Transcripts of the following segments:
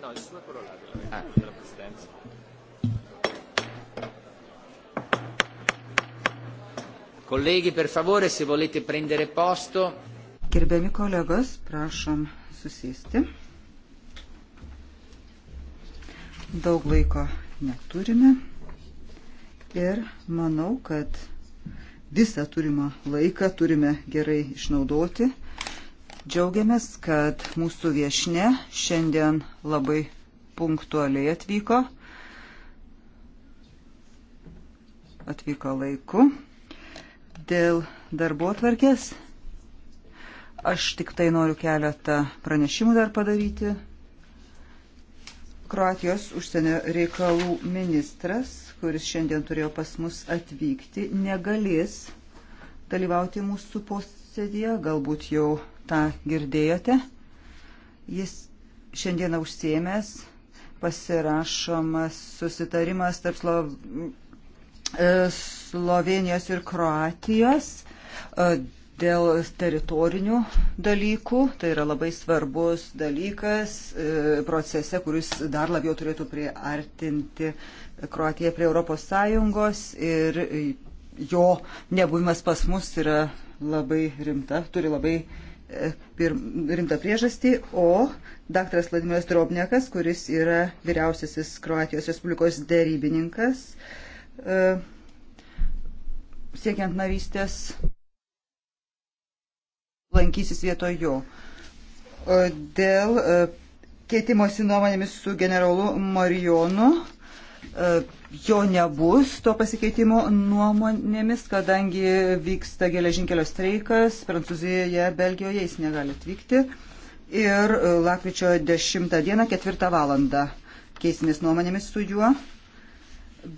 no, il suo è quello là della, ah. della Presidenza. Colleghi, per favore, se volete prendere posto. Gerbiami kolegos, prašom susėsti. Daug laiko neturime ir manau, kad visą turimą laiką turime gerai išnaudoti. Džiaugiamės, kad mūsų viešne šiandien labai punktualiai atvyko. Atvyko laiku. Dėl darbo tvarkės aš tik tai noriu keletą pranešimų dar padaryti. Kroatijos užsienio reikalų ministras, kuris šiandien turėjo pas mus atvykti, negalės dalyvauti mūsų posėdėje, galbūt jau tą girdėjote. Jis šiandieną užsiemęs pasirašomas susitarimas tarp Slo... E, Slovenijos ir Kroatijos e, dėl teritorinių dalykų. Tai yra labai svarbus dalykas e, procese, kuris dar labiau turėtų priartinti Kroatiją prie Europos Sąjungos ir jo nebuvimas pas mus yra labai rimta, turi labai uh, rimtą priežastį, o daktaras Vladimiras Drobnekas, kuris yra vyriausiasis Kroatijos Respublikos dėrybininkas, e, siekiant narystės, lankysis vietoj jo. Dėl e, keitimosi nuomonėmis su generolu Marijonu e, jo nebus, to pasikeitimo nuomonėmis, kadangi vyksta geležinkelio streikas, Prancūzijoje, Belgijoje jis negali atvykti. Ir e, lakryčio 10 dieną, 4 valandą keisimės nuomonėmis su juo.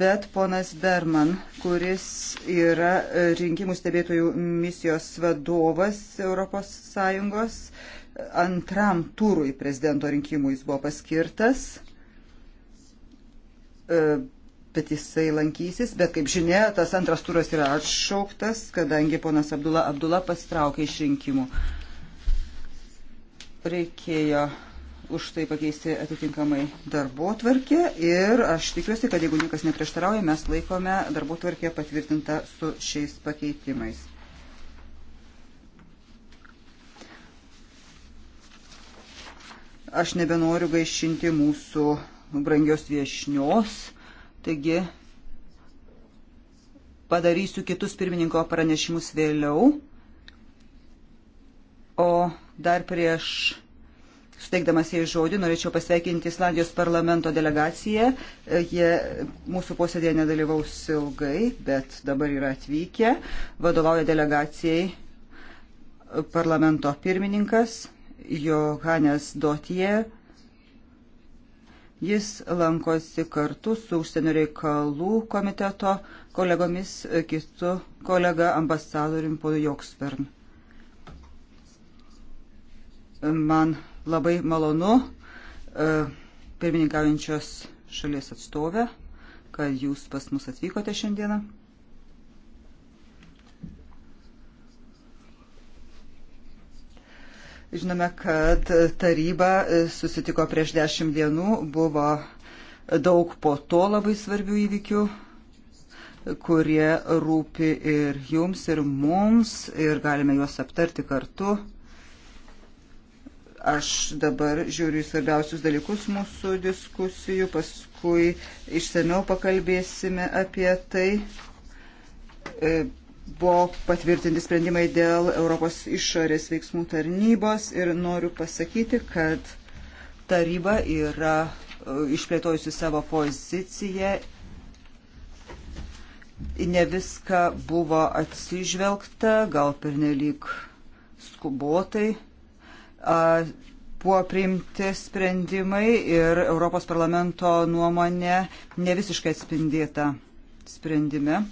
Bet ponas Berman, kuris yra e, rinkimų stebėtojų misijos vadovas ES, e, antram turui prezidento rinkimų jis buvo paskirtas. E, bet jisai lankysis, bet kaip žinia, tas antras turas yra atšauktas, kadangi ponas Abdula Abdula pasitraukė iš rinkimų. Reikėjo už tai pakeisti atitinkamai darbo tvarkę ir aš tikiuosi, kad jeigu niekas neprieštarauja, mes laikome darbo tvarkę patvirtintą su šiais pakeitimais. Aš nebenoriu gaišinti mūsų brangios viešnios Taigi padarysiu kitus pirmininko pranešimus vėliau. O dar prieš suteikdamas jai žodį, norėčiau pasveikinti Islandijos parlamento delegaciją. Jie mūsų posėdėje nedalyvaus ilgai, bet dabar yra atvykę. Vadovauja delegacijai parlamento pirmininkas Johannes Dotie Jis lankosi kartu su užsienio reikalų komiteto kolegomis kitu kolega ambasadoriumi Polu Joksvern. Man labai malonu e, pirmininkaujančios šalies atstovę, kad jūs pas mus atvykote šiandieną. Žinome, kad taryba e, susitiko prieš dešimt dienų, buvo daug po to labai svarbių įvykių, kurie rūpi ir jums, ir mums, ir galime juos aptarti kartu. Aš dabar žiūriu į svarbiausius dalykus mūsų diskusijų, paskui išsameu pakalbėsime apie tai e, buvo patvirtinti sprendimai dėl Europos išorės veiksmų tarnybos ir noriu pasakyti, kad taryba yra e, išplėtojusi savo poziciją. Ne viską buvo atsižvelgta, gal pernelyg skubotai. Buvo priimti sprendimai ir Europos parlamento nuomonė ne visiškai atspindėta sprendime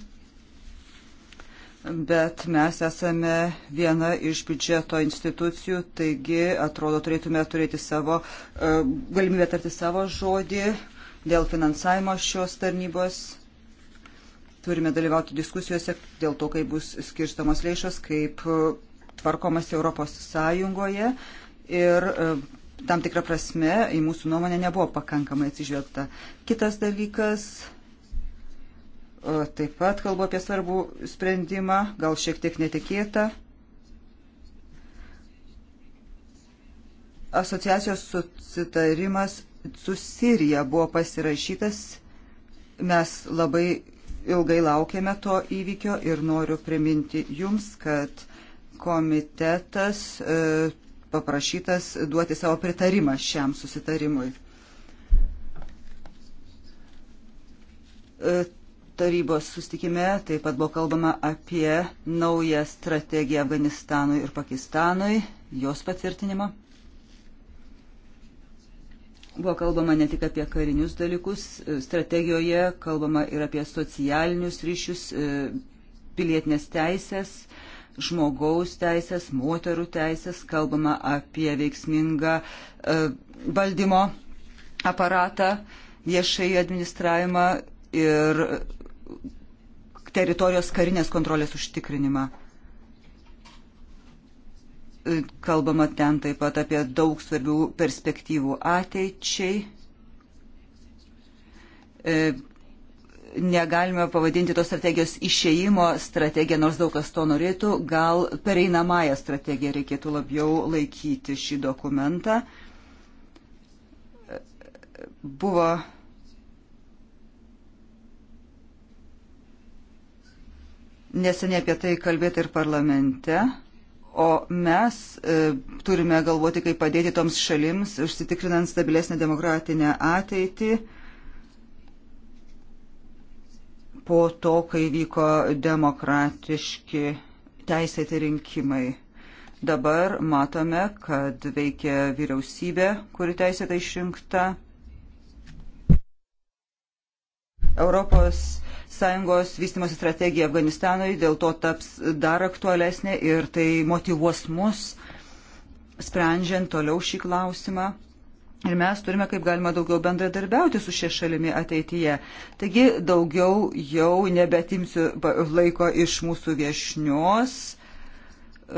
bet mes esame viena iš biudžeto institucijų, taigi atrodo turėtume turėti savo e, galimybę tarti savo žodį dėl finansavimo šios tarnybos. Turime dalyvauti diskusijose dėl to, kaip bus skirstamos lėšos, kaip e, tvarkomas Europos Sąjungoje ir e, tam tikrą prasme į mūsų nuomonę nebuvo pakankamai atsižvelgta. Kitas dalykas Taip pat kalbu apie svarbų sprendimą, gal šiek tiek netikėtą. Asociacijos susitarimas su Sirija buvo pasirašytas. Mes labai ilgai laukėme to įvykio ir noriu priminti jums, kad komitetas e, paprašytas duoti savo pritarimą šiam susitarimui e, tarybos sustikime taip pat buvo kalbama apie naują strategiją Afganistanui ir Pakistanui, jos patvirtinimą. Buvo kalbama ne tik apie karinius dalykus, e, strategijoje kalbama ir apie socialinius ryšius, e, pilietinės teisės, žmogaus teisės, moterų teisės, kalbama apie veiksmingą e, valdymo aparatą, viešai administravimą ir teritorijos karinės kontrolės užtikrinimą. Kalbama ten taip pat apie daug svarbių perspektyvų ateičiai. E, negalime pavadinti tos strategijos išėjimo strategiją, nors daug kas to norėtų. Gal pereinamąją strategiją reikėtų labiau laikyti šį dokumentą. E, buvo Neseniai apie tai kalbėti ir parlamente, o mes e, turime galvoti, kaip padėti toms šalims, užsitikrinant stabilesnę demokratinę ateitį po to, kai vyko demokratiški teisėti rinkimai. Dabar matome, kad veikia vyriausybė, kuri teisėtai išrinkta. Europos ES vystimosi strategija Afganistanui dėl to taps dar aktualesnė ir tai motivuos mus, sprendžiant toliau šį klausimą. Ir mes turime kaip galima daugiau bendradarbiauti su šia šalimi ateityje. Taigi daugiau jau nebetimsiu laiko iš mūsų viešnios.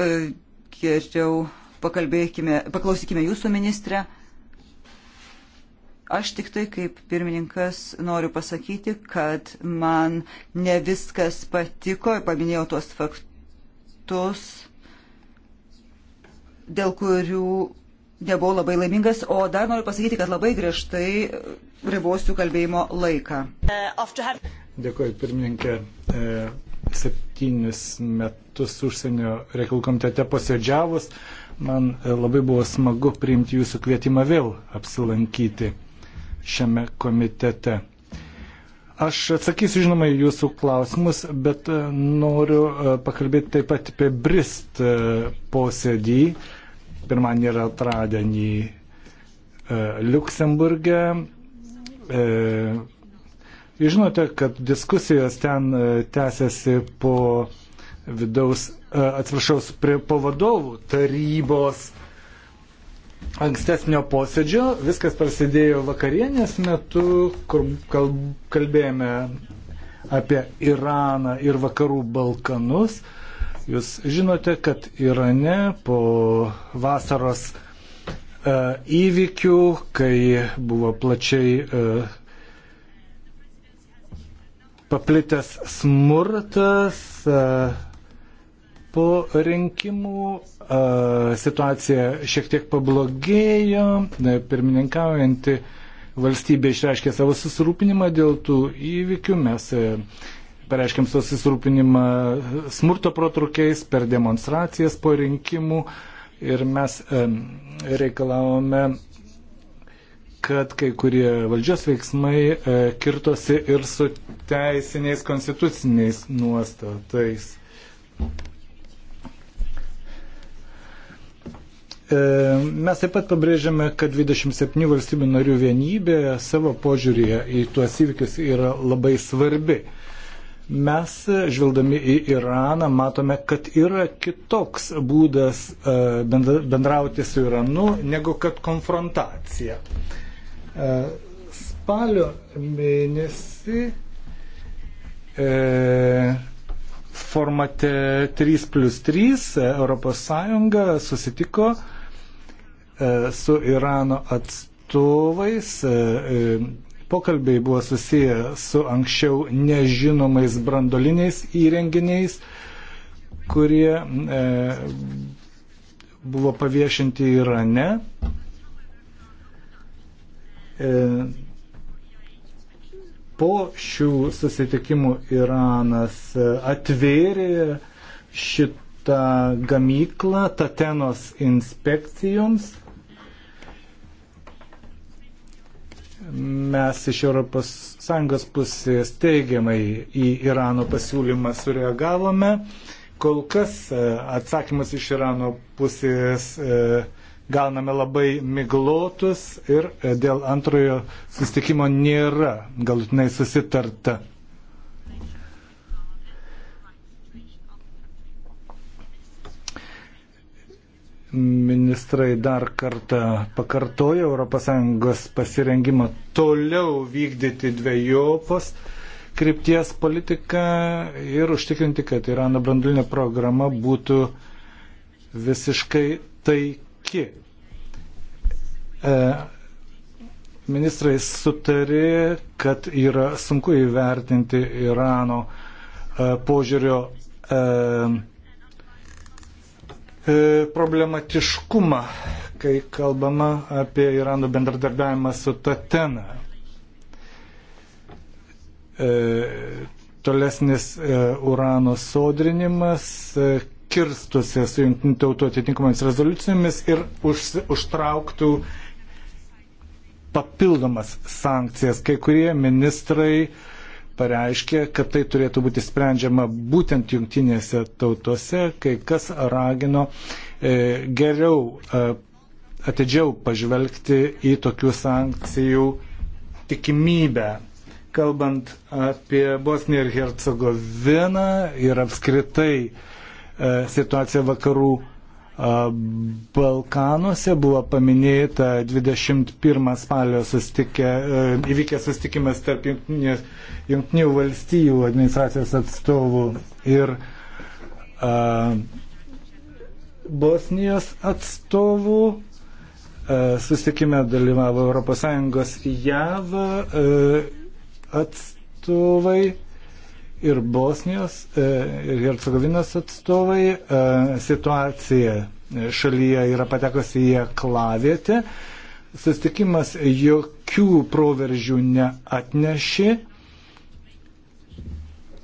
E, geriau pakalbėkime, paklausykime jūsų ministrę. Aš tik tai kaip pirmininkas noriu pasakyti, kad man ne viskas patiko, paminėjau tuos faktus, dėl kurių nebuvau labai laimingas, o dar noriu pasakyti, kad labai griežtai ribosiu kalbėjimo laiką. Dėkuoju, pirmininkė. E, septynis metus užsienio reikalų komitete posėdžiavus, man e, labai buvo smagu priimti jūsų kvietimą vėl apsilankyti šiame komitete. Aš atsakysiu, žinoma, jūsų klausimus, bet e, noriu e, pakalbėti taip pat apie Brist e, posėdį, pirmąjį ir atradienį Luksemburgė. Žinote, kad diskusijos ten tęsiasi po vidaus, atsiprašau, prie pavadovų tarybos ankstesnio posėdžio. Viskas prasidėjo vakarienės metu, kur kalbėjome apie Iraną ir vakarų Balkanus. Jūs žinote, kad Irane po vasaros e, įvykių, kai buvo plačiai e, paplitęs smurtas, e, po rinkimų situacija šiek tiek pablogėjo, e, pirmininkaujanti valstybė išreiškė savo susirūpinimą dėl tų įvykių, mes e, pareiškėm susirūpinimą smurto protrukiais per demonstracijas po rinkimų ir mes e, reikalavome kad kai kurie valdžios veiksmai e, kirtosi ir su teisiniais konstituciniais nuostatais. E, mes taip pat pabrėžiame, kad 27 valstybių narių vienybė savo požiūrėje į tuos įvykius yra labai svarbi. Mes, žvelgdami į Iraną, matome, kad yra kitoks būdas e, bendrauti su Iranu negu kad konfrontacija. E, spalio mėnesį e, formate 3 plus 3 ES susitiko E, su Irano atstovais. E, e, pokalbiai buvo susiję su anksčiau nežinomais brandoliniais įrenginiais, kurie buvo paviešinti Irane. Po šių susitikimų Iranas atvėrė šitą gamyklą Tatenos inspekcijoms mes iš ES pusės teigiamai į Irano pasiūlymą sureagavome. Kol kas e, atsakymas iš Irano pusės e, gauname labai miglotus ir e, dėl antrojo sustikimo nėra galutinai susitarta. ministrai dar kartą pakartojo ES pasirengimą toliau vykdyti dviejopos krypties politiką ir užtikrinti, kad Irano brandulinė programa būtų visiškai taiki. E, ministrai sutarė, kad yra sunku įvertinti Irano e, požiūrio e, E, problematiškumą, kai kalbama apie Irano bendradarbiavimą su Tatena. E, tolesnis e, urano sodrinimas kirstusi su jungtinių tautų atitinkamomis rezoliucijomis ir už, užtrauktų papildomas sankcijas. Kai kurie ministrai uh, pareiškė, kad tai turėtų būti sprendžiama būtent jungtinėse tautose, kai kas ragino e, geriau e, atidžiau pažvelgti į tokių sankcijų tikimybę. Kalbant apie Bosniją ir Hercegoviną ir apskritai e, situaciją vakarų Balkanuose buvo paminėta 21 spalio sustikė, e, įvykė sustikimas tarp Junktinių valstybių administracijos atstovų ir a, Bosnijos atstovų. E, susitikime dalyvavo ES JAV e, atstovai ir Bosnijos e, ir Hercegovinos atstovai. E, situacija e, šalyje yra patekusi į klavietę. Sustikimas jokių proveržių neatnešė,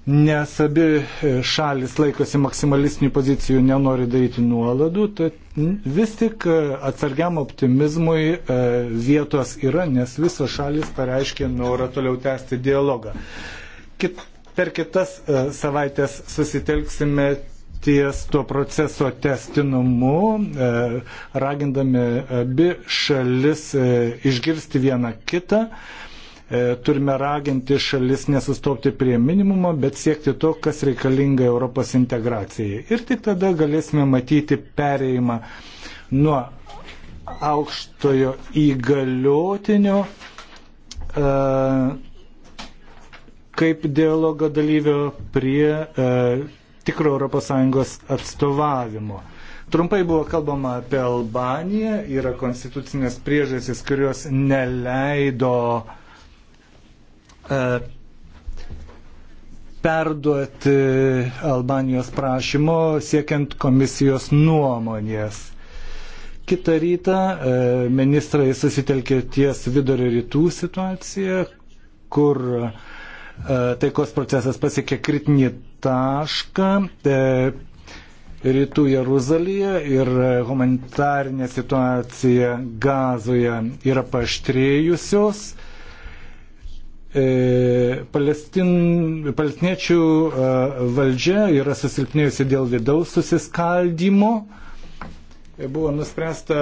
nes abi šalis laikosi maksimalistinių pozicijų, nenori daryti nuoladų, tad vis tik atsargiam optimizmui vietos yra, nes visos šalis pareiškė norą toliau tęsti dialogą. Kit, Per kitas e, savaitės susitelksime ties tuo proceso testinumu, e, ragindami abi šalis e, išgirsti vieną kitą. Turime raginti šalis nesustopti prie minimumo, bet siekti to, kas reikalinga Europos integracijai. Ir tik tada galėsime matyti pereimą nuo aukštojo įgaliotinio kaip dialogo dalyvio prie e, tikro ES atstovavimo. Trumpai buvo kalbama apie Albaniją, yra konstitucinės priežasys, kurios neleido e, perduoti Albanijos prašymo siekiant komisijos nuomonės. Kita rytą e, ministrai susitelkė ties vidurio rytų situaciją, kur e, E, taikos procesas pasiekė kritinį tašką e, rytų Jeruzalėje ir humanitarinė situacija gazoje yra paštrėjusios. E, Palestin, palestiniečių valdžia yra susilpnėjusi dėl vidaus susiskaldimo. Buvo nuspręsta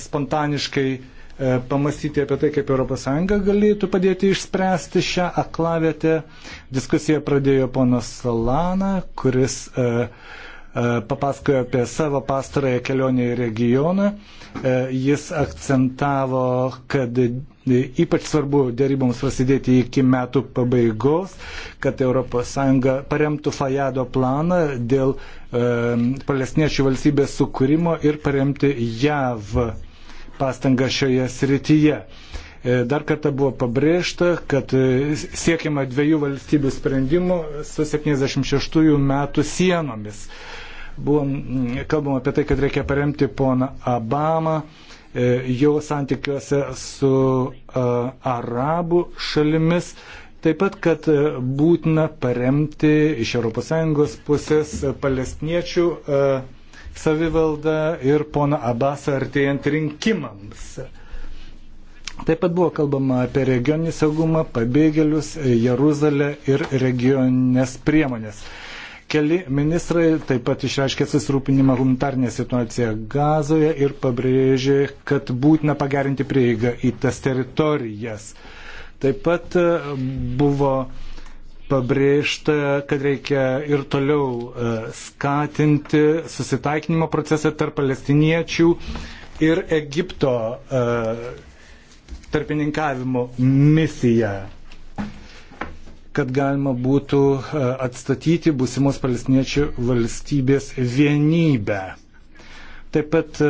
spontaniškai E, pamastyti apie tai, kaip ES galėtų padėti išspręsti šią aklavietę. Diskusiją pradėjo ponas Solana, kuris e, e, papasakojo apie savo pastarąją kelionę į regioną. Jis akcentavo, kad ypač svarbu dėryboms prasidėti iki metų pabaigos, kad ES paremtų Fajado planą dėl palestiniečių valstybės sukūrimo ir paremti JAV pastangą šioje srityje. E, dar kartą buvo pabrėžta, kad e, siekiama dviejų valstybių sprendimų su 76 metų sienomis. Buvo mm, kalbama apie tai, kad reikia paremti poną Obamą e, jo santykiuose su arabų šalimis. Taip pat, kad būtina paremti iš ES pusės palestiniečių savivaldą ir poną Abasą artėjant rinkimams. Taip pat buvo kalbama apie regioninį saugumą, pabėgėlius, Jeruzalę ir regioninės priemonės. Keli ministrai taip pat išreiškė susirūpinimą humanitarnė situacija Gazoje ir pabrėžė, kad būtina pagerinti prieigą į tas teritorijas. Taip pat e, buvo pabrėžta, kad reikia ir toliau e, skatinti susitaikinimo procesą tarp palestiniečių ir Egipto e, tarpininkavimo misiją, kad galima būtų e, atstatyti būsimos palestiniečių valstybės vienybę. Taip pat e,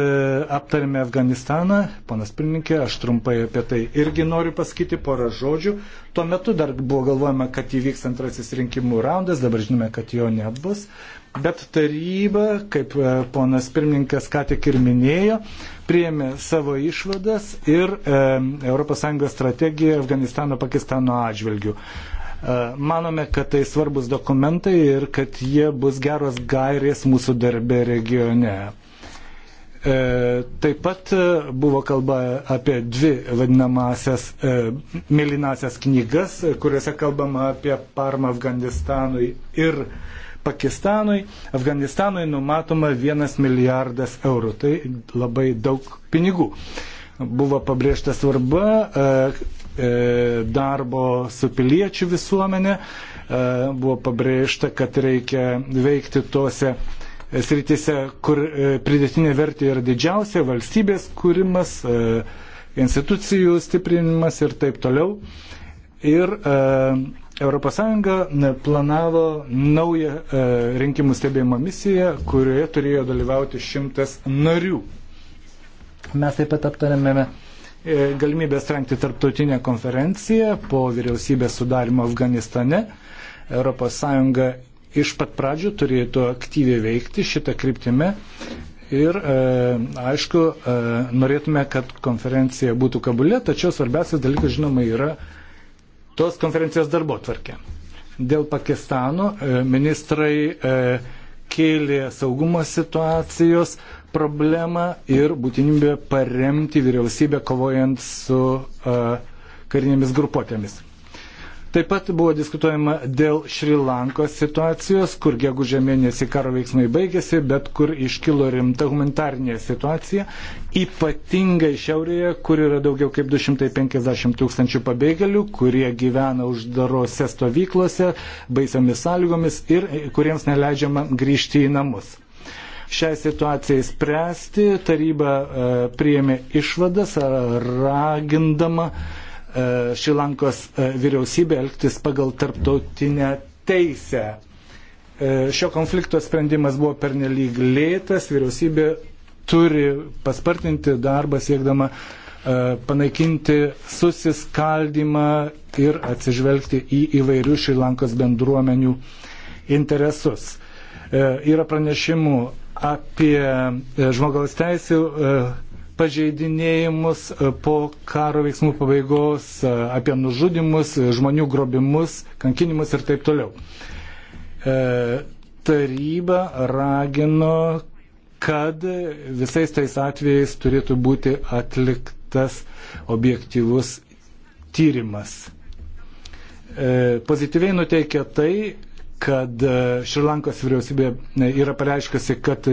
aptarėme Afganistaną, panas pirmininkė, aš trumpai apie tai irgi noriu pasakyti porą žodžių. Tuo metu dar buvo galvojama, kad įvyks antrasis rinkimų raundas, dabar žinome, kad jo nebus. Bet taryba, kaip e, ponas pirmininkas ką tik ir minėjo, priėmė savo išvadas ir e, ES strategiją Afganistano-Pakistano atžvilgių. E, manome, kad tai svarbus dokumentai ir kad jie bus geros gairės mūsų darbe regione. E, taip pat e, buvo kalba apie dvi vadinamasias e, mėlynasias knygas, kuriuose kalbama apie parmą Afganistanui ir Pakistanui. Afganistanui numatoma vienas milijardas eurų, tai labai daug pinigų. Buvo pabrėžta svarba darbo su piliečių visuomenė, buvo pabrėžta, kad reikia veikti tuose sritise, kur e, pridėtinė vertė yra didžiausia, valstybės kūrimas, e, institucijų stiprinimas ir taip toliau. Ir ES e, planavo naują rinkimų stebėjimo misiją, kurioje turėjo dalyvauti šimtas narių. Mes taip pat aptarėme galimybę strengti tarptautinę konferenciją po vyriausybės sudarimo Afganistane. ES iš pat pradžių turėtų aktyviai veikti šitą kryptimę. Ir e, aišku, e, norėtume, kad konferencija būtų kabulė, tačiau svarbiausias dalykas, žinoma, yra tos konferencijos darbo tvarkė. Dėl Pakistano e, ministrai e, kėlė saugumo situacijos problemą ir būtinybę paremti vyriausybę kovojant su e, karinėmis grupuotėmis. Taip pat buvo diskutuojama dėl Šrilankos situacijos, kur gegužė mėnesį karo veiksmai baigėsi, bet kur iškilo rimta humanitarinė situacija, ypatingai šiaurėje, kur yra daugiau kaip 250 tūkstančių pabėgėlių, kurie gyvena uždarose stovyklose, baisiomis sąlygomis ir e, kuriems neleidžiama grįžti į namus šią situaciją spręsti. Taryba e, priėmė išvadas ragindama E, Šilankos e, vyriausybė elgtis pagal tarptautinę teisę. E, šio konflikto sprendimas buvo pernelyg lėtas, vyriausybė turi paspartinti darbą siekdama panaikinti susiskaldimą ir atsižvelgti į įvairių Šilankos bendruomenių interesus. Yra pranešimų apie žmogaus teisų pažeidinėjimus e, po karo veiksmų pabaigos, e, apie nužudimus, e, žmonių grobimus, kankinimus ir taip toliau. Taryba ragino, kad visais tais atvejais turėtų būti atliktas objektyvus tyrimas. Pozityviai nuteikia tai, kad Šrilankos vyriausybė yra pareiškusi, kad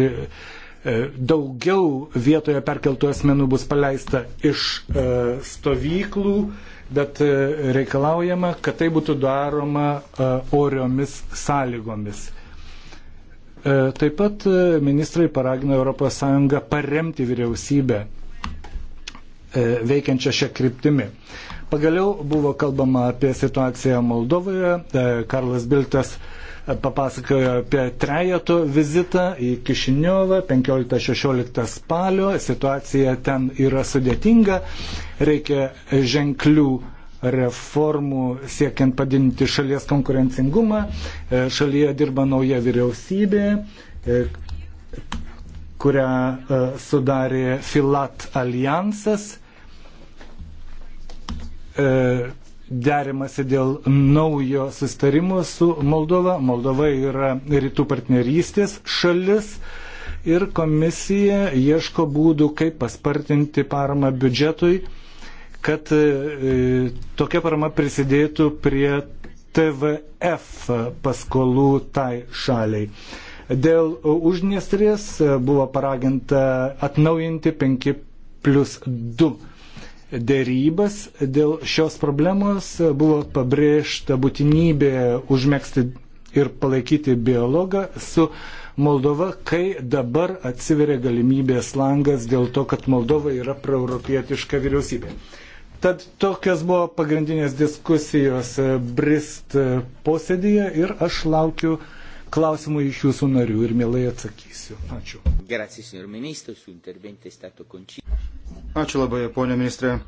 E, daugiau vietoje perkeltų asmenų bus paleista iš e, stovyklų, bet e, reikalaujama, kad tai būtų daroma oriomis sąlygomis. Taip pat ministrai paragino ES paremti vyriausybę veikiančią šią kryptimį. Pagaliau buvo kalbama apie situaciją Moldovoje. Karlas Biltas uh, papasakojo apie trejato vizitą į Kišiniovą 15-16 spalio. Situacija ten yra sudėtinga, reikia ženklių reformų siekiant padinti šalies konkurencingumą. E, šalyje dirba nauja vyriausybė, e, kurią e, sudarė Filat alijansas derimasi dėl naujo sustarimo su Moldova. Moldova yra rytų partnerystės šalis ir komisija ieško būdų, kaip paspartinti paramą biudžetui, kad e, tokia parama prisidėtų prie TVF paskolų tai šaliai. Dėl užniestrės buvo paraginta atnaujinti 5 plus 2 dėrybas dėl šios problemos buvo pabrėžta būtinybė užmėgsti ir palaikyti dialogą su Moldova, kai dabar atsiveria galimybės langas dėl to, kad Moldova yra proeuropietiška vyriausybė. Tad tokios buvo pagrindinės diskusijos Brist posėdėje ir aš laukiu uh, klausimų iš jūsų narių ir mielai atsakysiu. Ačiū. Ačiū labai, ponė ministrė.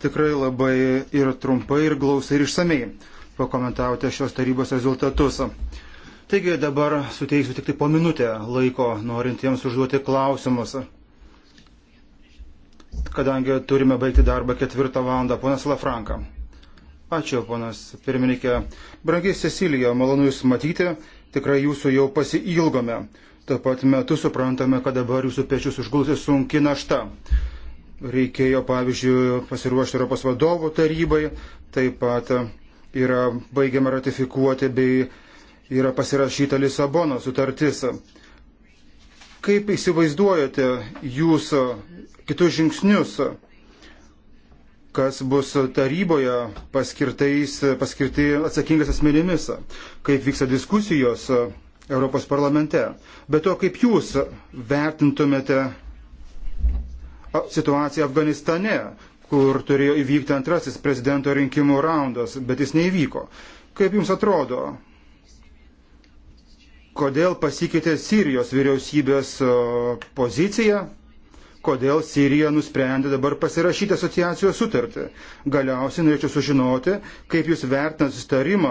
Tikrai labai ir trumpai, ir glausai, ir išsamei pakomentavote šios tarybos rezultatus. Taigi dabar suteiksiu tik tai po minutę laiko norintiems užduoti klausimus kadangi turime baigti darbą ketvirtą valandą. Ponas Lafranka. Ačiū, ponas pirmininkė. Brangiai Cecilija, malonu Jūs matyti tikrai jūsų jau pasilgome. Taip pat metu suprantame, kad dabar jūsų pečius užgulsi sunki našta. Reikėjo, pavyzdžiui, pasiruošti Europos vadovų tarybai, taip pat yra baigiama ratifikuoti bei yra pasirašyta Lisabono sutartis. Kaip įsivaizduojate jūs kitus žingsnius kas bus taryboje paskirti atsakingas asmenimis, kaip vyksta diskusijos Europos parlamente. Be to, kaip jūs vertintumėte situaciją Afganistane, kur turėjo įvykti antrasis prezidento rinkimų raundas, bet jis neįvyko. Kaip jums atrodo, kodėl pasikeitė Sirijos vyriausybės pozicija kodėl Sirija nusprendė dabar pasirašyti asociacijos sutartį. Galiausiai norėčiau sužinoti, kaip jūs vertinate sustarimą,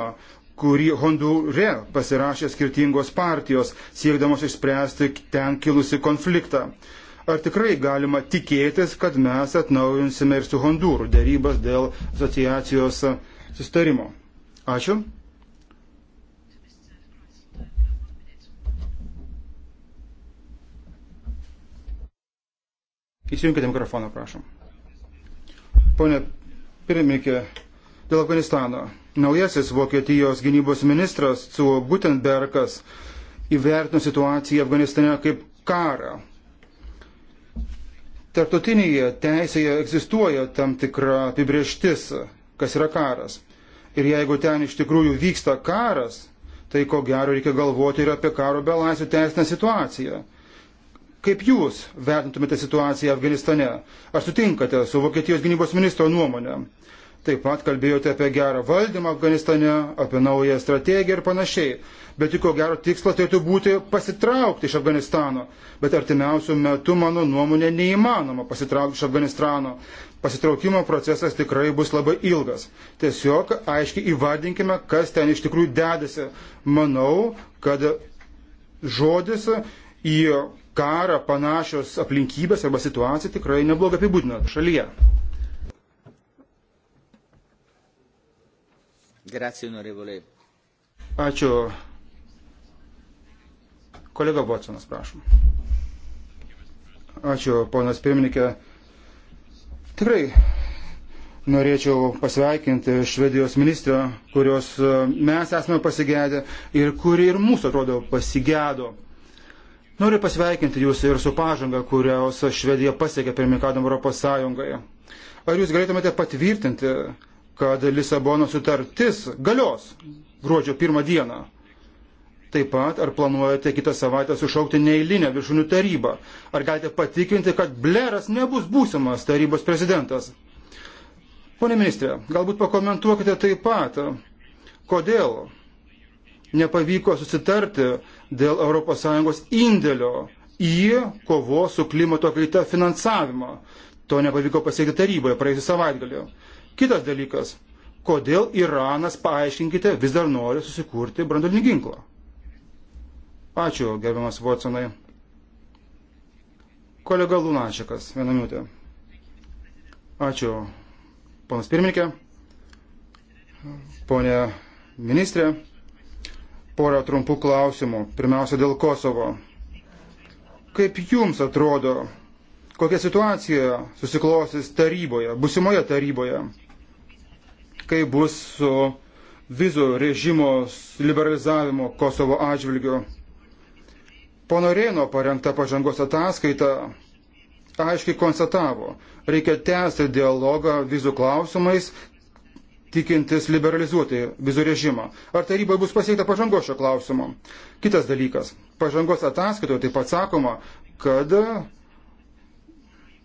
kurį Hondūre pasirašė skirtingos partijos, siekdamos išspręsti ten kilusi konfliktą. Ar tikrai galima tikėtis, kad mes atnaujinsime ir su Hondūru dėrybas dėl asociacijos sustarimo? Ačiū. Įsijunkite mikrofoną, prašom. Pone pirmininkė, dėl Afganistano. Naujasis Vokietijos gynybos ministras su Gutenbergas įvertino situaciją Afganistane kaip karą. Tartutinėje teisėje egzistuoja tam tikra apibrieštis, kas yra karas. Ir jeigu ten iš tikrųjų vyksta karas, tai ko gero reikia galvoti ir apie karo belaisvių teisinę situaciją. Kaip jūs vertintumėte situaciją Afganistane? Ar sutinkate su Vokietijos gynybos ministro nuomonė? Taip pat kalbėjote apie gerą valdymą Afganistane, apie naują strategiją ir panašiai. Bet juk ko gero tikslas turėtų būti pasitraukti iš Afganistano. Bet artimiausių metų, mano nuomonė, neįmanoma pasitraukti iš Afganistano. Pasitraukimo procesas tikrai bus labai ilgas. Tiesiog aiškiai įvardinkime, kas ten iš tikrųjų dedasi. Manau, kad žodis į karą panašios aplinkybės arba situacija tikrai neblogai apibūdina šalyje. Grazie, onorevole. Ačiū. Kolega Votsonas, prašom. Ačiū, ponas pirmininkė. Tikrai norėčiau pasveikinti Švedijos ministrą, kurios e, mes esame pasigėdę ir kuri ir mūsų atrodo pasigėdo. Noriu pasveikinti Jūs ir su pažanga, kurios Švedija pasiekė pirmininkadam Europos Sąjungoje. Ar Jūs galėtumėte patvirtinti, kad Lisabono sutartis galios gruodžio pirmą dieną? Taip pat, ar planuojate kitą savaitę sušaukti neįlinę viršūnių tarybą? Ar galite patikinti, kad Bleras nebus būsimas tarybos prezidentas? Pone ministrė, galbūt pakomentuokite taip pat, kodėl nepavyko susitarti dėl ES indėlio į kovos su klimato kaita finansavimą. To nepavyko pasiekti taryboje praėjusią savaitgalį. Kitas dalykas. Kodėl Iranas, paaiškinkite, vis dar nori susikurti brandolinį ginklą? Ačiū, gerbiamas Watsonai. Kolega Lunačiakas, vieną minutę. Ačiū, ponas pirmininkė, ponė ministrė porą trumpų klausimų. Pirmiausia, dėl Kosovo. Kaip jums atrodo, kokia situacija susiklostys taryboje, busimoje taryboje, kai bus su vizų režimo liberalizavimo Kosovo atžvilgiu? Pono Rėno parengta pažangos ataskaita aiškiai konstatavo, reikia tęsti dialogą vizų klausimais, tikintis liberalizuoti vizų režimą. Ar taryboje bus pasiekta pažangos šio klausimo? Kitas dalykas. Pažangos ataskaitoje taip pat sakoma, kad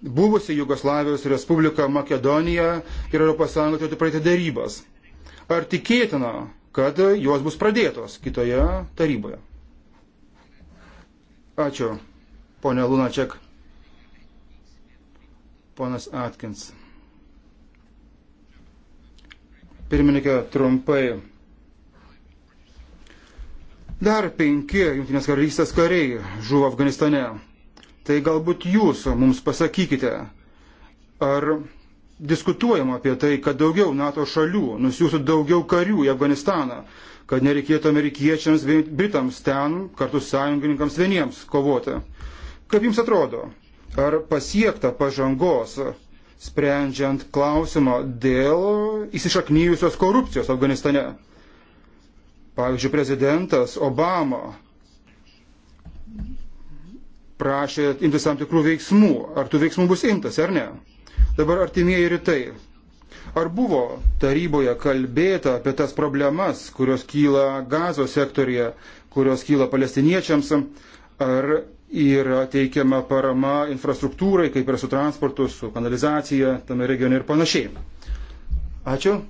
buvusi Jugoslavijos Respublika Makedonija ir ES turėtų praeiti darybas. Ar tikėtina, kad jos bus pradėtos kitoje taryboje? Ačiū, ponė Lunačiak. Ponas Atkins. Pirmininkė, trumpai. Dar penki Junktinės karalystės kariai žuvo Afganistane. Tai galbūt jūs mums pasakykite, ar diskutuojama apie tai, kad daugiau NATO šalių nusiųsų daugiau karių į Afganistaną, kad nereikėtų amerikiečiams, britams ten kartu sąjungininkams vieniems kovoti. Kaip jums atrodo, ar pasiekta pažangos sprendžiant klausimą dėl įsišaknyjusios korupcijos Afganistane. Pavyzdžiui, prezidentas Obama prašė imtis tam tikrų veiksmų. Ar tų veiksmų bus imtas, ar ne? Dabar artimieji rytai. Ar buvo taryboje kalbėta apie tas problemas, kurios kyla gazo sektorija, kurios kyla palestiniečiams, ar yra teikiama parama infrastruktūrai, kaip ir su transportu, su kanalizacija tame regione ir panašiai. Ačiū.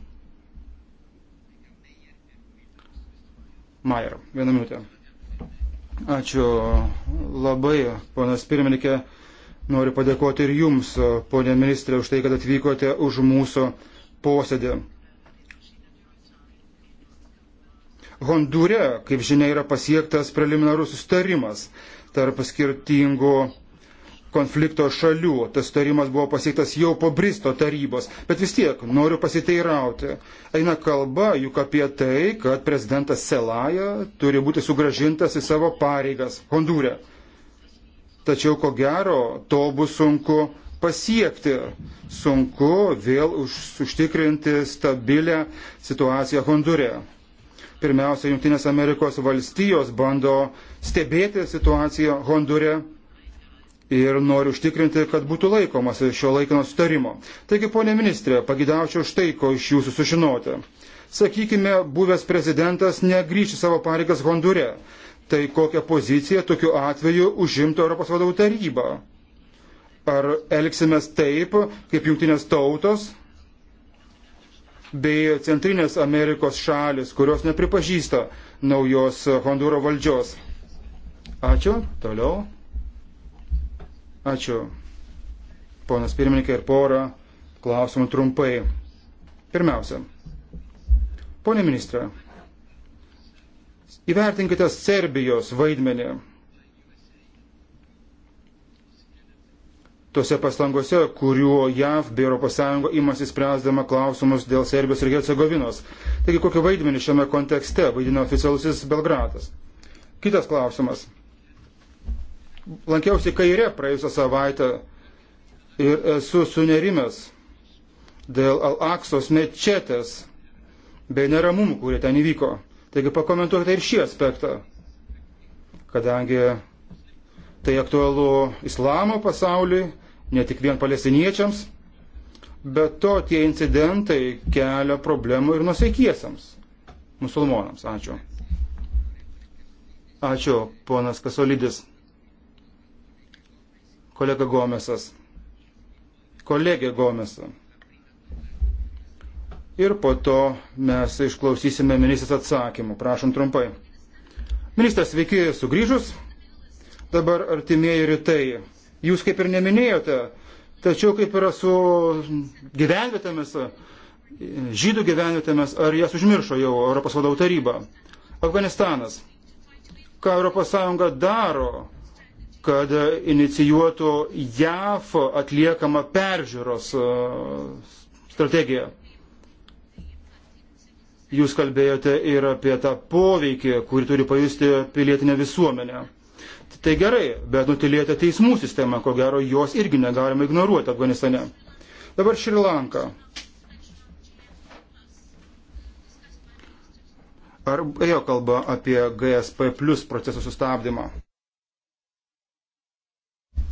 Majer, vieną minutę. Ačiū labai, ponas pirmininkė. Noriu padėkoti ir jums, ponė ministrė, už tai, kad atvykote už mūsų posėdį. Hondūre, kaip žinia, yra pasiektas preliminarus sustarimas tarp skirtingų konflikto šalių. Tas tarimas buvo pasiektas jau po Bristo tarybos. Bet vis tiek noriu pasiteirauti. Eina kalba juk apie tai, kad prezidentas Selaja turi būti sugražintas į savo pareigas Hondūre. Tačiau ko gero to bus sunku pasiekti. Sunku vėl už, užtikrinti stabilę situaciją Hondūre. Pirmiausia, Junktinės Amerikos valstijos bando stebėti situaciją Hondūre ir noriu užtikrinti, kad būtų laikomasi šio laikino sutarimo. Taigi, ponė ministrė, pagidaučiau štai ko iš jūsų sužinoti. Sakykime, buvęs prezidentas negryžti savo pareigas Hondūre. Tai kokią poziciją tokiu atveju užimtų Europos vadovų taryba? Ar elgsimės taip, kaip jungtinės tautos bei Centrinės Amerikos šalis, kurios nepripažįsta naujos Hondūro valdžios? Ačiū. Toliau. Ačiū. Ponas pirmininkai ir porą klausimų trumpai. Pirmiausia. Pone ministra, įvertinkite Serbijos vaidmenį tose pastangose, kuriuo JAV bei ES imasi spręsdama klausimus dėl Serbijos ir Hercegovinos. Taigi, kokį vaidmenį šiame kontekste vaidina oficialusis Belgradas? Kitas klausimas lankiausi kairė praėjusią savaitę ir esu sunerimęs dėl Al-Aksos mečetės bei neramumų, kurie ten įvyko. Taigi pakomentuokite ir šį aspektą, kadangi tai aktualu islamo pasauliui, ne tik vien palestiniečiams, bet to tie incidentai kelia problemų ir nusaikiesiams musulmonams. Ačiū. Ačiū, ponas Kasolidis kolega Gomesas. Kolegė Gomesą. Ir po to mes išklausysime ministrės atsakymų. Prašom trumpai. Ministras, sveiki sugrįžus. Dabar artimieji rytai. Jūs kaip ir neminėjote, tačiau kaip yra su gyvenvietėmis, žydų gyvenvietėmis, ar jas užmiršo jau Europos vadovų taryba. Afganistanas. Ką ES daro kad inicijuotų JAF atliekamą peržiūros e, strategiją. Jūs kalbėjote ir apie tą poveikį, kurį turi pajusti pilietinė visuomenė. Tai gerai, bet nutilėjote teismų sistemą, ko gero jos irgi negalima ignoruoti Afganistane. Dabar Šri Lanka. Ar ėjo kalba apie GSP plus procesų sustabdymą?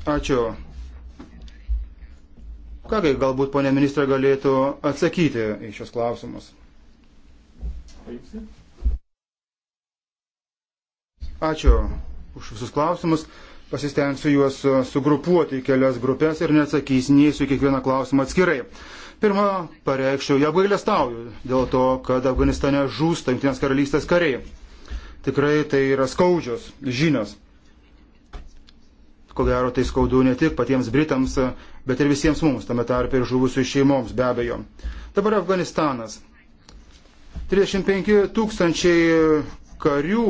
Ačiū. Ką galbūt ponė ministrė galėtų atsakyti į šios klausimus? Ačiū už visus klausimus. Pasistengsiu juos sugrupuoti į kelias grupės ir neatsakysinėsiu kiekvieną klausimą atskirai. Pirma, pareikščiau, ją gailestauju dėl to, kad Afganistane žūsta Junktinės karalystės kariai. Tikrai tai yra skaudžios žinios ko gero tai skaudu ne tik patiems Britams, bet ir visiems mums, tame tarpe ir žuvusių šeimoms be abejo. Dabar Afganistanas. 35 tūkstančiai karių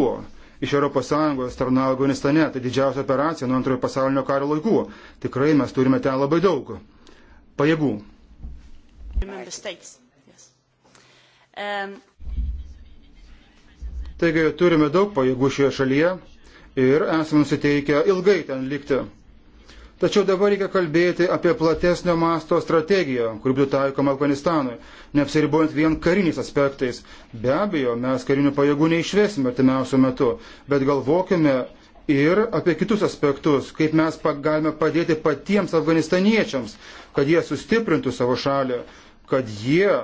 iš ES tarnauja Afganistane, tai didžiausia operacija nuo antrojo pasaulinio karo laikų. Tikrai mes turime ten labai daug pajėgų. Um, Taigi turime daug pajėgų šioje šalyje ir esame nusiteikę ilgai ten likti. Tačiau dabar reikia kalbėti apie platesnio masto strategiją, kuri būtų taikoma Afganistanui, neapsiribuojant vien kariniais aspektais. Be abejo, mes karinių pajėgų neišvesime artimiausiu metu, bet galvokime ir apie kitus aspektus, kaip mes galime padėti patiems afganistaniečiams, kad jie sustiprintų savo šalį, kad jie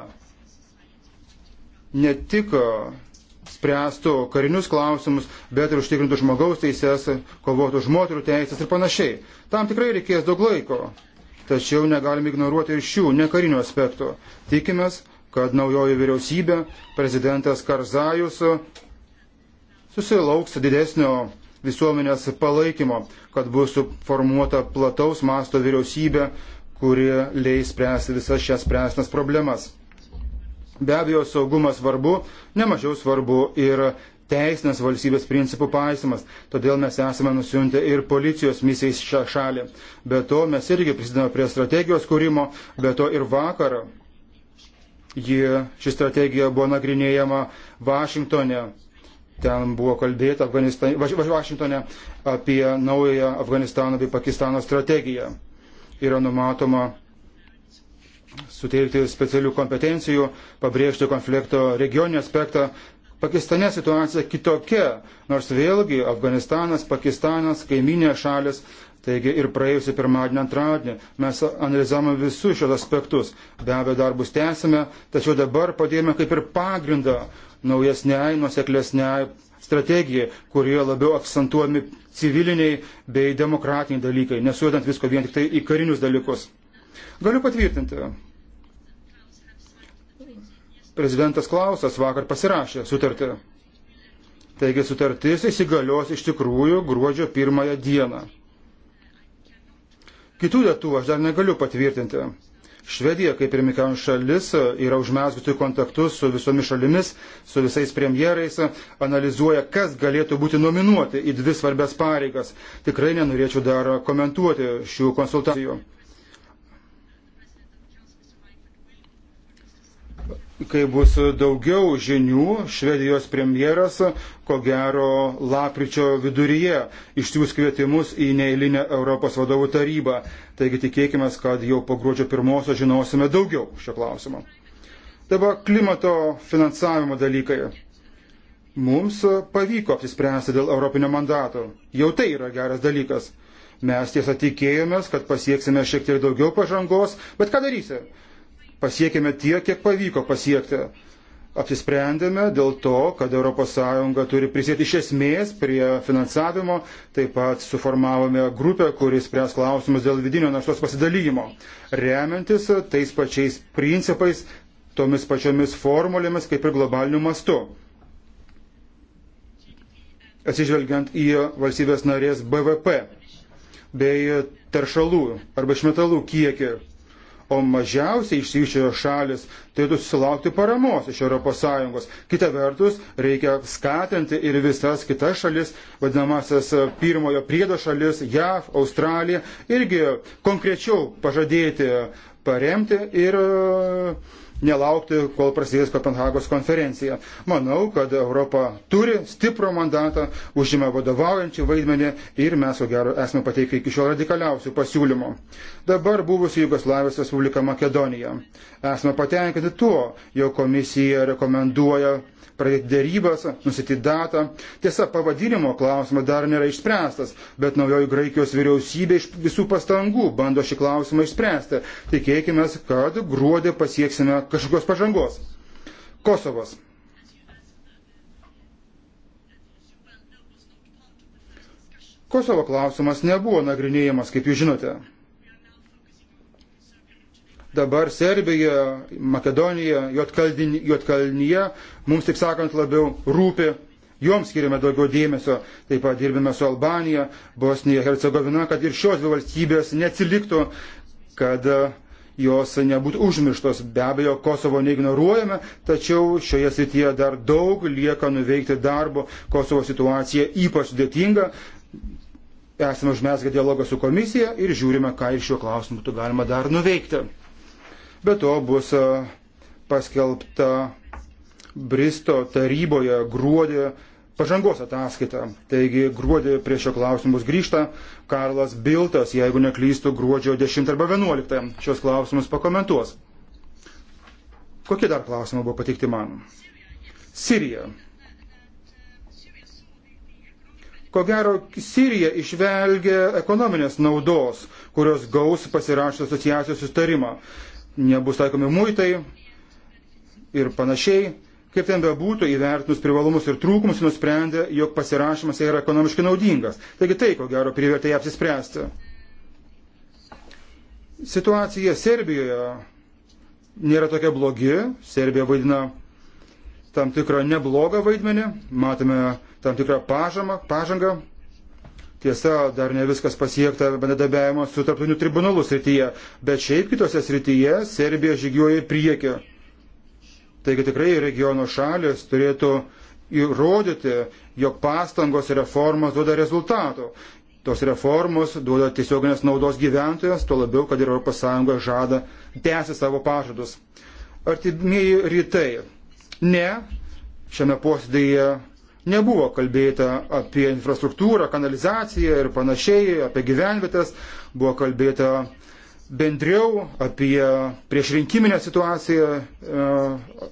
ne tik spręstų karinius klausimus, bet ir užtikrintų žmogaus teises, kovotų už moterų teisės ir panašiai. Tam tikrai reikės daug laiko, tačiau negalime ignoruoti ir šių nekarinių aspektų. Tikimės, kad naujoji vyriausybė, prezidentas Karzajus susilauks didesnio visuomenės palaikymo, kad bus suformuota plataus masto vyriausybė, kuri leis spręsti visas šias spręstas problemas. Be abejo, saugumas svarbu, nemažiau svarbu ir teisinės valstybės principų paaiškimas. Todėl mes esame nusiuntę ir policijos misijai šią šalį. Be to mes irgi prisidėjome prie strategijos kūrimo, be to ir vakar ji, ši strategija buvo nagrinėjama Vašingtone. Ten buvo kalbėta Afganistan, Važ... Vašingtone apie naują Afganistano bei Pakistano strategiją. Yra numatoma suteikti specialių kompetencijų, pabrėžti konflikto regioninį aspektą. Pakistane situacija kitokia, nors vėlgi Afganistanas, Pakistanas, kaiminė šalis, taigi ir praėjusią pirmadienį, antradienį mes analizavome visus šios aspektus. Be abejo, darbus tęsime, tačiau dabar padėjome kaip ir pagrindą naujesniai, nuseklesniai strategijai, kurioje labiau akcentuojami civiliniai bei demokratiniai dalykai, nesuėdant visko vien tik tai į karinius dalykus. Galiu patvirtinti, prezidentas Klausas vakar pasirašė sutartį. Taigi sutartis įsigalios iš tikrųjų gruodžio pirmąją dieną. Kitų datų aš dar negaliu patvirtinti. Švedija, kaip ir Mikaun šalis, yra užmesgusi kontaktus su visomis šalimis, su visais premjerais, analizuoja, kas galėtų būti nominuoti į dvi svarbias pareigas. Tikrai nenorėčiau dar komentuoti šių konsultacijų. kai bus daugiau žinių, Švedijos premjeras, ko gero, lapkričio viduryje išsiųs kvietimus į neįlinę Europos vadovų tarybą. Taigi tikėkime, kad jau po gruodžio pirmosios žinosime daugiau šio klausimo. Dabar klimato finansavimo dalykai. Mums pavyko apsispręsti dėl Europinio mandato. Jau tai yra geras dalykas. Mes tiesą tikėjomės, kad pasieksime šiek tiek daugiau pažangos, bet ką darysi? pasiekėme tiek, kiek pavyko pasiekti. Apsisprendėme dėl to, kad ES turi prisėti iš esmės prie finansavimo, taip pat suformavome grupę, kuris spręs klausimus dėl vidinio naštos pasidalymo, remiantis tais pačiais principais, tomis pačiomis formulėmis, kaip ir globaliniu mastu. Atsižvelgiant į valstybės narės BVP bei teršalų arba išmetalų kiekį o mažiausiai išsivyščios šalis turėtų susilaukti paramos iš ES. Kita vertus, reikia skatinti ir visas kitas šalis, vadinamasis e, pirmojo priedo šalis, JAV, Australija, irgi konkrečiau pažadėti paremti ir uh, nelaukti, kol prasidės Kopenhagos konferencija. Manau, kad Europa turi stiprų mandatą, užima vadovaujančią vaidmenį ir mes, ko gero, esame pateikę iki šiol radikaliausių pasiūlymų. Dabar buvusi Jugoslavijos Respublika Makedonija. Esame patenkinti tuo, jo komisija rekomenduoja pradėti dėrybas, nusityti datą. Tiesa, pavadinimo klausimas dar nėra išspręstas, bet naujoji Graikijos vyriausybė iš visų pastangų bando šį klausimą išspręsti. Tikėkime, kad gruodį pasieksime kažkokios pažangos. Kosovas. Kosovo klausimas nebuvo nagrinėjamas, kaip jūs žinote dabar Serbija, Makedonija, Jotkalnyje, mums taip sakant labiau rūpi, joms skiriame daugiau dėmesio, taip pat dirbime su Albanija, Bosnija, Hercegovina, kad ir šios dvi valstybės neatsiliktų, kad e, jos nebūtų užmirštos. Be abejo, Kosovo neignoruojame, tačiau šioje srityje dar daug lieka nuveikti darbo. Kosovo situacija ypač sudėtinga. Esame užmesgę dialogą su komisija ir žiūrime, ką iš šio klausimu būtų galima dar nuveikti. Be to bus e, paskelbta Bristo taryboje gruodį pažangos ataskaita. Taigi gruodį prie šio klausimus grįžta Karlas Biltas, jeigu neklystų gruodžio 10 arba 11 šios klausimus pakomentuos. Kokie dar klausimai buvo pateikti man? Sirija. Ko gero, Sirija išvelgia ekonominės naudos, kurios gaus pasirašę asociacijos sustarimą nebus taikomi muitai ir panašiai. Kaip ten bebūtų, įvertinus privalumus ir trūkumus, nusprendė, jog pasirašymas yra ekonomiškai naudingas. Taigi tai, ko gero, privertė ją apsispręsti. Situacija Serbijoje nėra tokia blogi. Serbija vaidina tam tikrą neblogą vaidmenį, matome tam tikrą pažamą, pažangą. Tiesa, dar ne viskas pasiekta bendradarbiavimo su tarptautiniu tribunalu srityje, bet šiaip kitose srityje Serbija žygioja į priekį. Taigi tikrai regiono šalis turėtų įrodyti, jog pastangos ir reformos duoda rezultatų. Tos reformos duoda tiesioginės naudos gyventojas, tuo labiau, kad ir ES žada tęsti savo pažadus. Artimieji rytai. Ne, šiame posėdėje nebuvo kalbėta apie infrastruktūrą, kanalizaciją ir panašiai, apie gyvenvietės, buvo kalbėta bendriau apie priešrinkiminę situaciją e,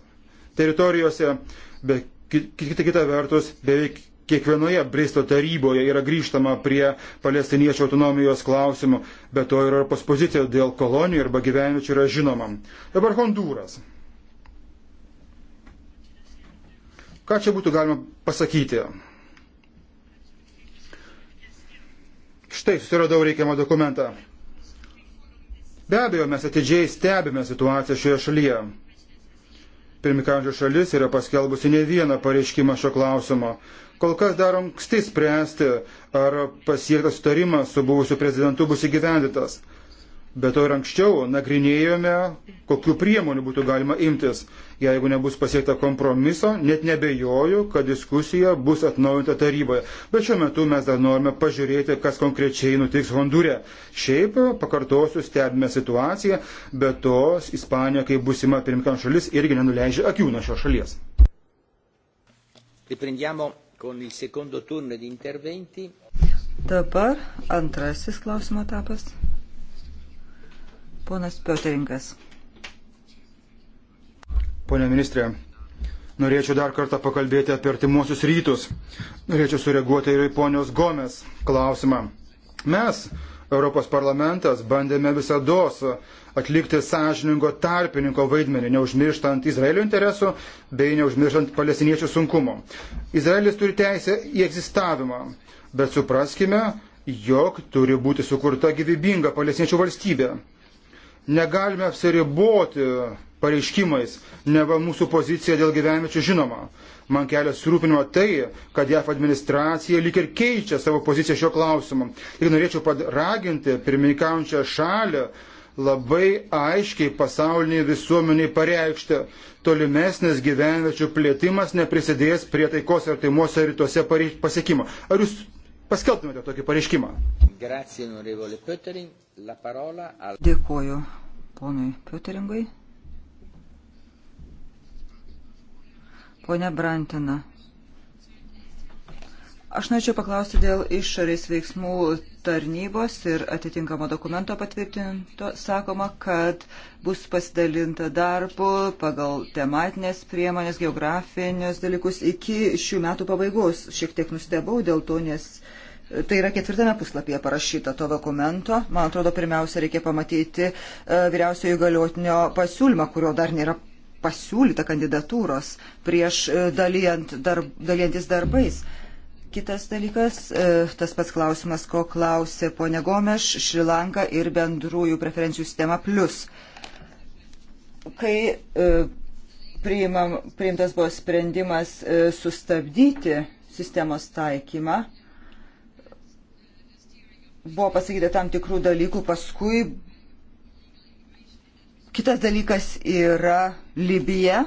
teritorijose, bet kita, kita vertus beveik kiekvienoje Bristo taryboje yra grįžtama prie palestiniečių autonomijos klausimų, bet to ir Europos pozicija dėl kolonijų arba gyvenviečių yra žinoma. Dabar Hondūras. Ką čia būtų galima pasakyti? Štai susiradau reikiamą dokumentą. Be abejo, mes atidžiai stebime situaciją šioje šalyje. Pirmikaujančio šalis yra paskelbusi ne vieną pareiškimą šio klausimo. Kol kas dar anksti spręsti, ar pasiektas sutarimas su buvusiu prezidentu bus įgyvendytas. Bet to ir anksčiau nagrinėjome, kokiu priemonių būtų galima imtis. Jeigu nebus pasiekta kompromiso, net nebejoju, kad diskusija bus atnaujinta taryboje. Bet šiuo metu mes dar norime pažiūrėti, kas konkrečiai nutiks Hondūre. Šiaip, pakartosiu, stebime situaciją, bet to Ispanija, kaip busima pirmkan šalis, irgi nenuleidžia akių nuo šios šalies. Dabar antrasis klausimo etapas. Ponas Piotrinkas. Pone ministrė, norėčiau dar kartą pakalbėti apie artimuosius rytus. Norėčiau sureaguoti ir į ponios Gomes klausimą. Mes, Europos parlamentas, bandėme visada atlikti sąžiningo tarpininko vaidmenį, neužmirštant Izraelio interesų bei neužmirštant palestiniečių sunkumo. Izraelis turi teisę į egzistavimą, bet supraskime, jog turi būti sukurta gyvybinga palestiniečių valstybė. Negalime apsiriboti pareiškimais, neva mūsų pozicija dėl gyvenviečių žinoma. Man kelia surūpinimo tai, kad JAF administracija lyg ir keičia savo poziciją šio klausimu. Ir norėčiau paraginti pirmininkaujančią šalį labai aiškiai pasauliniai visuomeniai pareikšti, tolimesnis gyvenviečių plėtimas neprisidės prie taikos artimuose rytuose pasiekimo. Ar jūs paskelbtumėte tokį pareiškimą. Dėkuoju ponui Pöteringui. Pone Brantina, Aš norėčiau paklausti dėl išorės veiksmų tarnybos ir atitinkamo dokumento patvirtinto. Sakoma, kad bus pasidalinta darbu pagal tematinės priemonės, geografinius dalykus iki šių metų pabaigos. Šiek tiek nustebau dėl to, nes tai yra ketvirtame puslapyje parašyta to dokumento. Man atrodo, pirmiausia, reikia pamatyti e, vyriausiojo įgaliotinio pasiūlymą, kurio dar nėra pasiūlyta kandidatūros prieš e, dalijant darb, dalijantis darbais. Kitas dalykas, e, tas pats klausimas, ko klausė ponė Gomeš, Šrilanka ir bendrųjų preferencijų sistema plus. Kai e, priimam, priimtas buvo sprendimas e, sustabdyti sistemos taikymą, buvo pasakyta tam tikrų dalykų, paskui kitas dalykas yra Libija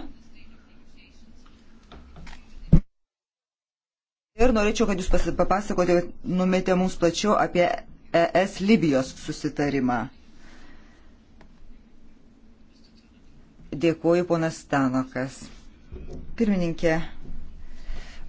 Ir norėčiau, kad jūs papasakote, numetė mums plačiau apie ES Libijos susitarimą. Dėkuoju, ponas Stanokas. Pirmininkė,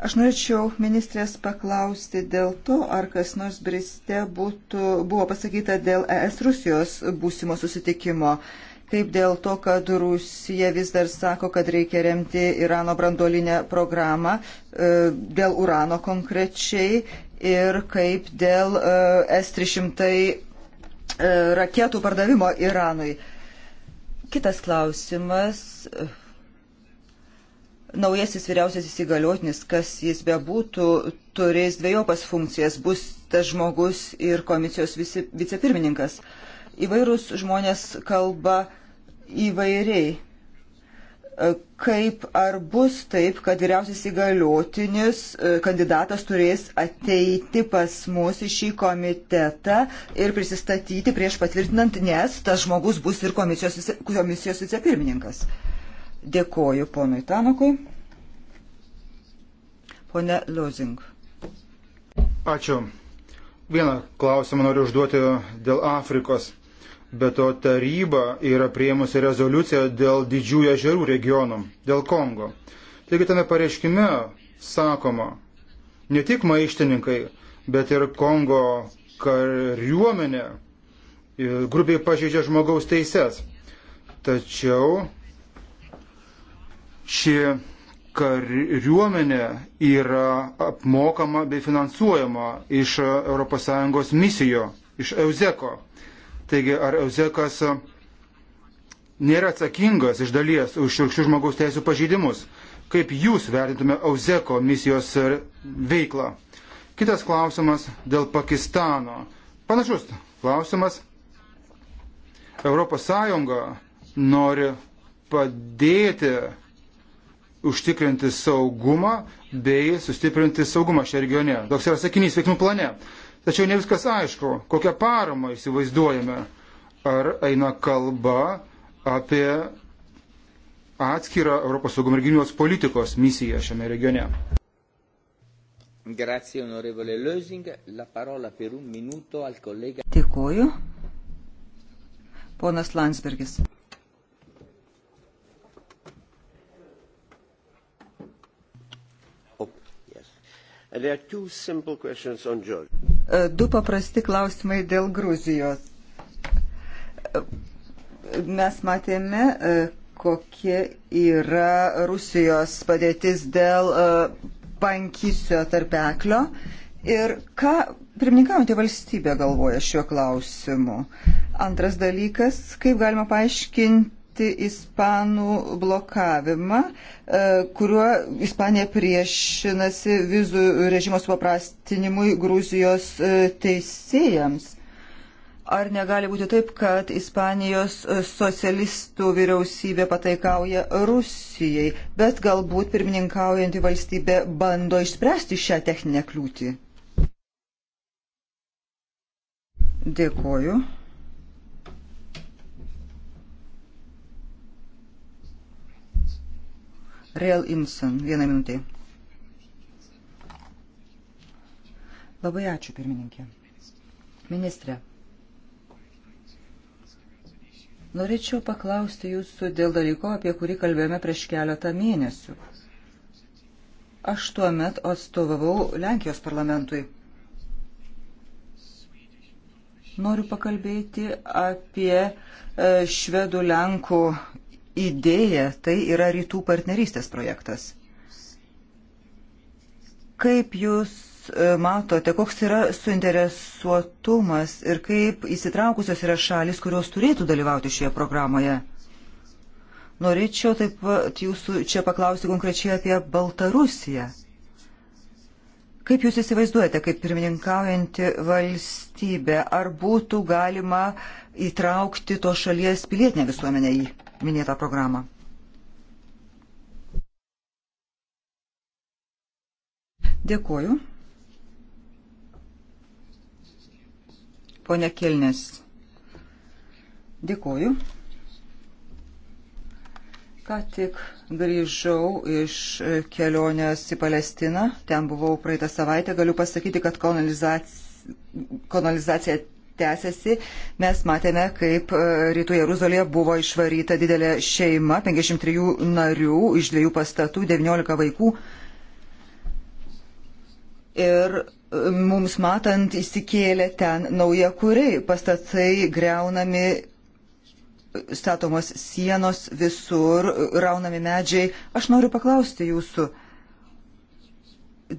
aš norėčiau ministrės paklausti dėl to, ar kas nors Briste būtų, buvo pasakyta dėl ES Rusijos būsimo susitikimo. Uh, kaip dėl to, kad Rusija vis dar sako, kad reikia remti Irano brandolinę programą, e, dėl urano konkrečiai ir kaip dėl e, S-300 e, raketų pardavimo Iranui. Kitas klausimas. Naujasis vyriausiasis įgaliotinis, kas jis bebūtų, turės dviejopas funkcijas, bus tas žmogus ir komisijos vicepirmininkas. Įvairūs žmonės kalba įvairiai. E, kaip ar bus taip, kad vyriausias įgaliotinis e, kandidatas turės ateiti pas mus į šį komitetą ir prisistatyti prieš patvirtinant, nes tas žmogus bus ir komisijos, komisijos vicepirmininkas. Dėkoju ponui Tanukui. Pone Lozing. Ačiū. Vieną klausimą noriu užduoti dėl Afrikos Be to taryba yra prieimusi rezoliuciją dėl didžiųjų ežerų regionų, dėl Kongo. Taigi tame pareiškime sakoma, ne tik maištininkai, bet ir Kongo kariuomenė e, grubiai pažeidžia žmogaus teises. Tačiau ši kariuomenė yra apmokama bei finansuojama iš ES misijų, iš Euzeko. Taigi, ar Euzekas e, nėra atsakingas iš dalies už šiurkščių žmogaus teisų pažeidimus? Kaip jūs vertintume Euzeko misijos e, veiklą? Kitas klausimas dėl Pakistano. Panašus klausimas. ES nori padėti užtikrinti saugumą bei sustiprinti saugumą šią regione. Toks yra sakinys veiksmų plane. Tačiau ne viskas aišku, kokią paramą įsivaizduojame. Ar eina kalba apie atskirą Europos saugumo ir gynybos politikos misiją šiame regione. Grazie, onorevole Lösing. La parola per un minuto al collega. Dėkuoju. Ponas Landsbergis. E, du paprasti klausimai dėl Gruzijos. E, mes matėme, e, kokia yra Rusijos padėtis dėl bankysio tarpeklio ir ką pirmininkaujantį valstybę galvoja šiuo klausimu. Antras dalykas, kaip galima paaiškinti kritikuoti Ispanų blokavimą, e, kuriuo Ispanija priešinasi vizų režimo supaprastinimui Gruzijos e, teisėjams. Ar negali būti taip, kad Ispanijos e, socialistų vyriausybė pataikauja Rusijai, bet galbūt pirmininkaujanti valstybė bando išspręsti šią techninę kliūtį? Dėkoju. Real Imson, vieną minutį. Labai ačiū, pirmininkė. Ministrė, norėčiau paklausti jūsų dėl dalyko, apie kurį kalbėjome prieš keletą mėnesių. Aš tuo met atstovavau Lenkijos parlamentui. Noriu pakalbėti apie e, švedų Lenkų idėja, tai yra rytų partnerystės projektas. Kaip jūs e, matote, koks yra suinteresuotumas ir kaip įsitraukusios yra šalis, kurios turėtų dalyvauti šioje programoje? Norėčiau taip pat jūsų čia paklausti konkrečiai apie Baltarusiją. Kaip jūs įsivaizduojate, kaip pirmininkaujanti valstybė, ar būtų galima įtraukti to šalies pilietinę visuomenę į minėtą programą. Dėkuoju. Pone Kilnes. Dėkuoju. Ką tik grįžau iš kelionės į Palestiną, ten buvau praeitą savaitę, galiu pasakyti, kad kolonizacija, kolonizacija tęsiasi. Mes matėme, kaip e, rytų Jeruzalėje buvo išvaryta didelė šeima, 53 narių iš dviejų pastatų, 19 vaikų. Ir e, mums matant įsikėlė ten nauja kuriai. Pastatai greunami, statomos sienos visur, raunami medžiai. Aš noriu paklausti jūsų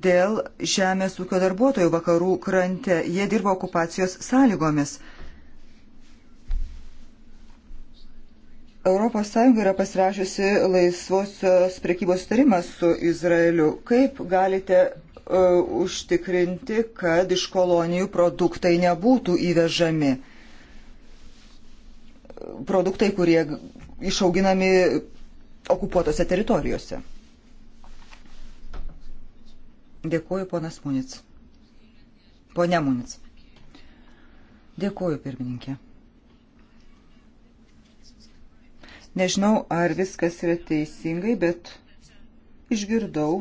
dėl žemės ūkio darbuotojų vakarų krante. Jie dirbo okupacijos sąlygomis. ES yra pasirašiusi laisvosios prekybos sutarimą su Izraeliu. Kaip galite uh, užtikrinti, kad iš kolonijų produktai nebūtų įvežami? Produktai, kurie išauginami okupuotose teritorijose. Dėkuoju, ponas Munic. Pone Munic. Dėkuoju, pirmininkė. Nežinau, ar viskas yra teisingai, bet išgirdau,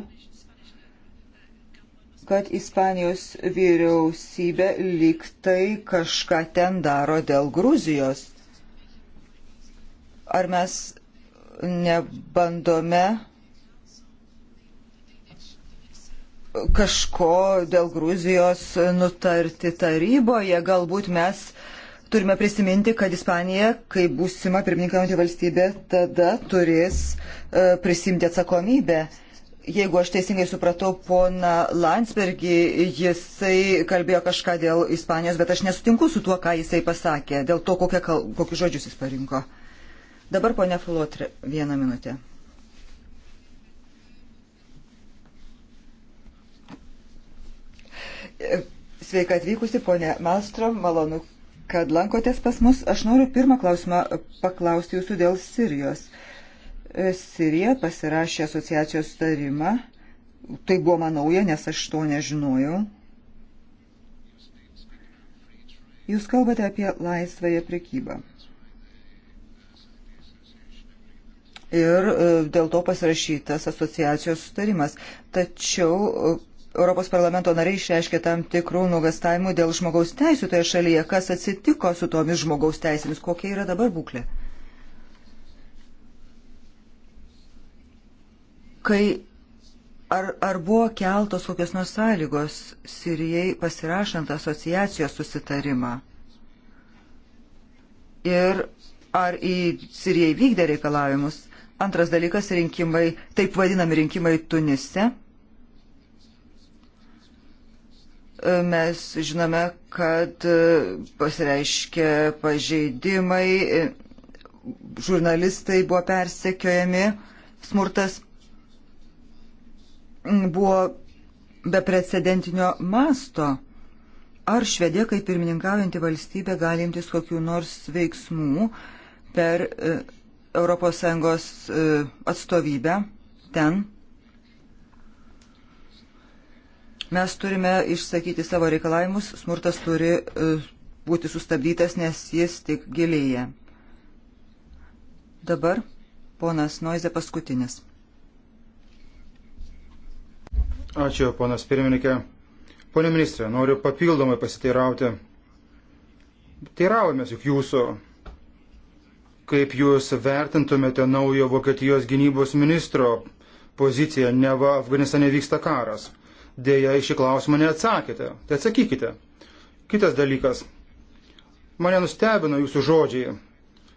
kad Ispanijos vyriausybė liktai kažką ten daro dėl Gruzijos. Ar mes nebandome kažko dėl Gruzijos nutarti taryboje. Galbūt mes turime prisiminti, kad Ispanija, kai būsima pirmininkaujantį valstybę, tada turės e, prisimti atsakomybę. Jeigu aš teisingai supratau poną Landsbergį, jisai kalbėjo kažką dėl Ispanijos, bet aš nesutinku su tuo, ką jisai pasakė, dėl to, kokius žodžius jis parinko. Dabar ponia Filotri, vieną minutę. Sveika atvykusi, ponė Malstrom, malonu, kad lankotės pas mus. Aš noriu pirmą klausimą paklausti jūsų dėl Sirijos. E, Sirija pasirašė asociacijos tarimą. Tai buvo man nauja, nes aš to nežinojau. Jūs kalbate apie laisvąją prekybą. Ir e, dėl to pasirašytas asociacijos sutarimas. Tačiau e, Europos parlamento nariai išreiškė tam tikrų nugastavimų dėl žmogaus teisų toje šalyje. Kas atsitiko su tomis žmogaus teisėmis? Kokia yra dabar būklė? Kai ar, ar buvo keltos kokios nors sąlygos Sirijai pasirašant asociacijos susitarimą? Ir ar į Sirijai vykdė reikalavimus? Antras dalykas - rinkimai, taip vadinami rinkimai Tunise. Mes žinome, kad e, pasireiškia pažeidimai, e, žurnalistai buvo persekiojami, smurtas buvo beprecedentinio masto. Ar Švedija, kaip pirmininkaujanti valstybė, gali imtis kokių nors veiksmų per ES e, atstovybę ten? Mes turime išsakyti savo reikalavimus, smurtas turi e, būti sustabdytas, nes jis tik gilėja. Dabar ponas Noize paskutinis. Ačiū, ponas pirmininkė. Pone ministrė, noriu papildomai pasiteirauti. Teiravomės juk jūsų, kaip jūs vertintumėte naujo Vokietijos gynybos ministro poziciją, neva Afganistane vyksta karas dėja į šį klausimą neatsakėte. Tai atsakykite. Kitas dalykas. Mane nustebino jūsų žodžiai.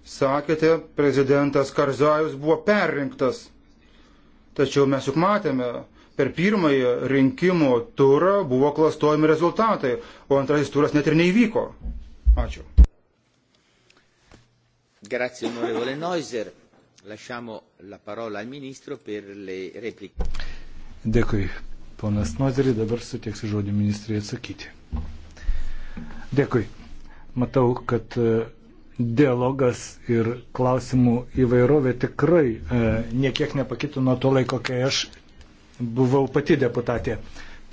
Sakėte, prezidentas Karzajus buvo perrinktas. Tačiau mes juk matėme, per pirmąjį rinkimų turą buvo klastojami rezultatai, o antrasis turas net ir neįvyko. Ačiū. Grazie, onorevole Noiser. Lasciamo la parola al ministro per le repliche. Dėkui, ponas Nozerį, dabar suteiksiu žodį ministrui atsakyti. Dėkui. Matau, kad e, dialogas ir klausimų įvairovė tikrai e, niekiek nepakito nuo to laiko, kai aš buvau pati deputatė,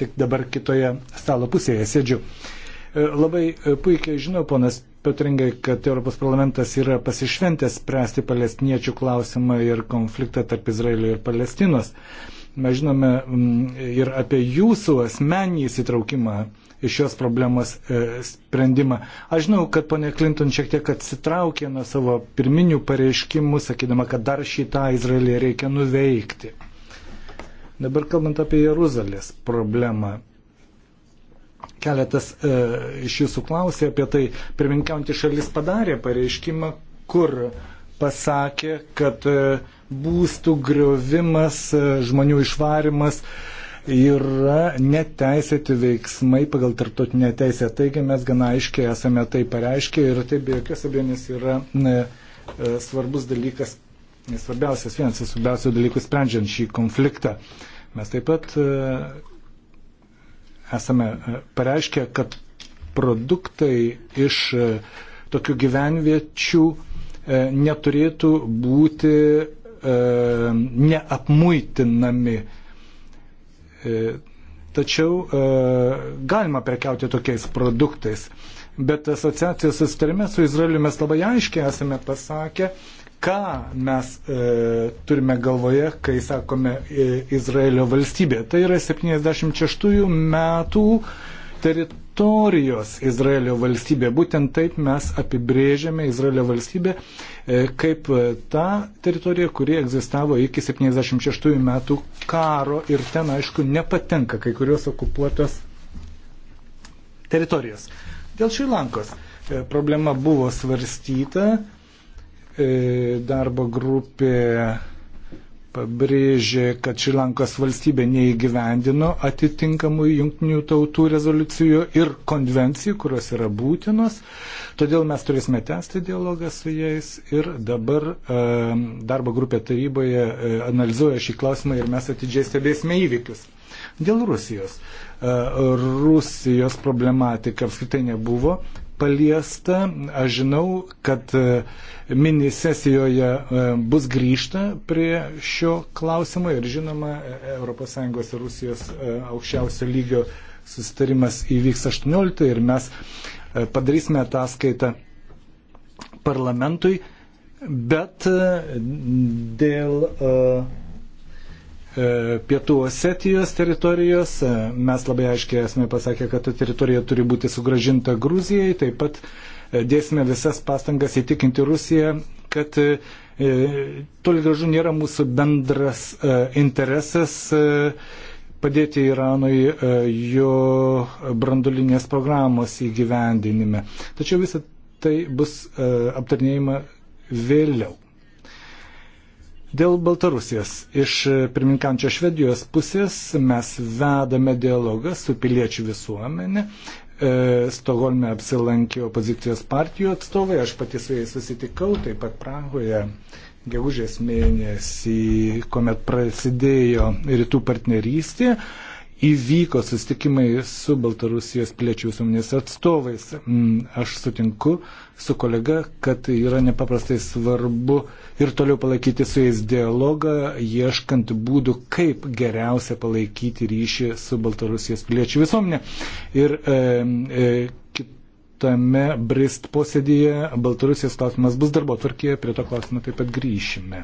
tik dabar kitoje stalo pusėje sėdžiu. E, labai e, puikiai žinau, ponas Piotringai, kad Europos parlamentas yra pasišventęs spręsti palestiniečių klausimą ir konfliktą tarp Izraelio ir Palestinos. E, Mes žinome mm, ir apie jūsų asmenį įsitraukimą iš šios problemos e, sprendimą. Aš žinau, kad ponė Clinton šiek tiek atsitraukė nuo savo pirminių pareiškimų, sakydama, kad dar šitą Izraelį reikia nuveikti. Dabar kalbant apie Jeruzalės problemą. Keletas e, iš jūsų klausė apie tai. Pirminkiaujantis šalis padarė pareiškimą, kur pasakė, kad e, būstų griovimas, e, žmonių išvarimas yra neteisėti veiksmai pagal tarptautinę teisę. Taigi mes gana aiškiai esame tai pareiškę ir tai be jokios abejonės yra e, e, svarbus dalykas, svarbiausias, vienas iš svarbiausių dalykų sprendžiant šį konfliktą. Mes taip pat esame pareiškę, kad produktai iš tokių gyvenviečių neturėtų būti E, neapmuitinami. E, tačiau e, galima prekiauti tokiais produktais. Bet asociacijos sustarime su Izraeliu mes labai aiškiai esame pasakę, ką mes e, turime galvoje, kai sakome e, Izraelio valstybė. Tai yra 76 metų teritorijos istorijos Izraelio valstybė. Būtent taip mes apibrėžiame Izraelio valstybę e, kaip e, tą teritoriją, kuri egzistavo iki 76 metų karo ir ten, aišku, nepatenka kai kurios okupuotos teritorijos. Dėl Šilankos e, problema buvo svarstyta, darbo grupė pabrėžė, kad Šilankos valstybė neįgyvendino atitinkamų jungtinių tautų rezoliucijų ir konvencijų, kurios yra būtinos. Todėl mes turėsime tęsti dialogą su jais ir dabar e, darbo grupė taryboje e, analizuoja šį klausimą ir mes atidžiai stebėsime įvykius. Dėl Rusijos. E, Rusijos problematika apskritai nebuvo paliesta. Aš žinau, kad e, mini sesijoje e, bus grįžta prie šio klausimo ir žinoma, ES ir Rusijos e, aukščiausio lygio susitarimas įvyks 18 ir mes padarysime ataskaitą parlamentui, bet dėl uh, E, pietų Osetijos teritorijos. E, mes labai aiškiai esame pasakę, kad ta teritorija turi būti sugražinta Gruzijai. Taip pat e, dėsime visas pastangas įtikinti Rusiją, kad toli gražu nėra mūsų bendras interesas padėti Iranui jo brandulinės programos įgyvendinime. Tačiau visą tai bus aptarnėjama vėliau. Dėl Baltarusijos iš e, pirminkančio Švedijos pusės mes vedame dialogą su piliečių visuomenė. E, Stokholme apsilankė opozicijos partijų atstovai, aš pati su jais susitikau, taip pat Prahoje gegužės mėnesį, kuomet prasidėjo rytų partnerystė. E, įvyko sustikimai su Baltarusijos piliečių visuomenės atstovais. Mm, aš sutinku su kolega, kad yra nepaprastai svarbu ir toliau palaikyti su jais dialogą, ieškant būdų, kaip geriausia palaikyti ryšį su Baltarusijos piliečių visuomenė. Ir e, e, kitame brist posėdėje Baltarusijos klausimas bus darbo tvarkėje, prie to klausimo taip pat grįšime.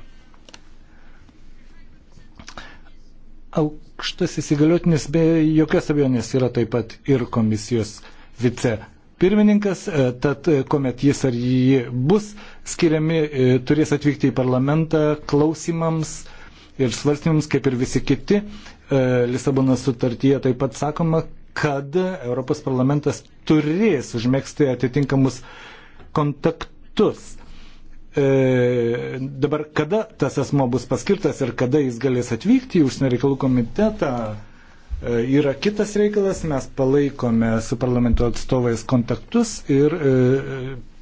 Au aukštasis įgaliotinis be jokios abejonės yra taip pat ir komisijos vice pirmininkas, e, tad e, kuomet jis ar jį bus skiriami, e, turės atvykti į parlamentą klausimams ir svarstymams, kaip ir visi kiti. Lisabonas sutartyje taip pat sakoma, kad Europos parlamentas turės užmėgsti atitinkamus kontaktus. E, dabar kada tas asmo bus paskirtas ir kada jis galės atvykti į užsienio reikalų komitetą, e, yra kitas reikalas. Mes palaikome su parlamento atstovais kontaktus ir e,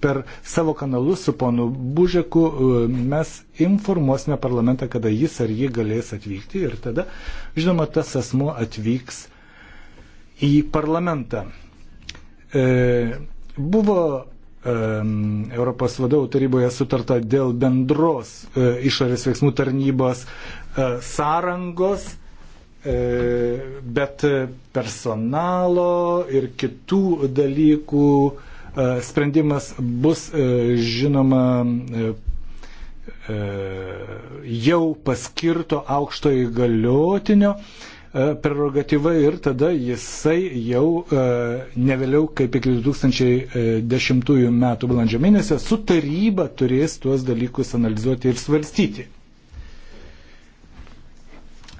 per savo kanalus su ponu Bužeku e, mes informuosime parlamentą, kada jis ar ji galės atvykti ir tada, žinoma, tas asmo atvyks į parlamentą. E, buvo Europos vadovų taryboje sutarta dėl bendros e, išorės veiksmų tarnybos e, sąrangos, e, bet personalo ir kitų dalykų sprendimas bus žinoma jau paskirto aukšto įgaliotinio. E, prerogatyva ir tada jisai jau e, ne vėliau kaip iki 2010 metų balandžio mėnesio su taryba turės tuos dalykus analizuoti ir svarstyti.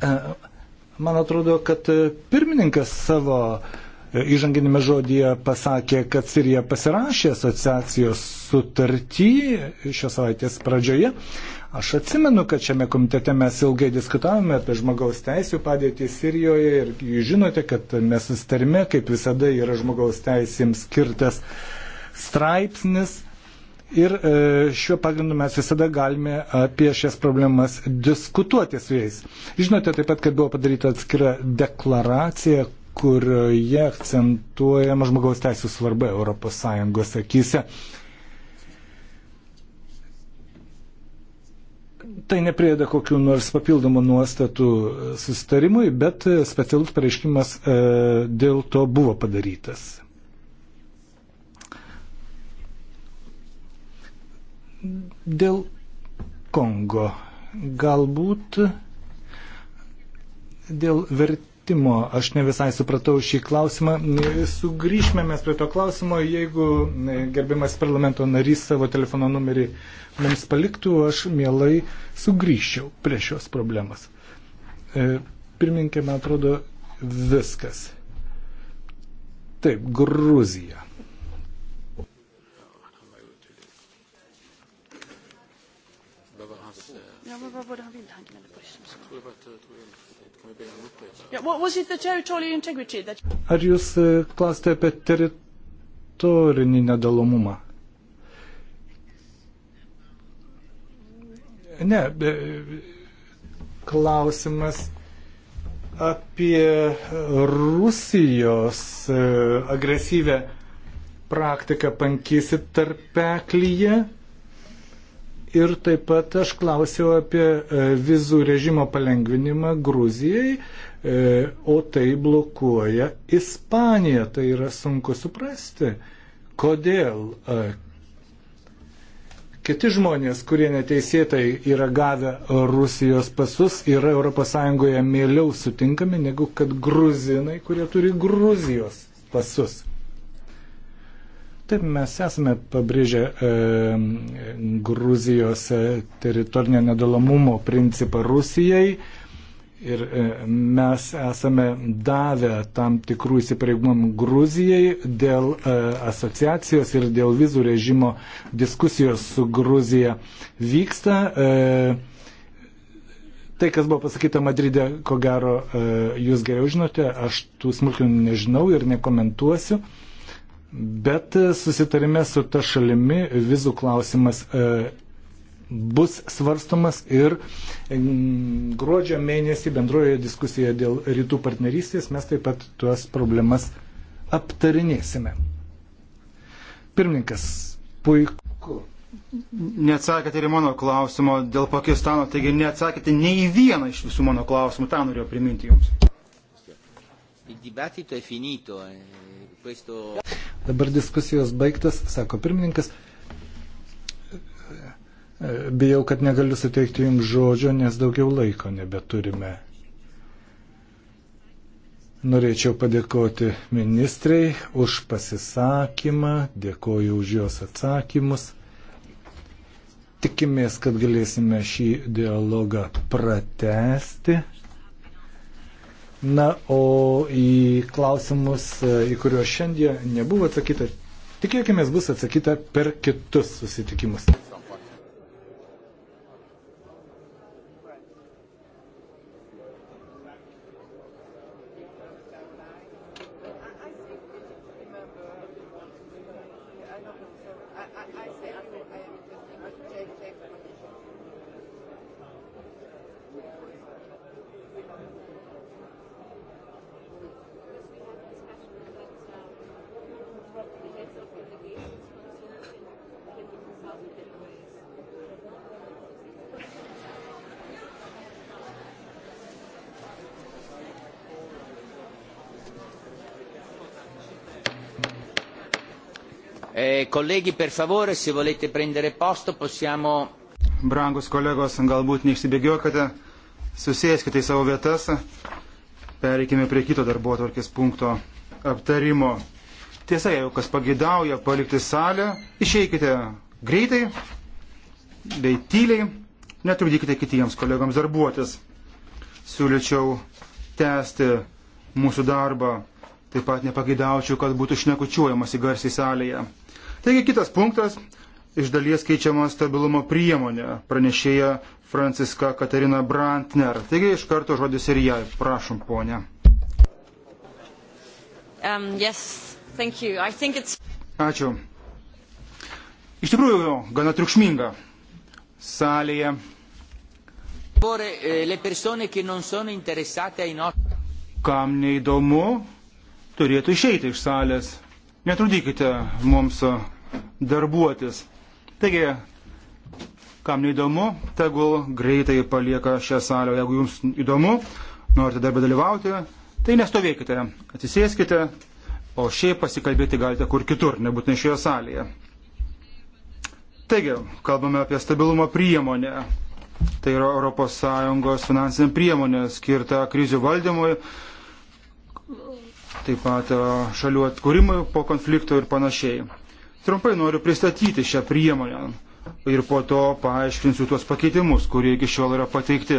E, man atrodo, kad pirmininkas savo įžanginėme žodėje pasakė, kad Sirija pasirašė asociacijos sutartį šios savaitės pradžioje. Aš atsimenu, kad šiame komitete mes ilgai diskutavome apie žmogaus teisų padėtį Sirijoje ir jūs žinote, kad mes sustarime, kaip visada, yra žmogaus teisėms skirtas straipsnis. Ir e, šiuo pagrindu mes visada galime apie šias problemas diskutuoti su jais. Žinote taip pat, kad buvo padaryta atskira deklaracija, kurioje akcentuojama žmogaus teisų svarba ES akise. tai neprieda kokiu nors papildomų nuostatų e, sustarimui, bet e, specialus pareiškimas e, dėl to buvo padarytas. Dėl Kongo galbūt dėl vertės pakeitimo. Aš ne visai supratau šį klausimą. Sugryšime mes prie to klausimo. Jeigu e, gerbiamas parlamento narys savo telefono numerį mums paliktų, aš mielai sugrįžčiau prie šios problemos. E, Pirminkė, man atrodo, viskas. Taip, Gruzija. Ja, aber wo wurde Ar jūs e, klausėte apie teritorinį nedalomumą? Ne, klausimas apie Rusijos e, agresyvę praktiką pankysi tarpeklyje. Ir taip pat aš klausiau apie e, vizų režimo palengvinimą Gruzijai E, o tai blokuoja Ispanija. Tai yra sunku suprasti, kodėl e, kiti žmonės, kurie neteisėtai yra gavę Rusijos pasus, yra ES mėliau sutinkami negu kad gruzinai, kurie turi Gruzijos pasus. Taip mes esame pabrėžę e, Gruzijos e, teritorinio nedalomumo principą Rusijai. E, Ir e, mes esame davę tam tikrų įsipareigumų Gruzijai dėl e, asociacijos ir dėl vizų režimo diskusijos su Gruzija vyksta. E, tai, kas buvo pasakyta Madride, ko gero jūs geriau žinote, aš tų smulkmenų nežinau ir nekomentuosiu. Bet susitarime su ta šalimi vizų klausimas bus svarstomas ir gruodžio mėnesį bendroje diskusijoje dėl rytų partnerystės mes taip pat tuos problemas aptarinėsime. Pirmininkas, puiku. Neatsakėte ir mano klausimo dėl Pakistano, taigi neatsakėte nei į vieną iš visų mano klausimų, tą norėjau priminti jums. Eh, Dabar diskusijos baigtas, sako pirmininkas. Bijau, kad negaliu suteikti jums žodžio, nes daugiau laiko nebeturime. Norėčiau padėkoti ministrei už pasisakymą, dėkoju už jos atsakymus. Tikimės, kad galėsime šį dialogą pratesti. Na, o į klausimus, į kuriuos šiandien nebuvo atsakyta, tikėkime bus atsakyta per kitus susitikimus. Kolegi, per favore, se volete prendere posto, possiamo. Brangus kolegos, galbūt neišsibėgiokite, susėskite į savo vietas, pereikime prie kito darbo atvarkės punkto aptarimo. Tiesa, jeigu kas pagidauja palikti salę, išeikite greitai bei tyliai, netrukdykite kitiems kolegams darbuotis. Siūlyčiau tęsti mūsų darbą Taip pat nepagidaučiau, kad būtų šnekučiuojamas į garsiai salėje. Taigi kitas punktas - iš dalies keičiama stabilumo priemonė pranešėja Franciska Katarina Brantner. Taigi iš karto žodis ir jai. Prašom, ponė. Um, yes, Ačiū. Iš tikrųjų, gana triukšminga salėje. E, Kam neįdomu, turėtų išeiti iš salės. Netrudykite mums darbuotis. Taigi, kam neįdomu, tegul greitai palieka šią salę. Jeigu jums įdomu, norite darbę dalyvauti, tai nestovėkite, atsisėskite, o šiaip pasikalbėti galite kur kitur, nebūtinai šioje salėje. Taigi, kalbame apie stabilumo priemonę. Tai yra ES finansinė priemonė skirta krizių valdymui, taip pat šalių atkūrimui po konflikto ir panašiai. Trumpai noriu pristatyti šią priemonę ir po to paaiškinsiu tuos pakeitimus, kurie iki šiol yra pateikti.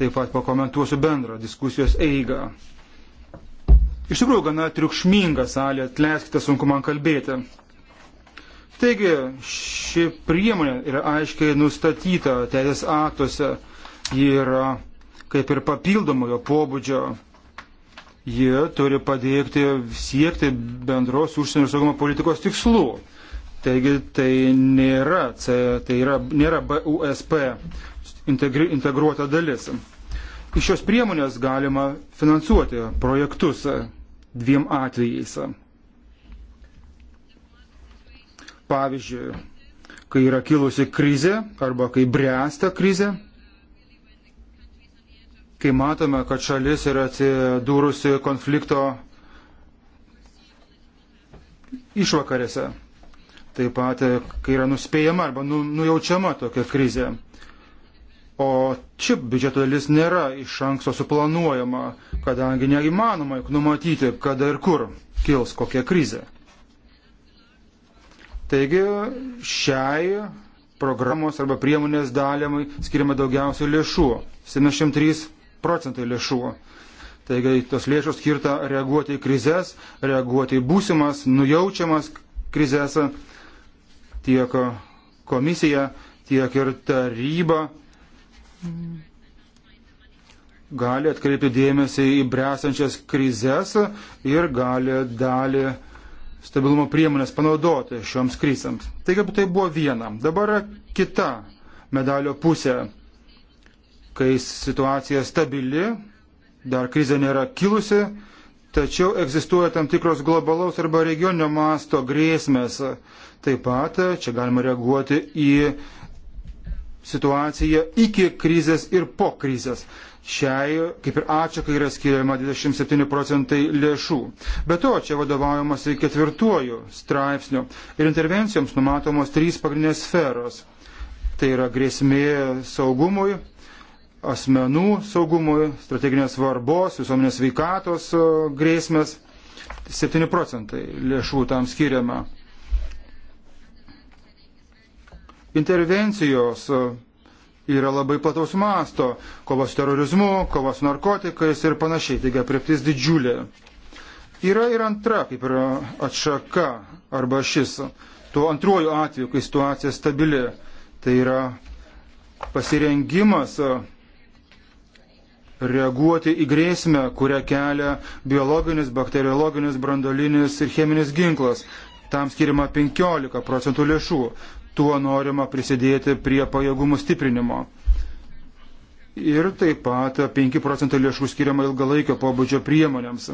Taip pat pakomentuosiu bendrą diskusijos eigą. Iš tikrųjų, gana triukšminga salė, atleiskite, sunku man kalbėti. Taigi, ši priemonė yra aiškiai nustatyta teisės aktuose, ji yra kaip ir papildomojo pobūdžio Jie turi padėkti siekti bendros užsienio ir saugumo politikos tikslų. Taigi tai nėra, tai yra, nėra BUSP integri, integruota dalis. Iš šios priemonės galima finansuoti projektus dviem atvejais. Pavyzdžiui, kai yra kilusi krizė arba kai bręsta krizė, kai matome, kad šalis yra atsidūrusi konflikto išvakarėse. Taip pat, e, kai yra nuspėjama arba nu, nujaučiama tokia krizė. O ši biudžeto dalis nėra iš anksto suplanuojama, kadangi neįmanoma juk numatyti, kada ir kur kils kokia krizė. Taigi šiai programos arba priemonės dalymai skiriama daugiausiai lėšų - 73 procentai lėšų. Taigi tos lėšos skirta reaguoti į krizės, reaguoti į būsimas, nujaučiamas krizės. Tiek komisija, tiek ir taryba gali atkreipti dėmesį į bresančias krizės ir gali dalį stabilumo priemonės panaudoti šioms krizams. Taigi tai buvo viena. Dabar kita medalio pusė kai situacija stabili, dar krizė nėra kilusi, tačiau egzistuoja tam tikros globalaus arba regioninio masto grėsmės. Taip pat čia galima reaguoti į situaciją iki krizės ir po krizės. Šiai, kaip ir atšakai, yra skiriama 27 procentai lėšų. Be to, čia vadovaujamasi ketvirtuoju straipsniu ir intervencijoms numatomos trys pagrindinės sferos. Tai yra grėsmė saugumui, asmenų saugumui, strateginės svarbos, visuomenės veikatos e, grėsmės. 7 procentai lėšų tam skiriama. Intervencijos e, yra labai plataus masto - kovos terorizmu, kovos narkotikais ir panašiai, taigi apriptis didžiulė. Yra ir antra, kaip ir atšaka arba šis, tuo antruoju atveju, kai situacija stabili, tai yra pasirengimas e, reaguoti į grėsmę, kurią kelia biologinis, bakteriologinis, brandolinis ir cheminis ginklas. Tam skirima 15 procentų lėšų. Tuo norima prisidėti prie pajėgumų stiprinimo. Ir taip pat 5 procentai lėšų skiriama ilgalaikio pobūdžio priemonėms.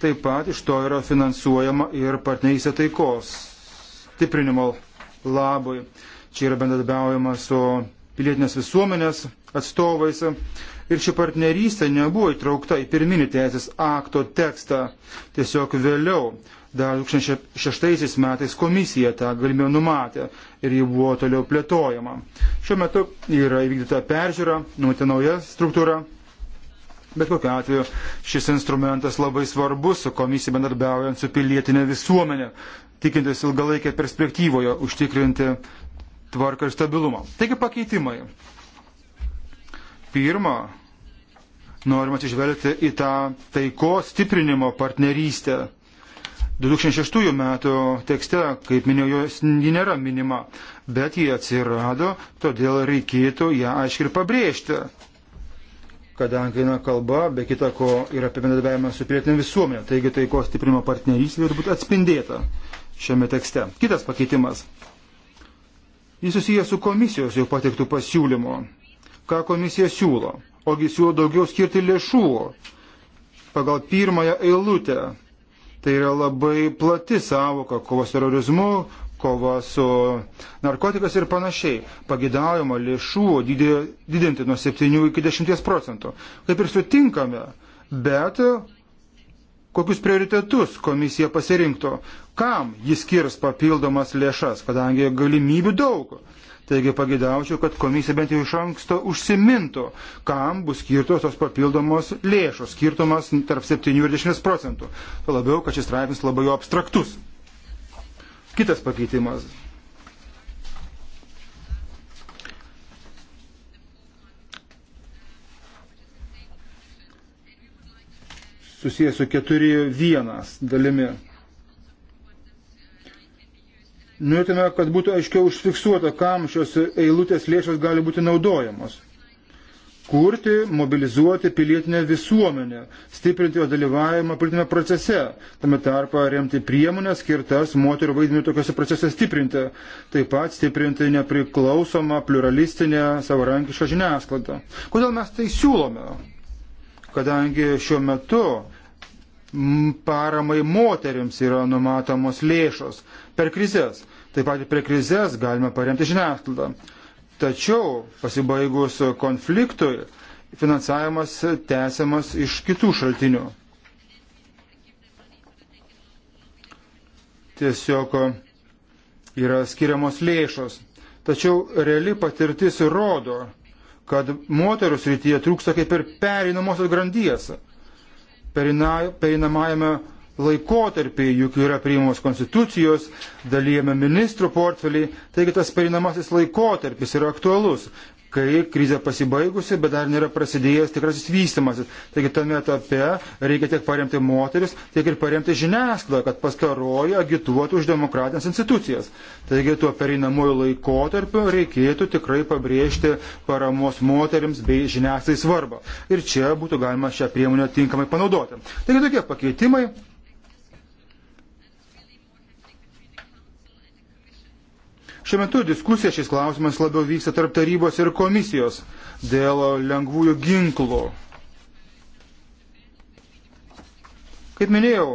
Taip pat iš to yra finansuojama ir partnerystė taikos stiprinimo labui. Čia yra bendradarbiaujama su pilietinės visuomenės atstovais ir ši partnerystė nebuvo įtraukta į pirminį teisės akto tekstą. Tiesiog vėliau, dar 2006 metais komisija tą galimybę numatė ir ji buvo toliau plėtojama. Šiuo metu yra įvykdyta peržiūra, numatė nauja struktūra. Bet kokiu atveju šis instrumentas labai svarbus su komisija bendarbiaujant su pilietinė visuomenė, tikintis ilgalaikė perspektyvoje užtikrinti tvarką ir stabilumą. Taigi pakeitimai. Pirma, Norim atsižvelgti į tą taikos stiprinimo partnerystę. 2006 metų tekste, kaip minėjau, ji nėra minima, bet ji atsirado, todėl reikėtų ją aiškiai ir pabrėžti, kadangi eina kalba, be kita ko, ir apie bendradarbiavimą su pilietinė visuomenė, taigi taikos stiprimo partnerystė turi būti atspindėta šiame tekste. Kitas pakeitimas. Jis susijęs su komisijos jau pateiktų pasiūlymo. Ką komisija siūlo? ogi siūlo daugiau skirti lėšų pagal pirmąją eilutę. Tai yra labai plati savoka - kova su terorizmu, kova su narkotikas ir panašiai. Pagidaujama lėšų didinti nuo 7 iki 10 procentų. Kaip ir sutinkame, bet kokius prioritetus komisija pasirinktų, kam jis skirs papildomas lėšas, kadangi galimybių daug. Taigi pagidaučiau, kad komisija bent jau iš anksto užsimintų, kam bus skirtos tos papildomos lėšos, skirtumas tarp 7 ir 10 procentų. Tuo labiau, kad šis straipsnis labai jau abstraktus. Kitas pakeitimas. susijęs su 4.1 dalimi. Norėtume, kad būtų aiškiau užfiksuota, kam šios eilutės lėšos gali būti naudojamos. Kurti, mobilizuoti pilietinę visuomenę, stiprinti jo dalyvavimą politinėme procese, tame tarpa remti priemonės skirtas moterų vaidmenį tokiuose procese stiprinti, taip pat stiprinti nepriklausomą, pluralistinę, savarankišką žiniasklaidą. Kodėl mes tai siūlome? Kadangi šiuo metu paramai moteriams yra numatomos lėšos, per krizės. Taip pat per krizės galime paremti žiniasklaidą. Tačiau pasibaigus konfliktui finansavimas tęsiamas iš kitų šaltinių. Tiesiog yra skiriamos lėšos. Tačiau reali patirtis rodo, kad moterų srityje trūksta kaip ir pereinamosios grandies. Perina, pereinamajame laikotarpį, juk yra priimamos konstitucijos, dalyjame ministrų portfeliai, taigi tas perinamasis laikotarpis yra aktualus, kai krizė pasibaigusi, bet dar nėra prasidėjęs tikrasis vystimasis. Taigi tame etape reikia tiek paremti moteris, tiek ir paremti žiniasklaidą, kad pastaroji agituotų už demokratinės institucijas. Taigi tuo pereinamojų laikotarpiu reikėtų tikrai pabrėžti paramos moteriams bei žiniasklaidai svarbą. Ir čia būtų galima šią priemonę tinkamai panaudoti. Taigi tokie pakeitimai Šiuo metu diskusija šis klausimas labiau vyksta tarp tarybos ir komisijos dėl lengvųjų ginklų. Kaip minėjau,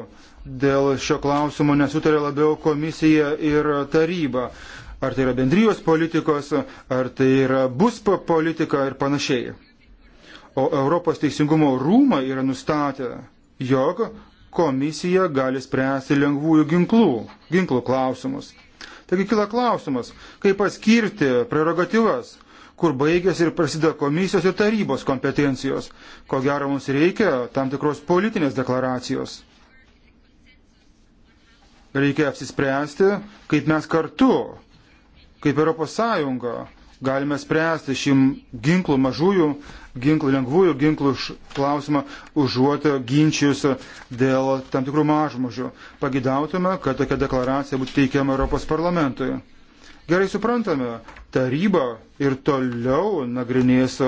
dėl šio klausimo nesutarė labiau komisija ir taryba. Ar tai yra bendrijos politikos, ar tai yra buspa politika ir panašiai. O Europos teisingumo rūmai yra nustatę, jog komisija gali spręsti lengvųjų ginklų, ginklų klausimus. Taigi kila klausimas, kaip atskirti prerogatyvas, kur baigėsi ir prasideda komisijos ir tarybos kompetencijos. Ko gero mums reikia tam tikros politinės deklaracijos. Reikia apsispręsti, kaip mes kartu, kaip Europos Sąjunga, galime spręsti šį ginklų mažųjų, ginklų lengvųjų ginklų klausimą užuot ginčius dėl tam tikrų mažmožių. Pagidautume, kad tokia deklaracija būtų teikiama Europos parlamentui. Gerai suprantame, taryba ir toliau nagrinės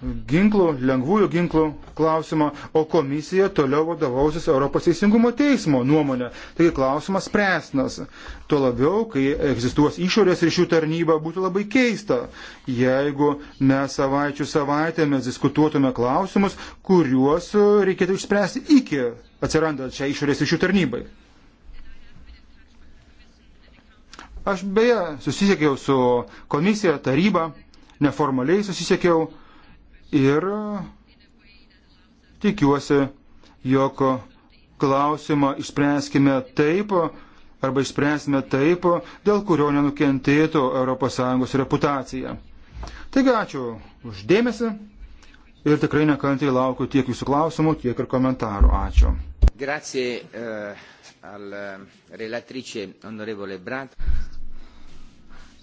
ginklų, lengvųjų ginklų klausimą, o komisija toliau vadovausis Europos Teisingumo teismo nuomonė. Taigi klausimas spręsnas. Tuo labiau, kai egzistuos išorės ryšių tarnyba, būtų labai keista, jeigu mes savaičių savaitėmis diskutuotume klausimus, kuriuos reikėtų išspręsti iki atsirandant čia išorės ryšių tarnybai. Aš beje susisiekiau su komisija, taryba, neformaliai susisiekiau ir tikiuosi, jog klausimą išspręskime taip arba išspręsime taip, dėl kurio nenukentėtų ES reputacija. Taigi ačiū uždėmesi ir tikrai nekantriai laukiu tiek jūsų klausimų, tiek ir komentarų. Ačiū. Grazie, uh, al, uh,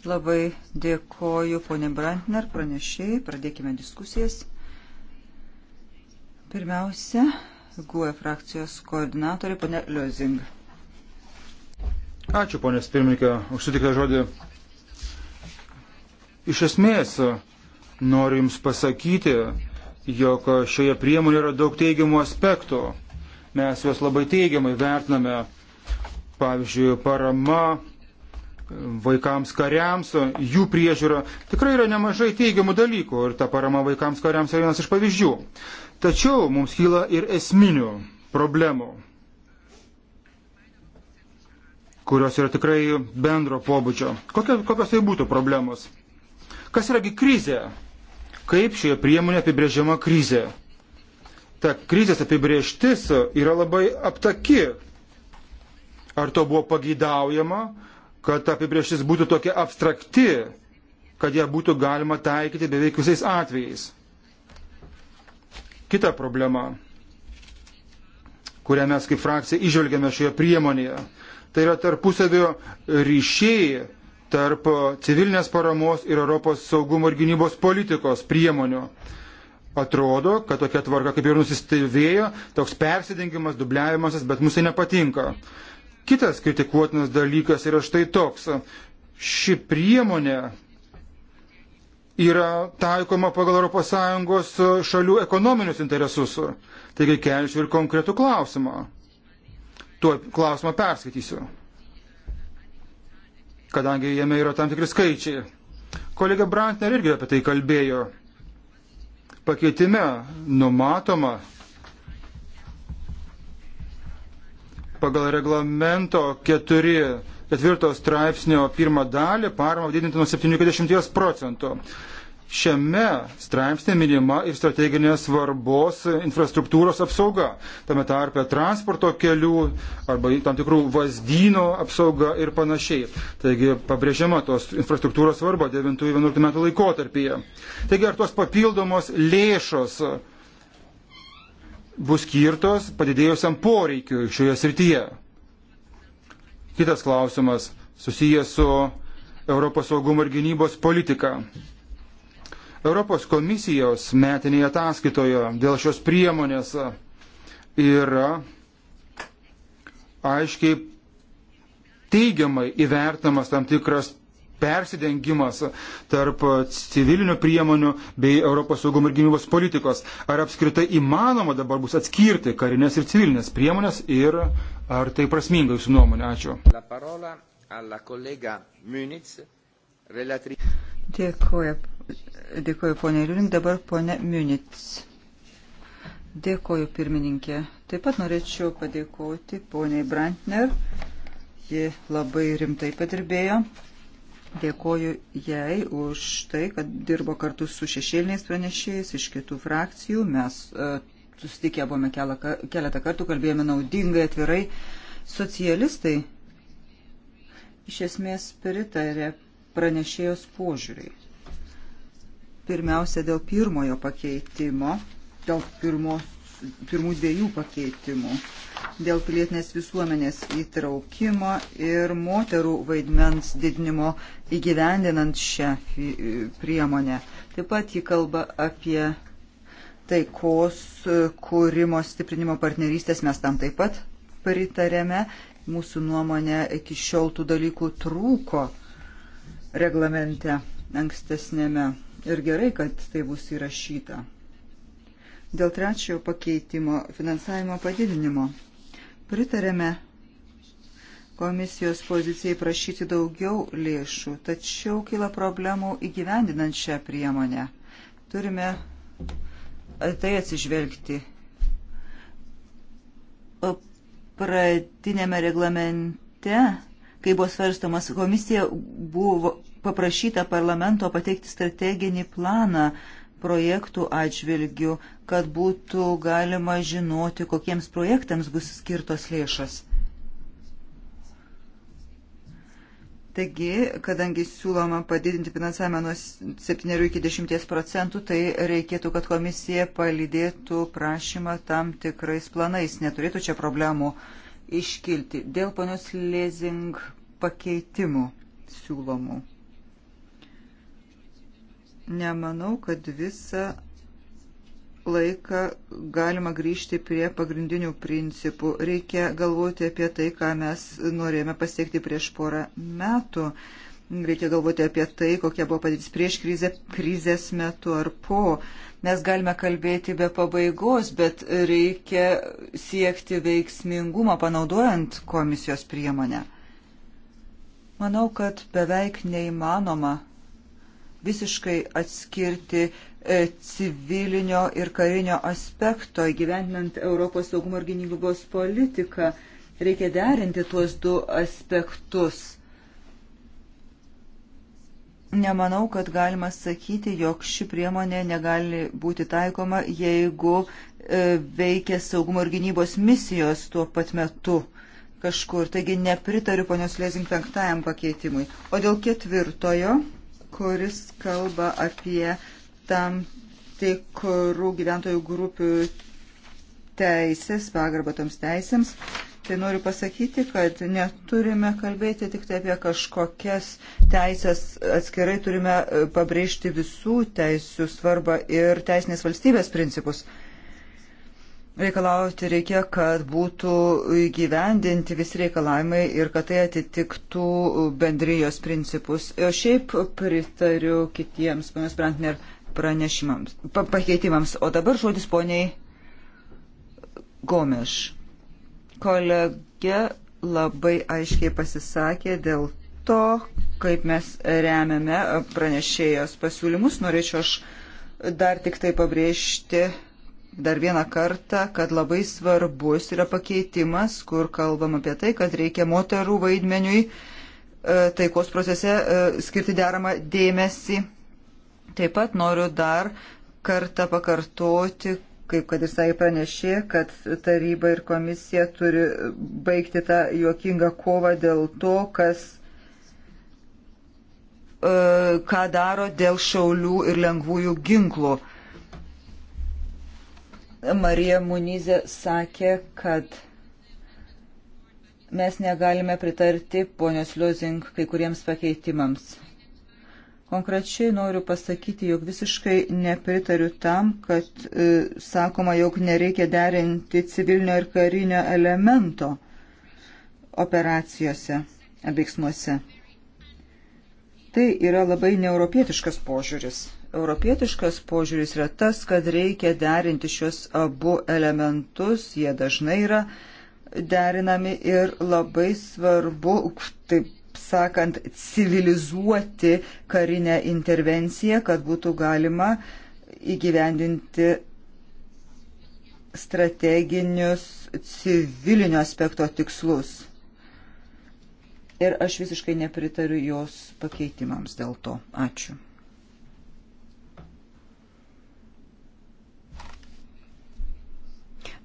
Labai dėkoju ponė Brantner, pranešėjai. Pradėkime diskusijas. Pirmiausia, GUE frakcijos koordinatorė ponė Liozing. Ačiū ponės pirmininkė už sutiktą žodį. Iš esmės, noriu Jums pasakyti, jog šioje priemonėje yra daug teigiamų aspektų. Mes juos labai teigiamai vertiname. Pavyzdžiui, parama vaikams kariams, jų priežiūra. Tikrai yra nemažai teigiamų dalykų ir ta parama vaikams kariams yra vienas iš pavyzdžių. Tačiau mums kyla ir esminių problemų, kurios yra tikrai bendro pobūdžio. Kokios, kokios tai būtų problemos? Kas yragi krizė? Kaip šioje priemonėje apibrėžiama krizė? Ta krizės apibrieštis yra labai aptaki. Ar to buvo pageidaujama, kad apibrieštis būtų tokia abstrakti, kad ją būtų galima taikyti beveik visais atvejais. Kita problema, kurią mes kaip frakcija išvelgiame šioje priemonėje, tai yra tarpusavio ryšiai tarp civilinės paramos ir Europos saugumo ir gynybos politikos priemonių. Atrodo, kad tokia tvarka kaip ir nusistėvėjo, toks persidengimas, dubliavimasis, bet mums tai nepatinka. Kitas kritikuotinas dalykas yra štai toks. Ši priemonė yra taikoma pagal ES šalių ekonominius interesus. Taigi kelčiau ir konkretų klausimą. Tuo klausimą perskaitysiu, kadangi jame yra tam tikri skaičiai. Kolega Brantner irgi apie tai kalbėjo. Pakeitime numatoma pagal reglamento 4 ketvirto straipsnio pirmą dalį paramą didinti nuo 70 procentų. Šiame straipsnė minima ir strateginės svarbos infrastruktūros apsauga, tame tarpe transporto kelių arba tam tikrų vazdyno apsauga ir panašiai. Taigi pabrėžiama tos infrastruktūros svarba 9-11 metų laikotarpyje. Taigi ar tos papildomos lėšos bus skirtos padidėjusiam poreikiu šioje srityje. Kitas klausimas susijęs su Europos saugumo ir gynybos politika. Europos komisijos metinėje ataskaitoje dėl šios priemonės yra aiškiai teigiamai įvertinamas tam tikras persidengimas tarp civilinių priemonių bei Europos saugumo ir gynybos politikos. Ar apskritai įmanoma dabar bus atskirti karinės ir civilinės priemonės ir ar tai prasminga jūsų nuomonė? Ačiū. Dėkuoju. Dėkuoju, ponė Liulink. Dabar ponė Munic. Dėkuoju, pirmininkė. Taip pat norėčiau padėkoti poniai Brantner. Ji labai rimtai padirbėjo. Dėkoju jai už tai, kad dirbo kartu su šešėliniais pranešėjais iš kitų frakcijų. Mes e, susitikę buvome keletą kartų, kalbėjome naudingai, atvirai. Socialistai iš esmės pritarė pranešėjos požiūriai. Pirmiausia, dėl pirmojo pakeitimo, dėl pirmos, pirmų dviejų pakeitimų dėl pilietinės visuomenės įtraukimo ir moterų vaidmens didinimo įgyvendinant šią priemonę. Taip pat jį kalba apie taikos kūrimo stiprinimo partnerystės, mes tam taip pat pritarėme. Mūsų nuomonė iki šiol tų dalykų trūko reglamente ankstesnėme ir gerai, kad tai bus įrašyta. Dėl trečiojo pakeitimo finansavimo padidinimo Pritarėme komisijos pozicijai prašyti daugiau lėšų, tačiau kyla problemų įgyvendinant šią priemonę. Turime tai atsižvelgti. Pradinėme reglamente, kai buvo svarstomas, komisija buvo paprašyta parlamento pateikti strateginį planą projektų atžvilgių, kad būtų galima žinoti, kokiems projektams bus skirtos lėšas. Taigi, kadangi siūloma padidinti finansavimą nuo 7 iki 10 procentų, tai reikėtų, kad komisija palydėtų prašymą tam tikrais planais. Neturėtų čia problemų iškilti dėl ponios lėzing pakeitimų siūlomų nemanau, kad visą laiką galima grįžti prie pagrindinių principų. Reikia galvoti apie tai, ką mes norėjome pasiekti prieš porą metų. Reikia galvoti apie tai, kokia buvo padėtis prieš krizę, krizės metu ar po. Mes galime kalbėti be pabaigos, bet reikia siekti veiksmingumą panaudojant komisijos priemonę. Manau, kad beveik neįmanoma visiškai atskirti e, civilinio ir karinio aspekto įgyvendinant Europos saugumo ir gynybos politiką. Reikia derinti tuos du aspektus. Nemanau, kad galima sakyti, jog ši priemonė negali būti taikoma, jeigu e, veikia saugumo ir gynybos misijos tuo pat metu kažkur. Taigi nepritariu ponios Lezing penktajam pakeitimui. O dėl ketvirtojo kuris kalba apie tam tikrų gyventojų grupių teisės, pagarbą toms teisėms. Tai noriu pasakyti, kad neturime kalbėti tik tai apie kažkokias teisės atskirai, turime e, pabrėžti visų teisų svarbą ir teisinės valstybės principus reikalauti reikia, kad būtų įgyvendinti visi reikalavimai ir kad tai atitiktų bendrijos principus. O e, šiaip pritariu kitiems ponios Brantner pranešimams, pa pakeitimams. O dabar žodis poniai Gomeš. Kolegė labai aiškiai pasisakė dėl to, kaip mes remiame pranešėjos pasiūlymus. Norėčiau aš dar tik tai pabrėžti dar vieną kartą, kad labai svarbus yra pakeitimas, kur kalbam apie tai, kad reikia moterų vaidmeniui e, taikos procese e, skirti deramą dėmesį. Taip pat noriu dar kartą pakartoti, kaip kad jisai pranešė, kad taryba ir komisija turi baigti tą juokingą kovą dėl to, kas e, ką daro dėl šaulių ir lengvųjų ginklų. Marija Munizė sakė, kad mes negalime pritarti ponios Liozing kai kuriems pakeitimams. Konkrečiai noriu pasakyti, jog visiškai nepritariu tam, kad e, sakoma, jog nereikia derinti civilinio ir karinio elemento operacijose ar veiksmuose. Tai yra labai neuropietiškas požiūris. Europietiškas požiūris yra tas, kad reikia derinti šios abu elementus, jie dažnai yra derinami ir labai svarbu, taip sakant, civilizuoti karinę intervenciją, kad būtų galima įgyvendinti strateginius civilinio aspekto tikslus. Ir aš visiškai nepritariu jos pakeitimams dėl to. Ačiū.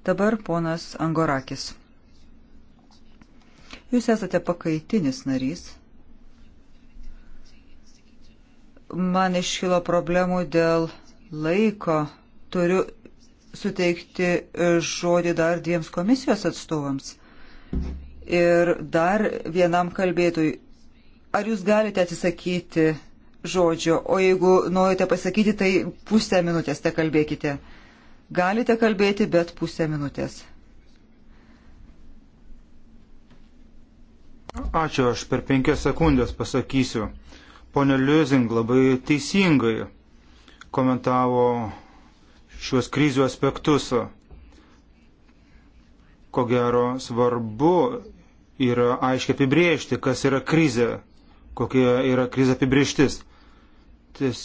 Dabar ponas Angorakis. Jūs esate pakaitinis narys. Man iškilo problemų dėl laiko. Turiu suteikti žodį dar dviems komisijos atstovams ir dar vienam kalbėtojui. Ar jūs galite atsisakyti žodžio, o jeigu norite pasakyti, tai pusę minutės te kalbėkite. Galite kalbėti, bet pusę minutės. Ačiū, aš per penkias sekundės pasakysiu. Pone Liuzing labai teisingai komentavo šiuos krizių aspektus. Ko gero svarbu yra aiškiai apibriežti, kas yra krizė, kokia yra krizė apibrieštis. Ties,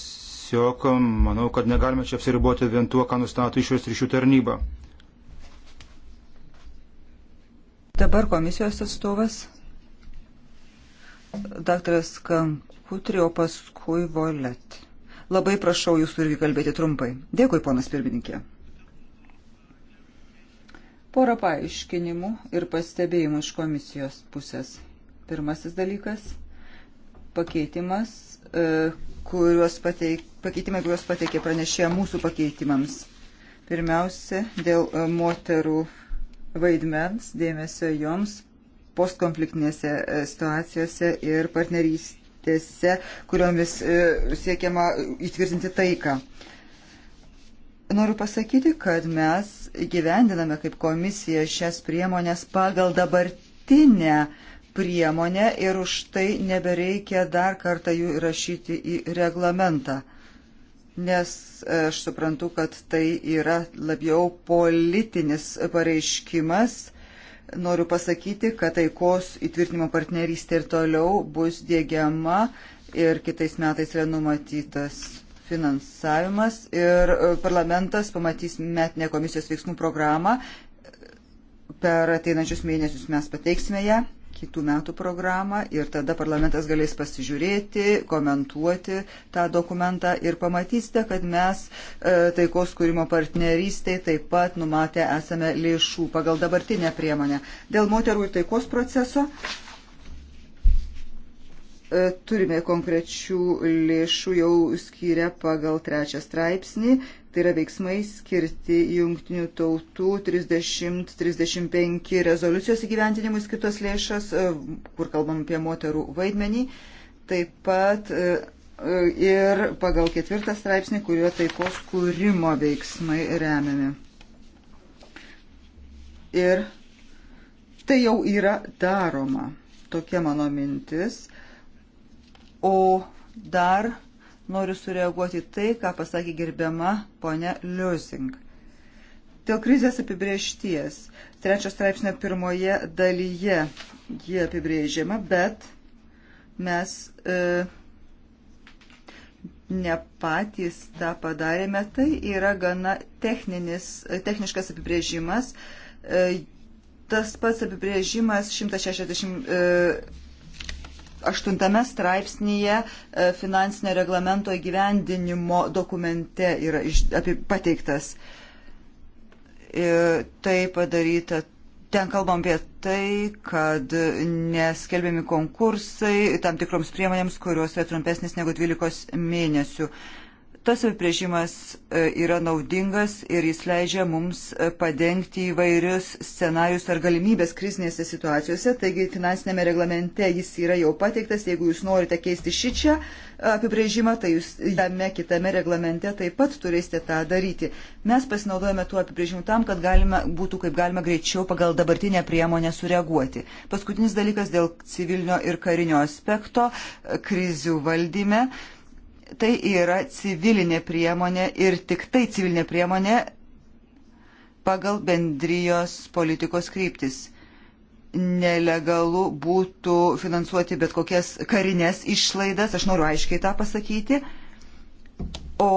tiesiog manau, kad negalime čia apsiriboti vien tuo, ką nustato išorės ryšių tarnyba. Dabar komisijos atstovas daktaras Kankutri, o paskui Volet. Labai prašau jūsų irgi kalbėti trumpai. Dėkui, ponas pirmininkė. Porą paaiškinimų ir pastebėjimų iš komisijos pusės. Pirmasis dalykas - pakeitimas, e, kuriuos pateik, pakeitimai, kuriuos pateikė pranešė mūsų pakeitimams. Pirmiausia, dėl e, moterų vaidmens, dėmesio joms postkonfliktinėse e, situacijose ir partnerystėse, kuriomis e, siekiama įtvirtinti taiką. Noriu pasakyti, kad mes gyvendiname kaip komisija šias priemonės pagal dabartinę priemonę ir už tai nebereikia dar kartą jų įrašyti į reglamentą nes e, aš suprantu, kad tai yra labiau politinis pareiškimas. Noriu pasakyti, kad taikos įtvirtinimo partnerystė ir toliau bus dėgiama ir kitais metais yra numatytas finansavimas ir e, parlamentas pamatys metinę komisijos veiksmų programą. Per ateinančius mėnesius mes pateiksime ją kitų metų programą ir tada parlamentas galės pasižiūrėti, komentuoti tą dokumentą ir pamatysite, kad mes e, taikos kūrimo partnerystėje taip pat numatę esame lėšų pagal dabartinę priemonę. Dėl moterų ir taikos proceso e, turime konkrečių lėšų jau skyrę pagal trečią straipsnį Tai yra veiksmai skirti jungtinių tautų 30-35 rezoliucijos įgyventinimui skirtos lėšas, e, kur kalbam apie moterų vaidmenį. Taip pat e, e, ir pagal ketvirtą straipsnį, kurio taikos kūrimo veiksmai remiami. Ir tai jau yra daroma. Tokia mano mintis. O dar noriu sureaguoti tai, ką pasakė gerbiama ponia Liusing. Dėl krizės apibriešties. Trečios straipsnio pirmoje dalyje ji apibrėžiama, bet mes e, ne patys tą padarėme. Tai yra gana techninis, techniškas apibrėžimas. E, tas pats apibrėžimas 160. E, aštuntame straipsnėje e, finansinio reglamento įgyvendinimo dokumente yra iš, apie, pateiktas. Ir e, tai padaryta. Ten kalbam apie tai, kad neskelbiami konkursai tam tikroms priemonėms, kurios yra trumpesnis negu 12 mėnesių. Uh, Tas apibrėžimas e, yra naudingas ir jis leidžia mums e, padengti įvairius scenarius ar galimybės krizinėse situacijose. Taigi finansinėme reglamente jis yra jau pateiktas. Jeigu jūs norite keisti šičią e, apibrėžimą, tai jūs tame kitame reglamente taip pat turėsite tą daryti. Mes pasinaudojame tuo apibrėžimu tam, kad galime, būtų kaip galima greičiau pagal dabartinę priemonę sureaguoti. Paskutinis dalykas dėl civilinio ir karinio aspekto krizių valdyme tai yra civilinė priemonė ir tik tai civilinė priemonė pagal bendrijos politikos kryptis. Nelegalu būtų finansuoti bet kokias karinės išlaidas, aš noriu aiškiai tą pasakyti. O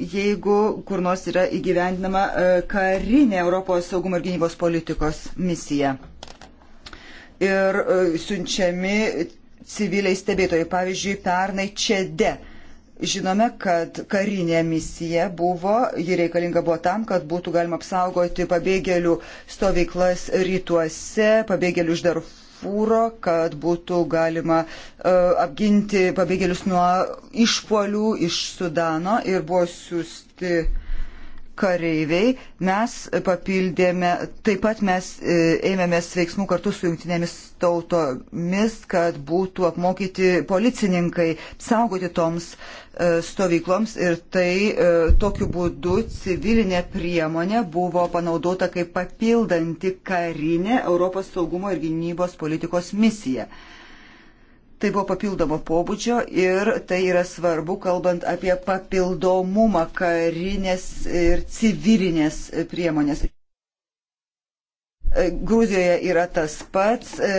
jeigu kur nors yra įgyvendinama e, karinė Europos saugumo ir gynybos politikos misija ir e, siunčiami civiliai stebėtojai, pavyzdžiui, pernai Čede Žinome, kad karinė misija buvo, ji reikalinga buvo tam, kad būtų galima apsaugoti pabėgėlių stovyklas rytuose, pabėgėlių iš Darfūro, kad būtų galima uh, apginti pabėgėlius nuo išpolių iš Sudano ir buvo siūsti kareiviai, mes papildėme, taip pat mes e, ėmėmės veiksmų kartu su jungtinėmis tautomis, kad būtų apmokyti policininkai saugoti toms e, stovykloms ir tai e, tokiu būdu civilinė priemonė buvo panaudota kaip papildanti karinė Europos saugumo ir gynybos politikos misija. Tai buvo papildomo pobūdžio ir tai yra svarbu, kalbant apie papildomumą karinės ir civilinės priemonės. Gruzijoje yra tas pats. E,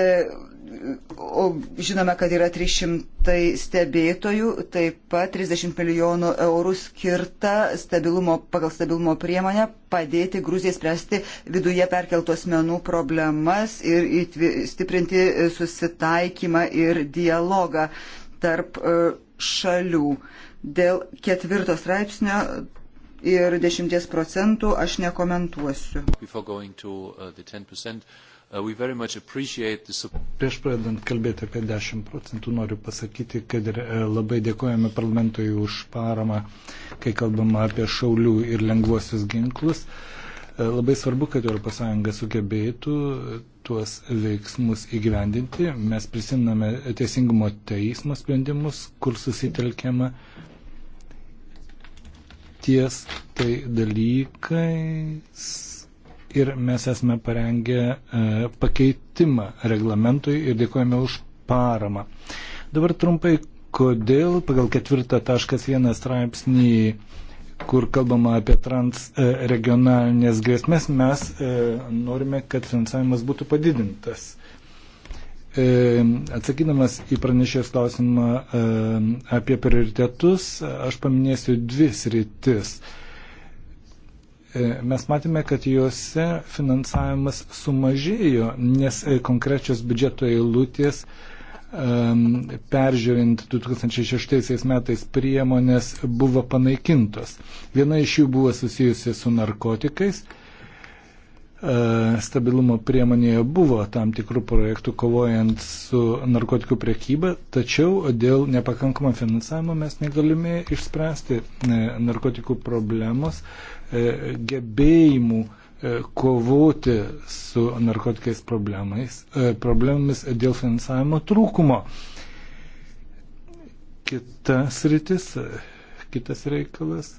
O žinome, kad yra 300 stebėtojų, taip pat 30 milijonų eurų skirta stabilumo, pagal stabilumo priemonę padėti Gruzijai spręsti viduje perkeltos menų problemas ir įtvi, stiprinti susitaikymą ir dialogą tarp e, šalių. Dėl ketvirto straipsnio ir 10 procentų aš nekomentuosiu. Uh, Prieš pradedant kalbėti apie 10 procentų, noriu pasakyti, kad e, labai dėkojame parlamentui už paramą, kai kalbama apie šaulių ir lengvuosius ginklus. E, labai svarbu, kad ES sugebėtų tuos veiksmus įgyvendinti. Mes prisimname Teisingumo teismo sprendimus, kur susitelkiama ties tai dalykais ir mes esame parengę e, pakeitimą reglamentui ir dėkojame už paramą. Dabar trumpai, kodėl pagal 4.1 straipsnį, kur kalbama apie trans e, regionalinės grėsmės, mes e, norime, kad finansavimas būtų padidintas. Atsakydamas į pranešėjus klausimą apie prioritetus, aš paminėsiu dvi sritis. E, E, mes matėme, kad juose finansavimas sumažėjo, nes e, konkrečios biudžeto eilutės peržiūrint 2006 metais priemonės buvo panaikintos. Viena iš jų buvo susijusi su narkotikais, E, stabilumo priemonėje buvo tam tikrų projektų kovojant su narkotikų priekyba, tačiau dėl nepakankamo finansavimo mes negalime išspręsti e, narkotikų problemos e, gebėjimų kovoti su narkotikais problemomis dėl finansavimo trūkumo. Kitas rytis, kitas reikalas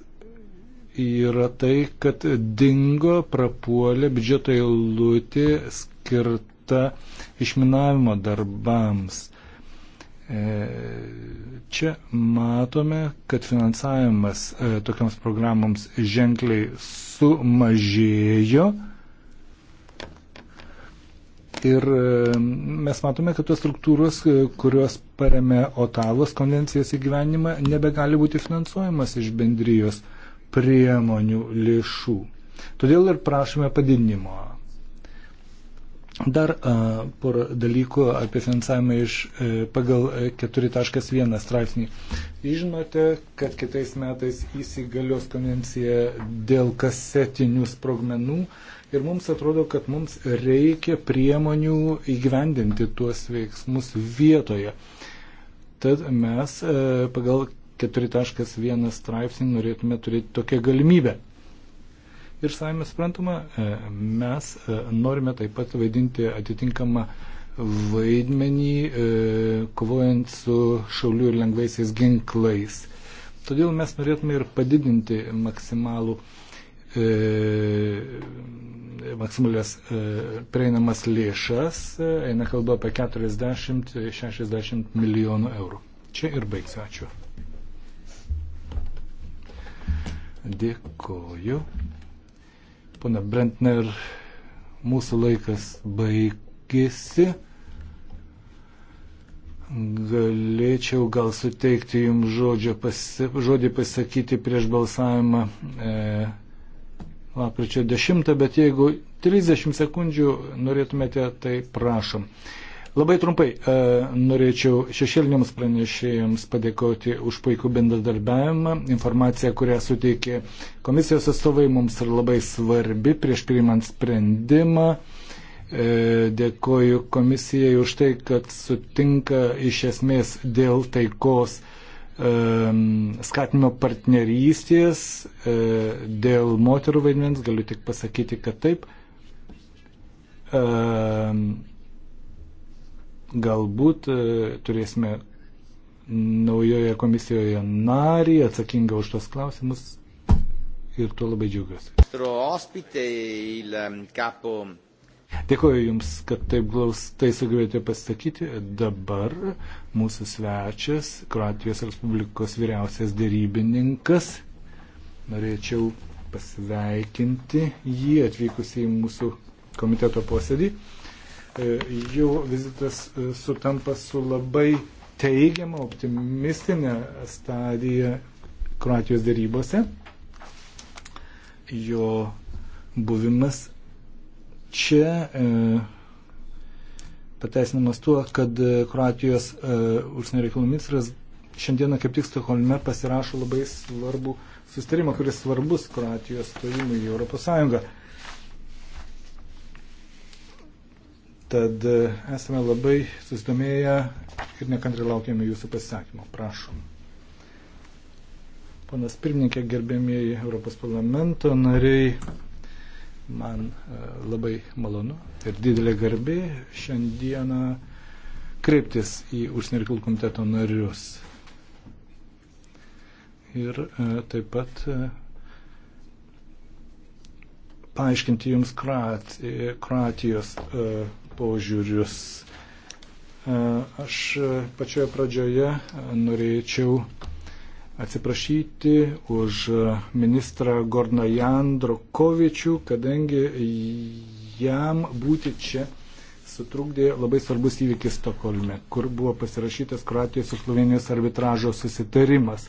yra tai, kad dingo prapuolė biudžeto eilutė skirta išminavimo darbams. E, čia matome, kad finansavimas e, tokiams programoms ženkliai sumažėjo. Ir e, mes matome, kad tos struktūros, kurios paremė Otavos konvencijos įgyvenimą, nebegali būti finansuojamas iš bendrijos. E, priemonių lėšų. Todėl ir prašome padidinimo. Dar porą dalykų apie finansavimą iš e, pagal 4.1 e, straipsnį. Žinote, kad kitais metais įsigalios konvencija dėl kasetinių sprogmenų ir mums atrodo, kad mums reikia priemonių įgyvendinti tuos veiksmus vietoje. Tad mes e, pagal 4.1 straipsnį norėtume turėti tokią galimybę. Ir savime suprantama, e, mes e, norime taip pat vaidinti atitinkamą vaidmenį, e, kovojant su šauliu ir lengvaisiais ginklais. Todėl mes norėtume ir padidinti maksimalų, maksimalės prieinamas lėšas, eina kalba apie 40-60 milijonų eurų. Čia ir baigsiu. Ačiū. Dėkoju. Pana Brentner, mūsų laikas baigėsi. Galėčiau gal suteikti jums pasi, žodį pasakyti prieš balsavimą e, lapkričio 10, bet jeigu 30 sekundžių norėtumėte, tai prašom. E, Labai trumpai e, norėčiau šešėliniams pranešėjams padėkoti už puikų bendradarbiavimą. Informacija, kurią suteikė komisijos atstovai, mums yra labai svarbi prieš priimant sprendimą. E, dėkoju komisijai už tai, kad sutinka iš esmės dėl taikos e, skatinimo partnerystės e, dėl moterų vaidmens, galiu tik pasakyti, kad taip. E, Galbūt e, turėsime naujoje komisijoje narį atsakingą už tos klausimus ir tuo labai džiaugiuosi. Ehm, Dėkuoju Jums, kad taip glaustai sugebėjote pasakyti. Dabar mūsų svečias, Kroatijos Respublikos vyriausias dėrybininkas. Norėčiau pasveikinti jį atvykusį į mūsų komiteto posėdį. E, jų vizitas e, sutampa su labai teigiama, optimistinė stadija Kroatijos dėrybose. Jo buvimas čia e, pateisinamas tuo, kad e, Kroatijos e, užsienio reikalų ministras šiandieną kaip tik Stokholme pasirašo labai svarbų sustarimą, kuris svarbus Kroatijos stojimui į Europos Sąjungą. E, Tad e, esame labai susidomėję ir nekantri laukiame jūsų pasisakymo. Prašom. Ponas pirmininkė, gerbėmieji Europos parlamento nariai, man e, labai malonu ir didelė garbė šiandieną kreiptis į užsienio reikalų komiteto narius. Ir e, taip pat paaiškinti jums Kroatijos. Krat, požiūrius. E, aš pačioje pradžioje norėčiau atsiprašyti už ministrą Gorną Jandrokovičių, kadangi jam būti čia sutrukdė labai svarbus įvykis Stokholme, kur buvo pasirašytas Kroatijos ir Slovenijos arbitražo susitarimas.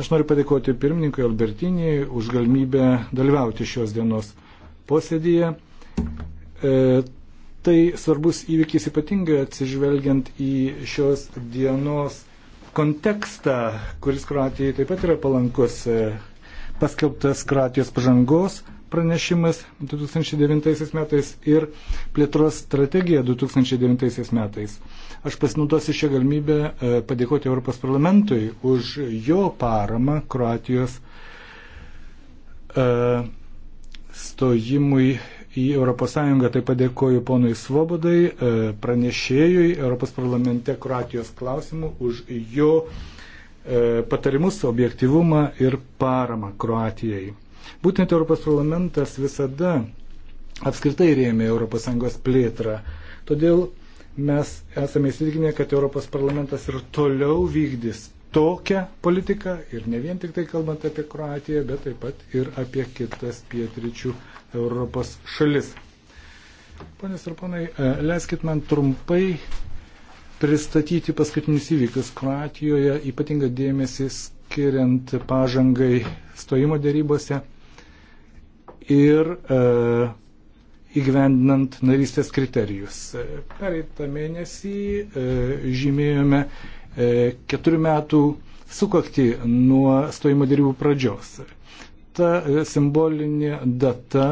Aš noriu padėkoti pirmininkui Albertinijai už galimybę dalyvauti šios dienos posėdėje. E, Tai svarbus įvykis ypatingai atsižvelgiant į šios dienos kontekstą, kuris Kroatijai taip pat yra palankus. Paskelbtas Kroatijos pažangos pranešimas 2009 metais ir plėtros strategija 2009 metais. Aš pasinaudosiu šią galimybę e, padėkoti Europos parlamentui už jo paramą Kroatijos e, stojimui į ES. Taip pat dėkoju ponui Svobodai, e, pranešėjui Europos parlamente Kroatijos klausimų už jo e, patarimus, objektivumą ir paramą Kroatijai. Būtent Europos parlamentas visada apskritai rėmė ES plėtrą. Todėl mes esame įsitikinę, kad Europos parlamentas ir toliau vykdys tokią politiką ir ne vien tik tai kalbant apie Kroatiją, bet taip pat ir apie kitas pietričių Europos šalis. Ponės ir ponai, e, leiskit man trumpai pristatyti paskutinius įvykius Kroatijoje, ypatingą dėmesį skiriant pažangai stojimo dėrybose ir e, įgyvendinant narystės kriterijus. E, pereitą mėnesį e, žymėjome E, keturių metų sukakti nuo stojimo dėrybų pradžios. Ta e, simbolinė data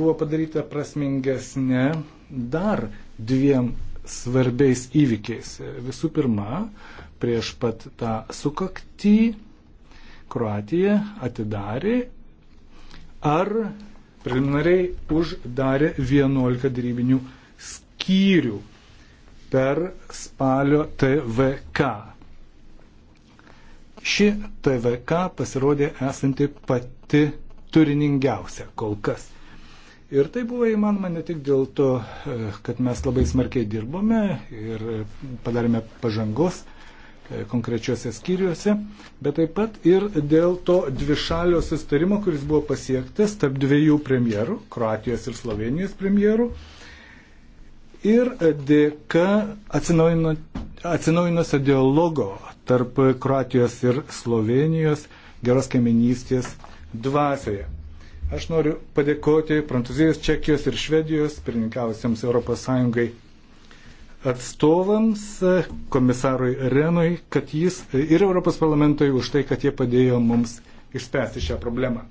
buvo padaryta prasmingesnė dar dviem svarbiais įvykiais. Visų pirma, prieš pat tą sukaktį Kroatija atidarė ar preliminariai uždarė 11 darybinių skyrių per spalio TVK. Ši TVK pasirodė esanti pati turiningiausia kol kas. Ir tai buvo įmanoma ne tik dėl to, e, kad mes labai smarkiai dirbome ir padarėme pažangos e, konkrečiuose skyriuose, bet taip pat ir dėl to dvišalio sustarimo, kuris buvo pasiektas tarp dviejų premjerų, Kroatijos ir Slovenijos premjerų, ir dėka atsinaujinusio dialogo tarp Kroatijos ir Slovenijos geros kaiminystės dvasioje. Aš noriu padėkoti Prancūzijos, Čekijos ir Švedijos pirmininkavusiems ES atstovams, komisarui Renui, kad jis ir Europos parlamentoj už tai, kad jie padėjo mums išspręsti šią problemą.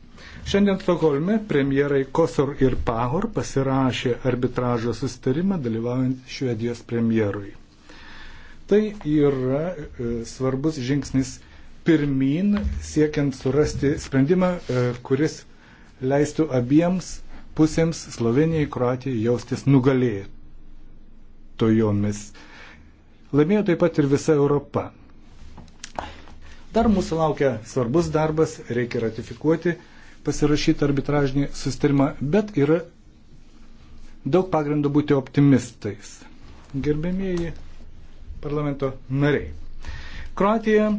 Šiandien Stokholme premjerai Kosor ir Pahor pasirašė arbitražo sustarimą dalyvaujant Švedijos premjerui. Tai yra e, svarbus žingsnis pirmin siekiant surasti sprendimą, e, kuris leistų abiems pusėms Slovenijai, Kroatijai jaustis nugalėtojomis. Laimėjo taip pat ir visa Europa. Dar mūsų laukia svarbus darbas, reikia ratifikuoti pasirašyti arbitražinį sustarimą, bet yra daug pagrindų būti optimistais. Gerbėmieji parlamento nariai. Kroatija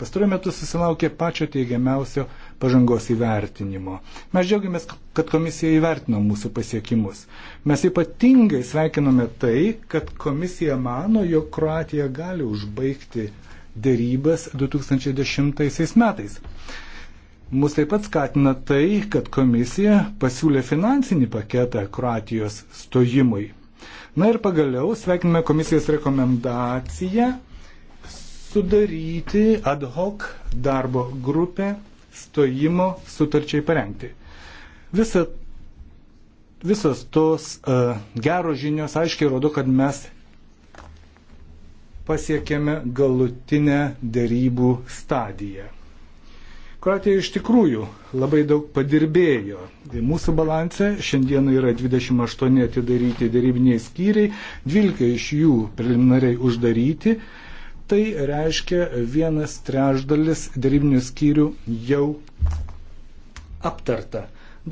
pastaruoju metu susilaukė pačio teigiamiausio pažangos įvertinimo. Mes džiaugiamės, kad komisija įvertino mūsų pasiekimus. Mes ypatingai sveikiname tai, kad komisija mano, jog Kroatija gali užbaigti dėrybas 2010 metais. Mus taip pat skatina tai, kad komisija pasiūlė finansinį paketą Kroatijos stojimui. Na ir pagaliau sveikiname komisijos rekomendaciją sudaryti ad hoc darbo grupę stojimo sutarčiai parengti. Visa, visos tos uh, geros žinios aiškiai rodo, kad mes pasiekėme galutinę dėrybų stadiją. Kroatija iš tikrųjų labai daug padirbėjo. Tai mūsų balance šiandien yra 28 atidaryti dėrybiniai skyriai, 12 iš jų preliminariai uždaryti. Tai reiškia vienas trešdalis dėrybinių skyrių jau aptarta.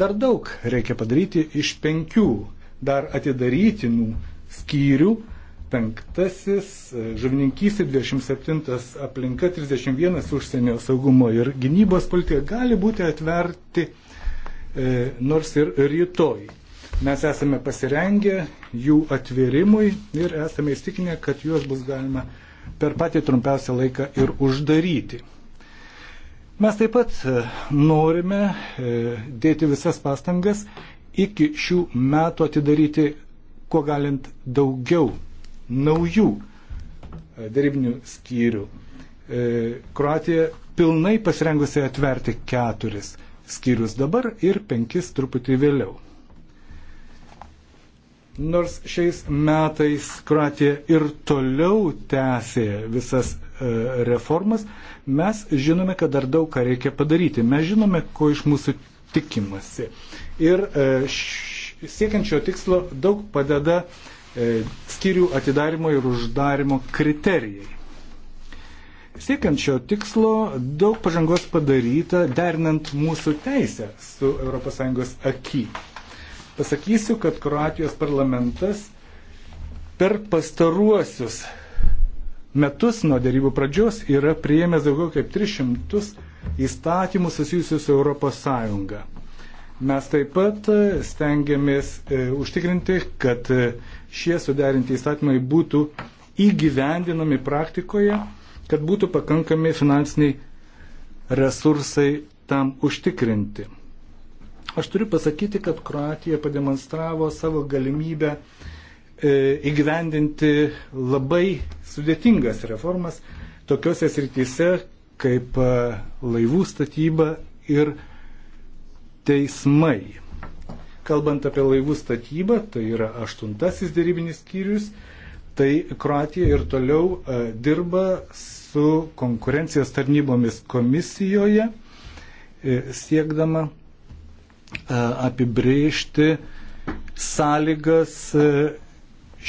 Dar daug reikia padaryti iš penkių dar atidarytinų skyrių 25 žuvininkystė, 27 aplinka, 31 užsienio saugumo ir gynybos politika gali būti atverti e, nors ir rytoj. Mes esame pasirengę jų atvėrimui ir esame įstikinę, kad juos bus galima per patį trumpiausią laiką ir uždaryti. Mes taip pat e, norime e, dėti visas pastangas iki šių metų atidaryti kuo galint daugiau naujų e, darybinių skyrių. E, Kroatija pilnai pasirengusi atverti keturis skyrius dabar ir penkis truputį vėliau. Nors šiais metais Kroatija ir toliau tęsė visas e, reformas, mes žinome, kad dar daug ką reikia padaryti. Mes žinome, ko iš mūsų tikimasi. Ir siekiančio tikslo daug padeda uh, E, skirių atidarimo ir uždarimo kriterijai. Siekiant šio tikslo daug pažangos padaryta derinant mūsų teisę su ES aky. Pasakysiu, kad Kroatijos parlamentas per pastaruosius metus nuo dėrybų pradžios yra prieėmęs daugiau kaip 300 įstatymų susijusių su ES. Mes taip pat stengiamės e, užtikrinti, kad e, šie suderinti įstatymai būtų įgyvendinami praktikoje, kad būtų pakankami finansiniai resursai tam užtikrinti. Aš turiu pasakyti, kad Kroatija pademonstravo savo galimybę e, įgyvendinti labai sudėtingas reformas tokiuose srityse kaip e, laivų statyba ir teismai. Kalbant apie laivų statybą, tai yra aštuntasis dėrybinis skyrius, tai Kroatija ir toliau e, dirba su konkurencijos tarnybomis komisijoje, e, siekdama e, apibrėžti sąlygas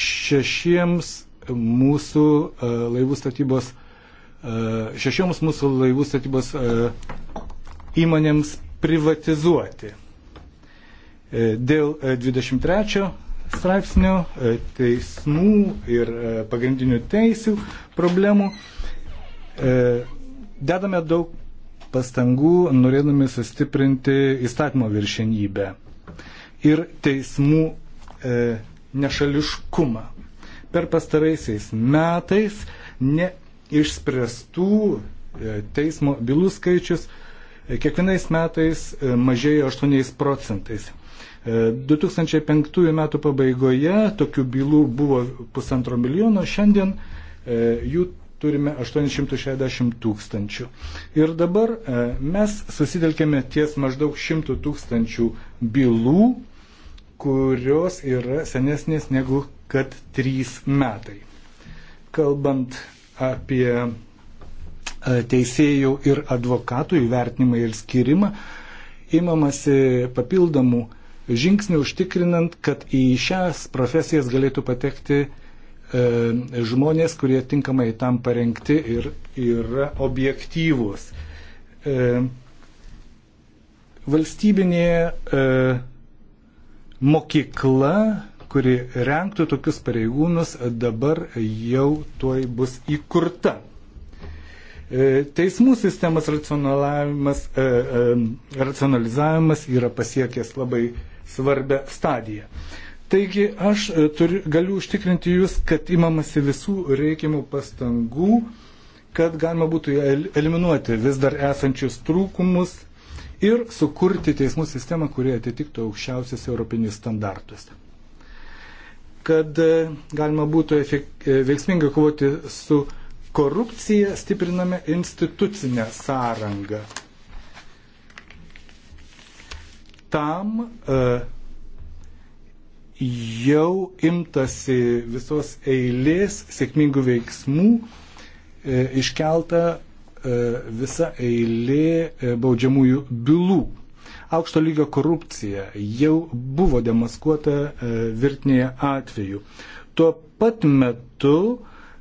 šešiems mūsų laivų statybos, šešioms mūsų laivų statybos įmonėms privatizuoti. E, dėl 23 e, straipsnio e, teismų ir pagrindinių teisių problemų dedame daug pastangų, norėdami sustiprinti įstatymo viršenybę ir teismų nešališkumą. Per pastaraisiais metais neišspręstų teismo bylų skaičius kiekvienais metais mažėjo 8 procentais. 2005 metų pabaigoje tokių bylų buvo pusantro milijono, šiandien e, jų turime 860 tūkstančių. Ir dabar e, mes susitelkėme ties maždaug 100 tūkstančių bylų, kurios yra senesnės negu kad 3 metai. Kalbant apie e, teisėjų ir advokatų įvertinimą ir skirimą, imamasi papildomų uh, žingsnį užtikrinant, kad į šias profesijas galėtų patekti e, žmonės, kurie tinkamai tam parengti ir yra objektyvūs. E, valstybinė e, mokykla, kuri renktų tokius pareigūnus, dabar jau tuoj bus įkurta. E, teismų sistemos e, e, racionalizavimas yra pasiekęs labai svarbę stadiją. Taigi aš e, turiu, galiu užtikrinti Jūs, kad imamasi visų reikiamų pastangų, kad galima būtų eliminuoti vis dar esančius trūkumus ir sukurti teismų sistemą, kurie atitiktų aukščiausius europinius standartus. Kad e, galima būtų efekt, e, veiksmingai kovoti su korupcija, stipriname institucinę sąrangą tam e, jau imtasi visos eilės sėkmingų veiksmų, e, iškelta e, visa eilė baudžiamųjų bylų. Aukšto lygio korupcija jau buvo demaskuota virtinėje atveju. Tuo pat metu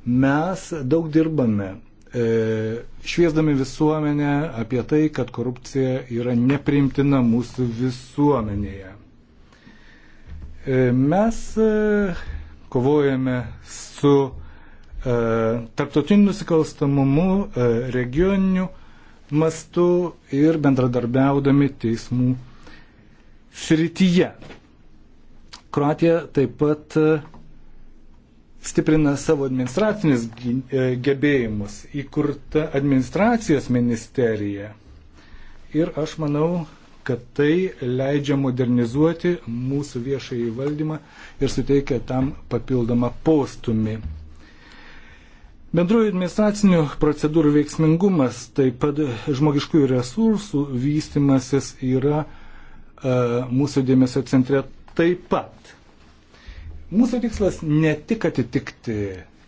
mes daug dirbame E, šviesdami visuomenę apie tai, kad korupcija yra neprimtina mūsų visuomenėje. E, mes e, kovojame su tarptautiniu nusikalstamumu, regioniniu mastu ir bendradarbiaudami teismų srityje. Kroatija taip pat stiprina savo administracinius e, gebėjimus. Įkurta administracijos ministerija. Ir aš manau, kad tai leidžia modernizuoti mūsų viešąjį valdymą ir suteikia tam papildomą postumį. Bendrųjų administracinių procedūrų veiksmingumas, taip pat žmogiškųjų resursų vystimasis yra e, mūsų dėmesio centre taip pat. Mūsų tikslas ne tik atitikti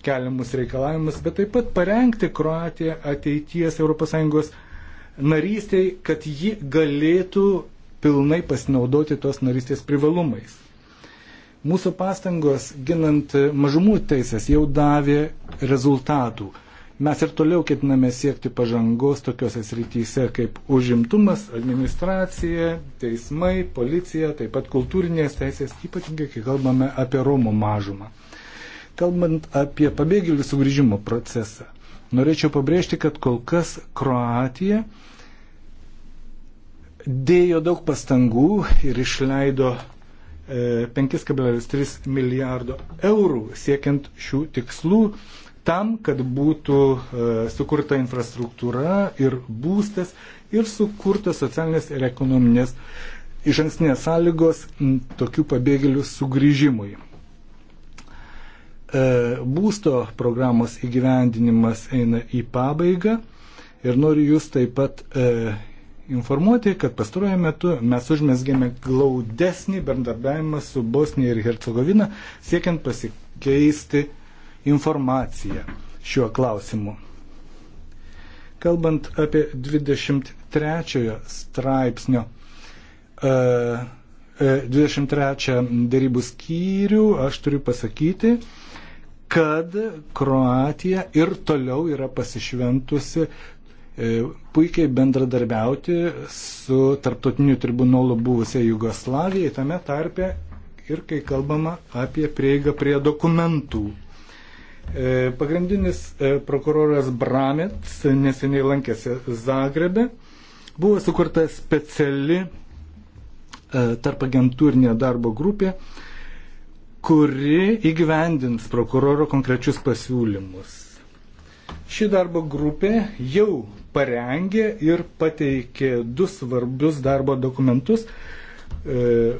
keliamus reikalavimus, bet taip pat parengti Kroatiją ateities ES narystiai, kad ji galėtų pilnai pasinaudoti tos narystės privalumais. Mūsų pastangos ginant mažumų teisės jau davė rezultatų. Mes ir toliau ketiname siekti pažangos tokiuose srityse kaip užimtumas, administracija, teismai, policija, taip pat kultūrinės teisės, ypatingai kai kalbame apie Romų mažumą. Kalbant apie pabėgėlių sugrįžimo procesą, norėčiau pabrėžti, kad kol kas Kroatija dėjo daug pastangų ir išleido 5,3 e, milijardo eurų siekiant šių tikslų tam, kad būtų e, sukurta infrastruktūra ir būstas ir sukurtas socialinės ir ekonominės iš ankstinės sąlygos tokių pabėgėlių sugrįžimui. E, būsto programos įgyvendinimas eina į pabaigą ir noriu jūs taip pat e, informuoti, kad pastaruoju metu mes užmesgėme glaudesnį bendradarbiavimą su Bosnija ir Hercegovina, siekiant pasikeisti informaciją šiuo klausimu. Kalbant apie 23 straipsnio, 23 e, e, dėrybų skyrių, aš turiu pasakyti, kad Kroatija ir toliau yra pasišventusi e, puikiai bendradarbiauti su tarptautiniu tribunolu buvusia Jugoslavija, tame tarpe ir kai kalbama apie prieigą prie dokumentų E, pagrindinis e, prokuroras Bramet neseniai lankėsi Zagrebe. Buvo sukurta speciali e, tarp agentūrinė darbo grupė, kuri įgyvendins prokuroro konkrečius pasiūlymus. Ši darbo grupė jau parengė ir pateikė du svarbius darbo dokumentus e,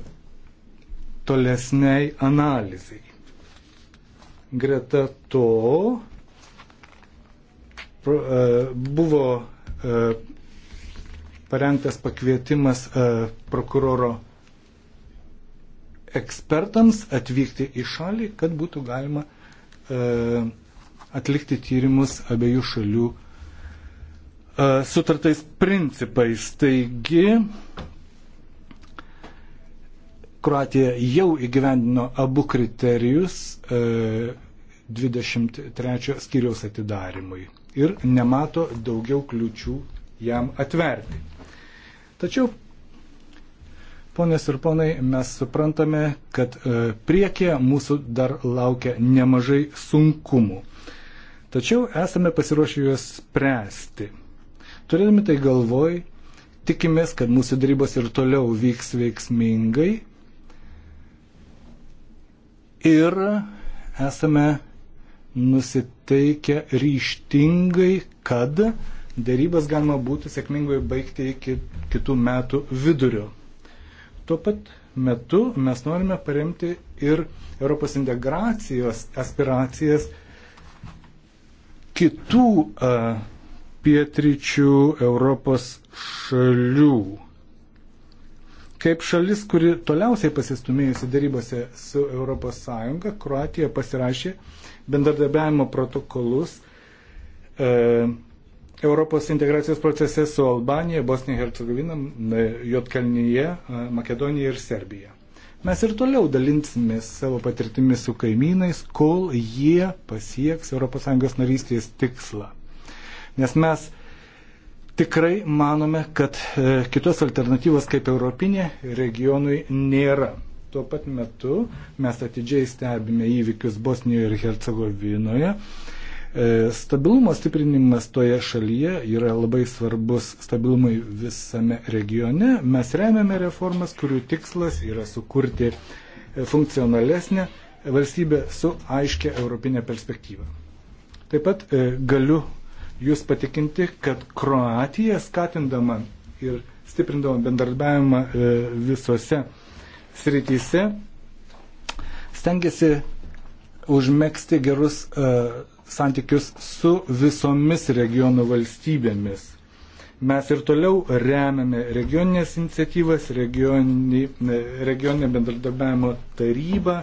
tolesniai analizai. Greta to e, buvo e, parengtas pakvietimas e, prokuroro ekspertams atvykti į šalį, kad būtų galima atlikti tyrimus abiejų šalių sutartais principais. Taigi Kroatija jau įgyvendino abu kriterijus 23 e, skyriaus atidarimui ir nemato daugiau kliučių jam atverti. Tačiau, ponės ir ponai, mes suprantame, kad e, priekė mūsų dar laukia nemažai sunkumų. Tačiau esame pasiruošę juos spręsti. Turėdami tai galvoj, tikimės, kad mūsų darybos ir toliau vyks veiksmingai ir esame nusiteikę ryštingai, kad dėrybas galima būtų sėkmingai baigti iki kitų metų vidurio. Tuo pat metu mes norime paremti ir Europos integracijos aspiracijas kitų a, pietryčių Europos šalių. Kaip šalis, kuri toliausiai pasistumėjusi darybose su ES, Kroatija pasirašė bendradarbiavimo protokolus e, Europos integracijos procese su Albanija, Bosnija, Hercegovina, e, Jotkalnyje, e, Makedonija ir Serbija. Mes ir toliau dalinsimės savo patirtimis su kaimynais, kol jie pasieks ES narystės tikslą. Nes mes tikrai manome, kad e, kitos alternatyvos kaip europinė regionui nėra. Tuo pat metu mes atidžiai stebime įvykius Bosnijoje ir Hercegovinoje. E, stabilumo stiprinimas toje šalyje yra labai svarbus stabilumui visame regione. Mes remiame reformas, kurių tikslas yra sukurti e, funkcionalesnę valstybę su aiškia europinė perspektyva. Taip pat galiu jūs patikinti, kad Kroatija skatindama ir stiprindama bendarbiavimą e, visose srityse stengiasi užmėgsti gerus e, santykius su visomis regiono valstybėmis. Mes ir toliau remiame regioninės iniciatyvas, regioninį, e, regioninę bendradarbiavimo tarybą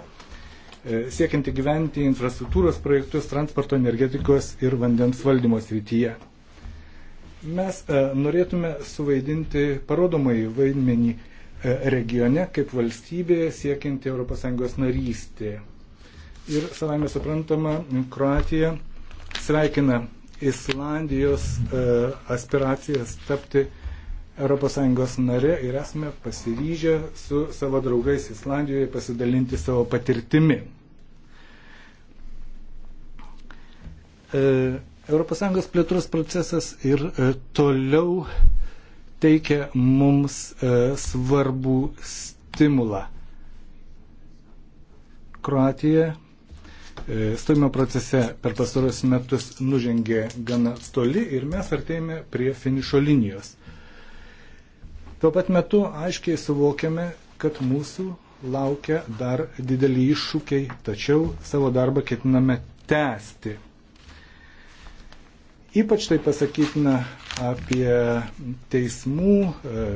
E, siekiant įgyventi infrastruktūros projektus transporto, energetikos ir vandens valdymo srityje. Mes e, norėtume suvaidinti parodomąjį vaidmenį e, regione kaip valstybė siekianti ES narystė. Ir savame suprantama, Kroatija sveikina Islandijos aspiracijas tapti ES nare ir esame pasiryžę su savo draugais Islandijoje pasidalinti savo patirtimi. ES plėtros procesas ir e, toliau teikia mums e, svarbų stimulą. Kroatija e, stojimo procese per pastarosius metus nužengė gana toli ir mes artėjame prie finišo linijos. Tuo pat metu aiškiai suvokiame, kad mūsų laukia dar dideli iššūkiai, tačiau savo darbą ketiname tęsti. Ypač tai pasakytina apie teismų e,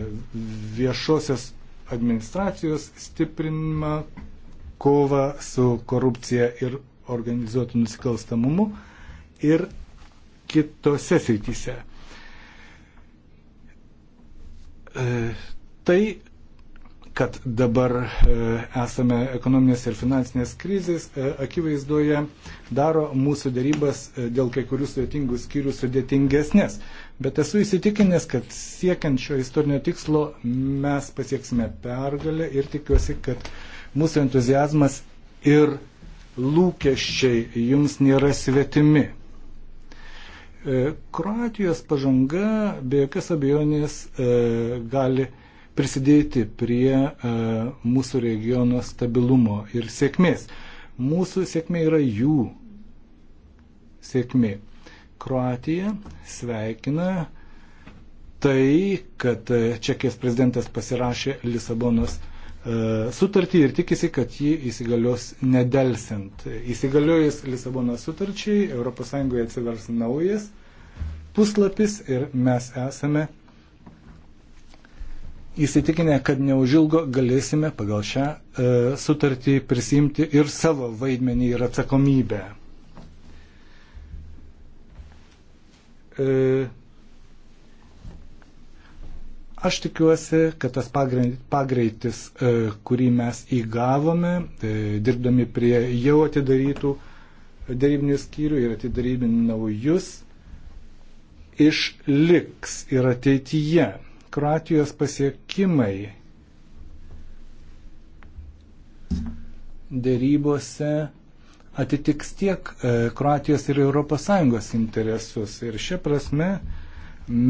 viešosios administracijos stiprinimą, kovą su korupcija ir organizuotų nusikalstamumu ir kitose srityse. E, tai kad dabar e, esame ekonominės ir finansinės krizės e, akivaizdoje, daro mūsų darybas e, dėl kai kurių sudėtingų skyrių sudėtingesnės. Bet esu įsitikinęs, kad siekiant šio istorinio tikslo mes pasieksime pergalę ir tikiuosi, kad mūsų entuzijazmas ir lūkesčiai jums nėra svetimi. Kroatijos pažanga be jokios abejonės gali prisidėti prie e, mūsų regiono stabilumo ir sėkmės. Mūsų sėkmė yra jų sėkmė. Kroatija sveikina tai, kad Čekijos prezidentas pasirašė Lisabonos e, sutartį ir tikisi, kad ji įsigalios nedelsiant. Įsigaliojus Lisabonos sutarčiai ES atsivers naujas puslapis ir mes esame įsitikinę, kad neužilgo galėsime pagal šią e, sutartį prisimti ir savo vaidmenį ir atsakomybę. E, Aš tikiuosi, kad tas pagreitis, e, kurį mes įgavome, e, dirbdami prie jau atidarytų darybinių skyrių ir atidarybinių naujus, išliks ir ateityje. Kroatijos pasiekimai dėrybose atitiks tiek e, Kroatijos ir ES interesus. Ir šia prasme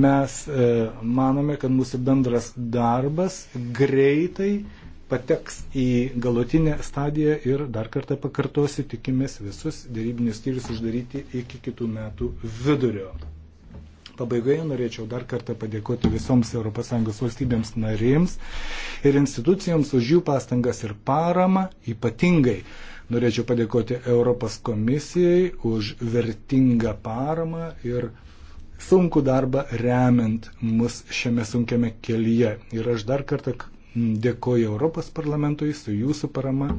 mes e, manome, kad mūsų bendras darbas greitai pateks į galutinę stadiją ir dar kartą pakartosiu, tikimės visus dėrybinius skyrius uždaryti iki kitų metų vidurio. Pabaigoje norėčiau dar kartą padėkoti visoms ES valstybėms narėms ir institucijoms už jų pastangas ir paramą. Ypatingai norėčiau padėkoti Europos komisijai už vertingą paramą ir sunku darbą remiant mus šiame sunkiame kelyje. Ir aš dar kartą dėkoju Europos parlamentui su jūsų parama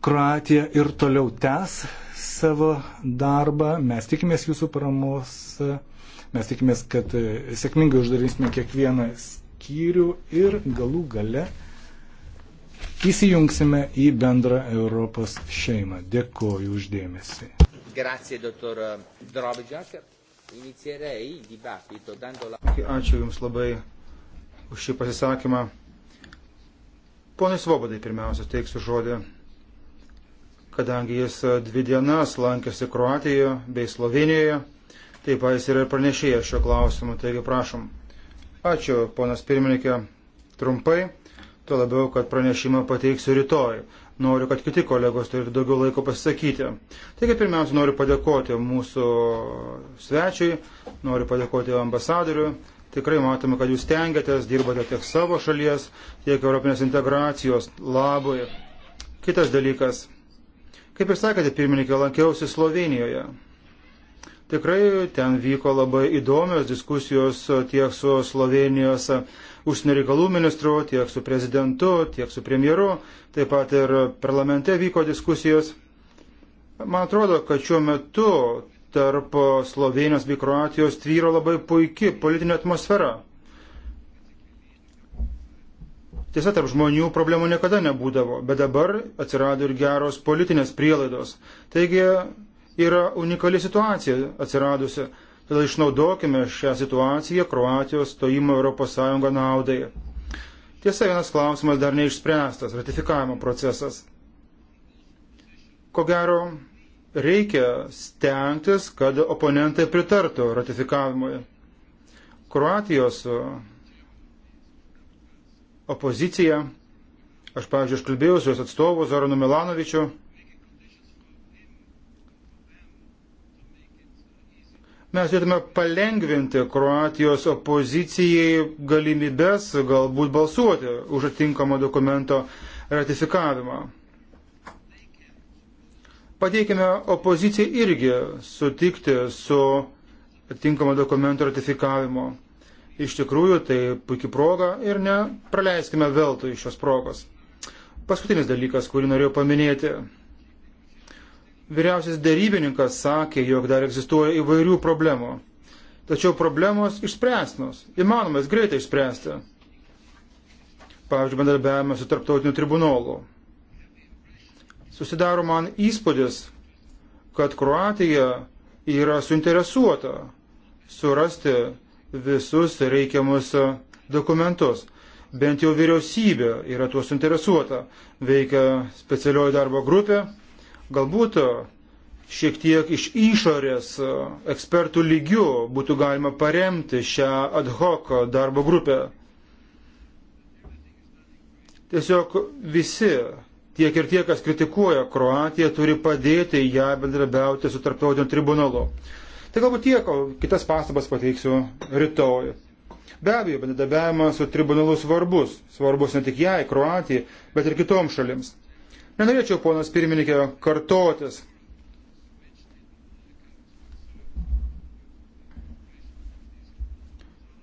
Kroatija ir toliau tęs savo darbą. Mes tikimės jūsų paramos. Mes tikimės, kad sėkmingai uždarysime kiekvieną skyrių ir galų gale įsijungsime į bendrą Europos šeimą. Dėkoju uždėmesi. Grazie, doktor Drobidžiak. Inicierei dibattito dando la... Ačiū Jums labai už šį pasisakymą. Ponai Svobodai pirmiausia teiksiu žodį kadangi jis e, dvi dienas lankėsi Kroatijoje bei Slovenijoje. Taip pat jis yra pranešėjęs šio klausimu, taigi prašom. Ačiū, ponas pirmininkė, trumpai, tuo labiau, kad pranešimą pateiksiu rytoj. Noriu, kad kiti kolegos turėtų daugiau laiko pasisakyti. Taigi pirmiausia, noriu padėkoti mūsų svečiui, noriu padėkoti ambasadoriui. Tikrai matome, kad jūs tengiatės, dirbate tiek savo šalies, tiek Europinės integracijos labui. Kitas dalykas Kaip ir sakėte, pirmininkė, lankiausi Slovenijoje. Tikrai ten vyko labai įdomios diskusijos e, tiek su Slovenijos e, užsienio reikalų ministru, tiek su prezidentu, tiek su premjeru, taip pat ir parlamente vyko diskusijos. Man atrodo, kad šiuo metu tarp Slovenijos bei Kroatijos tvyro labai puikia politinė atmosfera. Tiesa, tarp žmonių problemų niekada nebūdavo, bet dabar atsirado ir geros politinės prielaidos. Taigi yra unikali situacija atsiradusi. Todėl išnaudokime šią situaciją Kroatijos stojimo ES naudai. Tiesa, vienas klausimas dar neišspręstas - ratifikavimo procesas. Ko gero, reikia stengtis, kad oponentai pritartų ratifikavimui. Kroatijos opozicija. Aš, pavyzdžiui, aš kalbėjau su jos atstovu Zoranu Milanovičiu. Mes turėtume palengvinti Kroatijos opozicijai galimybės galbūt balsuoti už atinkamo dokumento ratifikavimą. Pateikime opozicijai irgi sutikti su atinkamo dokumento ratifikavimo. Iš tikrųjų, tai puikia proga ir nepraleiskime veltui šios progos. Paskutinis dalykas, kurį norėjau paminėti. Vyriausias dėrybininkas sakė, jog dar egzistuoja įvairių problemų. Tačiau problemos išspręsnos, įmanomas greitai išspręsti. Pavyzdžiui, bendarbiavimas su tarptautiniu tribunolu. Susidaro man įspūdis, kad Kroatija yra suinteresuota surasti visus reikiamus e, dokumentus. Bent jau vyriausybė yra tuo suinteresuota. Veikia specialioji darbo grupė. Galbūt e, šiek tiek iš išorės e, ekspertų lygių būtų galima paremti šią ad hoc darbo grupę. Tiesiog visi, tiek ir tie, kas kritikuoja Kroatiją, turi padėti ją bendrabiauti su tarptautiniu tribunolu. Tai galbūt tiek, o kitas pastabas pateiksiu rytoj. Be abejo, bendradarbiavimas su tribunalu svarbus. Svarbus ne tik jai, Kroatijai, bet ir kitoms šalims. Nenorėčiau, ponas pirmininkė, kartotis.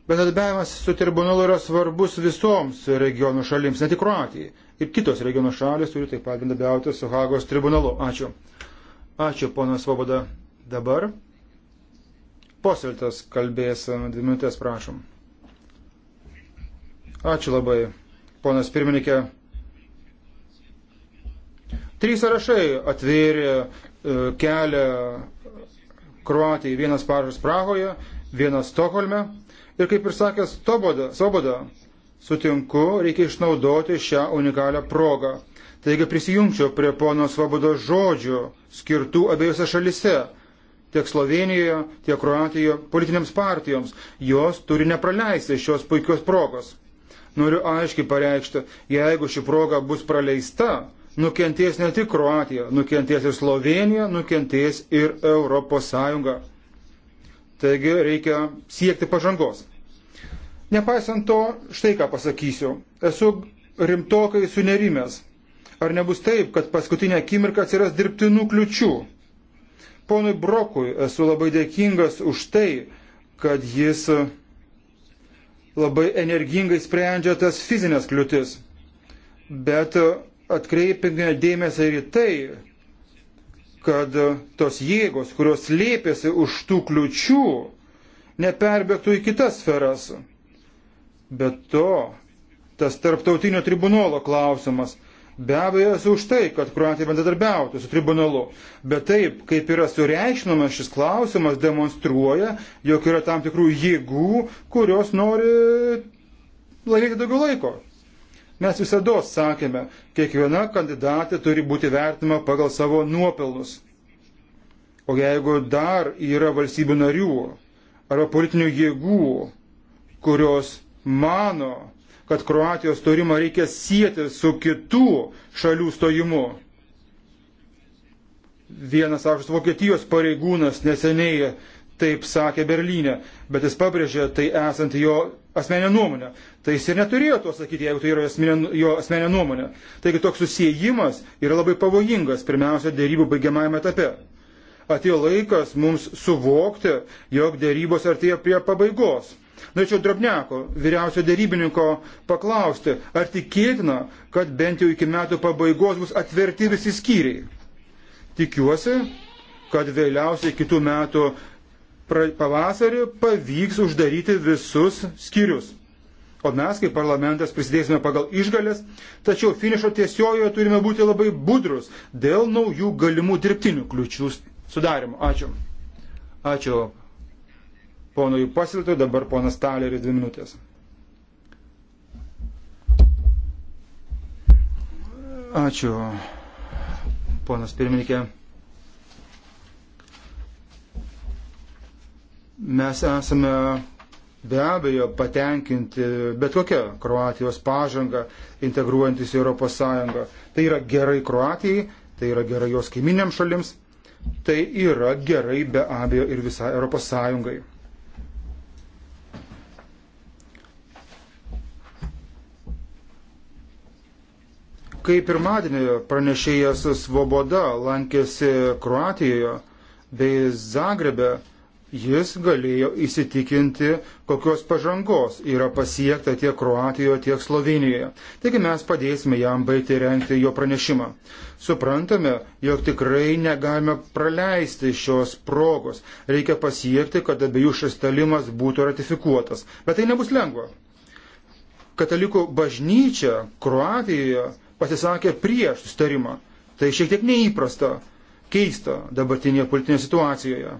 Bendradarbiavimas su tribunalu yra svarbus visoms regionų šalims, ne tik Kroatijai. Ir kitos regionų šalis turi taip pat bendradarbiauti su Hagos tribunalu. Ačiū. Ačiū, ponas Svoboda. Dabar Posiltas kalbės, e, dvi minutės prašom. Ačiū labai, ponas pirmininkė. Trys sąrašai atvėrė e, kelią Kroatijai. Vienas parašas Prahoje, vienas Stokholme. Ir kaip ir sakė Svoboda, sutinku, reikia išnaudoti šią unikalią progą. Taigi prisijungčiau prie pono Svobodo žodžių skirtų abiejose šalise tiek Slovenijoje, tiek Kroatijoje politinėms partijoms. Jos turi nepraleisti šios puikios progos. Noriu aiškiai pareikšti, jeigu ši proga bus praleista, nukentės ne tik Kroatija, nukentės ir Slovenija, nukentės ir ES. Taigi reikia siekti pažangos. Nepaisant to, štai ką pasakysiu. Esu rimtokai sunerimęs. Ar nebus taip, kad paskutinę akimirką atsiras dirbtinų kliučių, Ponui Brokui esu labai dėkingas už tai, kad jis labai energingai sprendžia tas fizinės kliūtis. Bet atkreipime dėmesį ir į tai, kad tos jėgos, kurios lėpėsi už tų kliučių, neperbėgtų į kitas sferas. Bet to tas tarptautinio tribunolo klausimas Be abejo, esu už tai, kad Kroatija bendradarbiautų su tribunalu, bet taip, kaip yra sureikšminamas šis klausimas, demonstruoja, jog yra tam tikrų jėgų, kurios nori laimėti daugiau laiko. Mes visada sakėme, kiekviena kandidatė turi būti vertima pagal savo nuopelnus. O jeigu dar yra valstybių narių arba politinių jėgų, kurios mano, kad Kroatijos stojimą reikia sieti su kitų šalių stojimu. Vienas aukštas Vokietijos pareigūnas neseniai taip sakė Berlyne, bet jis pabrėžė tai esant jo asmenė nuomonė. Tai jis ir neturėjo to sakyti, jeigu tai yra asmenė, jo asmenė nuomonė. Taigi toks susijimas yra labai pavojingas, pirmiausia, dėrybų baigiamajame etape. Atėjo laikas mums suvokti, jog dėrybos artėja prie pabaigos. Norėčiau Drobneko, vyriausio dėrybininko, paklausti, ar tikėtina, kad bent jau iki metų pabaigos bus atverti visi skyriai. Tikiuosi, kad vėliausiai kitų metų pavasarį pavyks uždaryti visus skyrius. O mes, kaip parlamentas, prisidėsime pagal išgalės, tačiau finišo tiesiojoje turime būti labai budrus dėl naujų galimų dirbtinių kliučių sudarimo. Ačiū. Ačiū ponui Pasiltui, dabar ponas Taleris dvi minutės. Ačiū, ponas pirmininkė. Mes esame be abejo patenkinti bet kokią Kroatijos pažangą, integruojantis į ES. Tai yra gerai Kroatijai, tai yra gerai jos kaiminiam šalims, tai yra gerai be abejo ir visai ES. Kai pirmadienį pranešėjas Svoboda lankėsi Kroatijoje bei Zagrebe, jis galėjo įsitikinti, kokios pažangos yra pasiekta tiek Kroatijoje, tiek Slovenijoje. Taigi mes padėsime jam baigti renkti jo pranešimą. Suprantame, jog tikrai negalime praleisti šios progos. Reikia pasiekti, kad abiejų šestalimas būtų ratifikuotas. Bet tai nebus lengva. Katalikų bažnyčia Kroatijoje pasisakė prieš sustarimą. Tai šiek tiek neįprasta, keista dabartinėje politinėje situacijoje.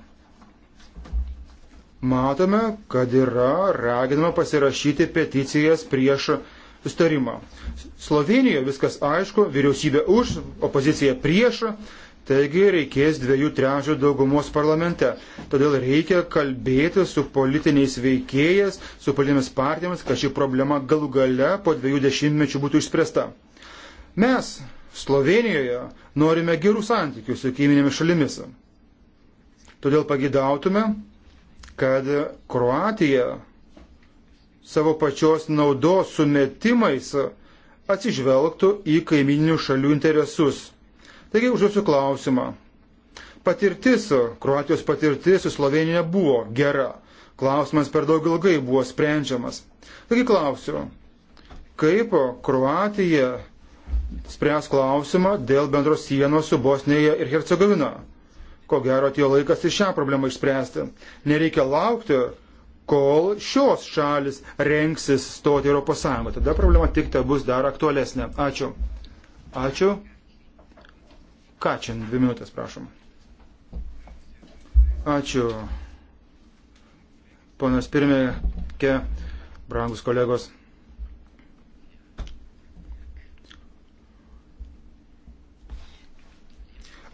Matome, kad yra raginama pasirašyti peticijas prieš sustarimą. Slovenijoje viskas aišku, vyriausybė už, opozicija prieš, taigi reikės dviejų trečio daugumos parlamente. Todėl reikia kalbėti su politiniais veikėjas, su politinėmis partijomis, kad ši problema galų gale po dviejų dešimtmečių būtų išspręsta. Mes Slovenijoje norime gerų santykių su kaiminėmis šalimis. Todėl pagidautume, kad Kroatija savo pačios naudos sumetimais atsižvelgtų į kaimininių šalių interesus. Taigi užduosiu klausimą. Patirtis, Kroatijos patirtis su Slovenija buvo gera. Klausimas per daug ilgai buvo sprendžiamas. Taigi klausiu, kaip Kroatija spręs klausimą dėl bendros sienos su Bosnija ir Hercegovina. Ko gero atėjo laikas ir šią problemą išspręsti. Nereikia laukti, kol šios šalis renksis stoti Europos Sąjungą. Tada problema tik tai bus dar aktualesnė. Ačiū. Ačiū. Kačin, dvi minutės, prašom. Ačiū. Ponas pirmininkė, brangus kolegos.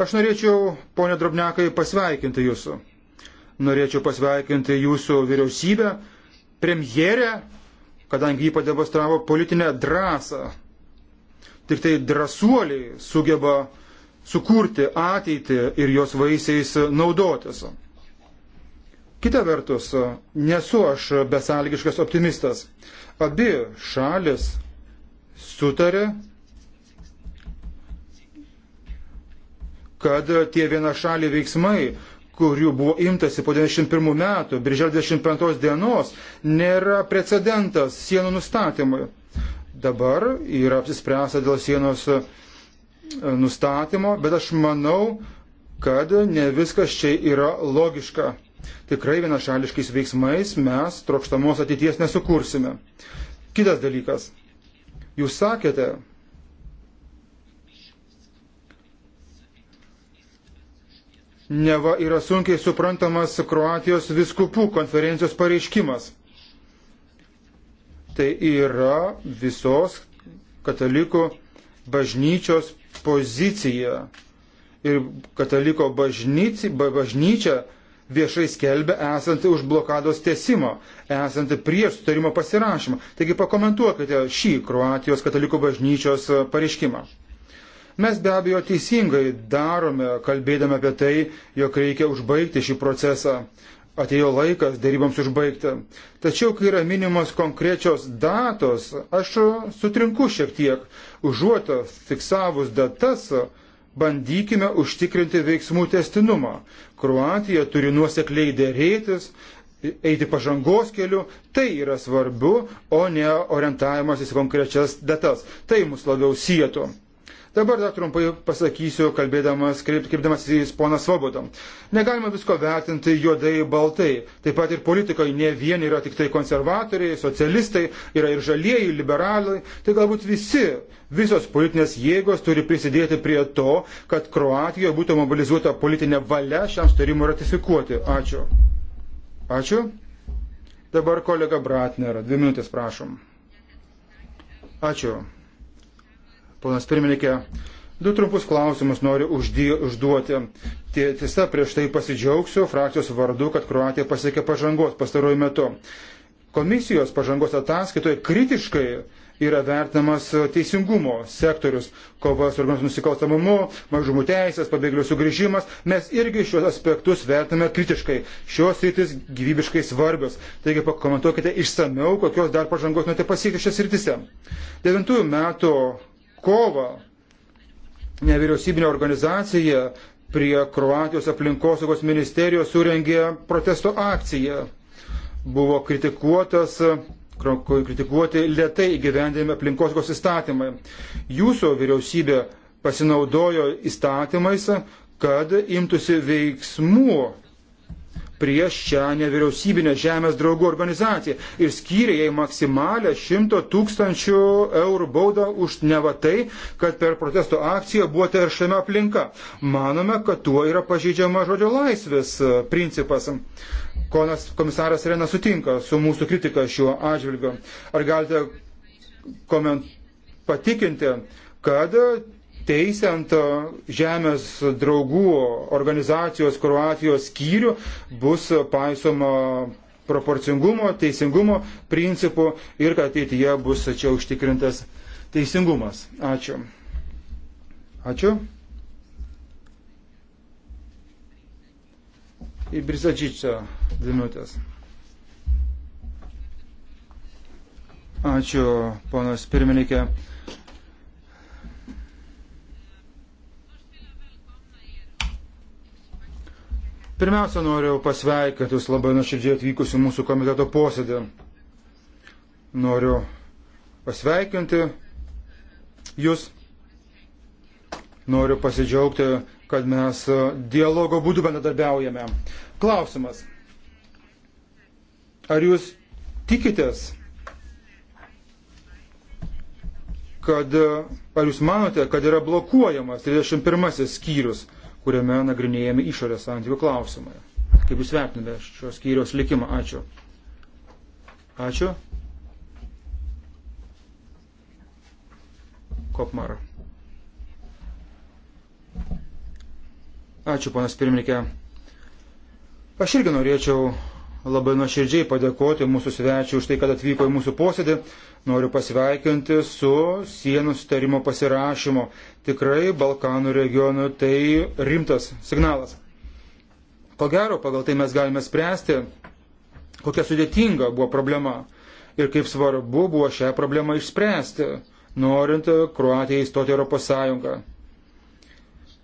Aš norėčiau, ponė Drobnekai, pasveikinti jūsų. Norėčiau pasveikinti jūsų vyriausybę, premjerę, kadangi jį pademonstravo politinę drąsą. Tik tai drąsuoliai sugeba sukurti ateitį ir jos vaisiais naudotis. Kita vertus, nesu aš besalgiškas optimistas. Abi šalis sutarė kad tie vienašaliai veiksmai, kurių buvo imtasi po 91 metų, birželio 25 dienos, nėra precedentas sienų nustatymui. Dabar yra apsispręsta dėl sienos e, nustatymo, bet aš manau, kad ne viskas čia yra logiška. Tikrai vienašališkais veiksmais mes trokštamos ateities nesukursime. Kitas dalykas. Jūs sakėte, neva yra sunkiai suprantamas Kroatijos viskupų konferencijos pareiškimas. Tai yra visos katalikų bažnyčios pozicija. Ir kataliko bažnyci, bažnyčia viešai skelbia esanti už blokados tesimo, esanti prieš sutarimo pasirašymą. Taigi pakomentuokite šį Kroatijos katalikų bažnyčios pareiškimą. Mes be abejo teisingai darome, kalbėdami apie tai, jog reikia užbaigti šį procesą. Atėjo laikas dėryboms užbaigti. Tačiau, kai yra minimos konkrečios datos, aš sutrinku šiek tiek. Užuot fiksavus datas, bandykime užtikrinti veiksmų testinumą. Kroatija turi nuosekliai dėrėtis, eiti pažangos keliu, tai yra svarbu, o ne orientavimas į konkrečias datas. Tai mus labiau sietų. Dabar dar trumpai pasakysiu, kalbėdamas, kreip, kreipdamas į poną Svobodom. Negalima visko vertinti juodai baltai. Taip pat ir politikoje ne vieni yra tik tai konservatoriai, socialistai, yra ir žalieji, liberalai. Tai galbūt visi, visos politinės jėgos turi prisidėti prie to, kad Kroatijoje būtų mobilizuota politinė valia šiam sutarimui ratifikuoti. Ačiū. Ačiū. Dabar kolega Bratner, dvi minutės prašom. Ačiū ponas pirmininkė. Du trumpus klausimus noriu uždė, užduoti. Tiesa, prieš tai pasidžiaugsiu frakcijos vardu, kad Kroatija pasiekė pažangos pastaruoju metu. Komisijos pažangos ataskaitoje kritiškai yra vertinamas teisingumo sektorius, kova su organizuotu nusikalstamumu, mažumų teisės, pabėgėlių sugrįžimas. Mes irgi šios aspektus vertiname kritiškai. Šios rytis gyvybiškai svarbios. Taigi pakomentuokite išsameu, kokios dar pažangos norite pasiekti šias rytise. Devintųjų metų kovą nevyriausybinė organizacija prie Kroatijos aplinkosaugos ministerijos surengė protesto akciją. Buvo kritikuotas, kritikuoti lietai gyvendėmi aplinkosaugos įstatymai. Jūsų vyriausybė pasinaudojo įstatymais, kad imtųsi veiksmų prieš šią nevyriausybinę žemės draugų organizaciją ir skyrė jai maksimalę 100 tūkstančių eurų baudą už neva tai, kad per protesto akciją buvo teršiama aplinka. Manome, kad tuo yra pažeidžiama žodžio laisvės principas. Konas komisaras Rena sutinka su mūsų kritika šiuo atžvilgiu. Ar galite koment... patikinti, kad teisę ant žemės draugų organizacijos Kroatijos skyrių bus paisoma proporcingumo, teisingumo principų ir kad ateityje bus čia užtikrintas teisingumas. Ačiū. Ačiū. Į Brisačičią dvi minutės. Ačiū, ponas pirmininkė. Pirmiausia, noriu pasveikinti Jūs labai nuoširdžiai atvykusiu mūsų komiteto posėdį. Noriu pasveikinti Jūs. Noriu pasidžiaugti, kad mes dialogo būdu bendradarbiaujame. Klausimas. Ar Jūs tikitės, kad, ar Jūs manote, kad yra blokuojamas 31 skyrius? kuriame nagrinėjami išorės santykių klausimai. Kaip Jūs vertinate šios skyrios likimą? Ačiū. Ačiū. Kopmar. Ačiū, panas pirmininkė. Aš irgi norėčiau labai nuoširdžiai padėkoti mūsų svečiui už tai, kad atvyko į mūsų posėdį. Noriu pasveikinti su sienų sutarimo pasirašymo. Tikrai Balkanų regionų tai rimtas signalas. Ko gero, pagal tai mes galime spręsti, kokia sudėtinga buvo problema ir kaip svarbu buvo šią problemą išspręsti, norint Kruatijai įstoti Europos Sąjungą.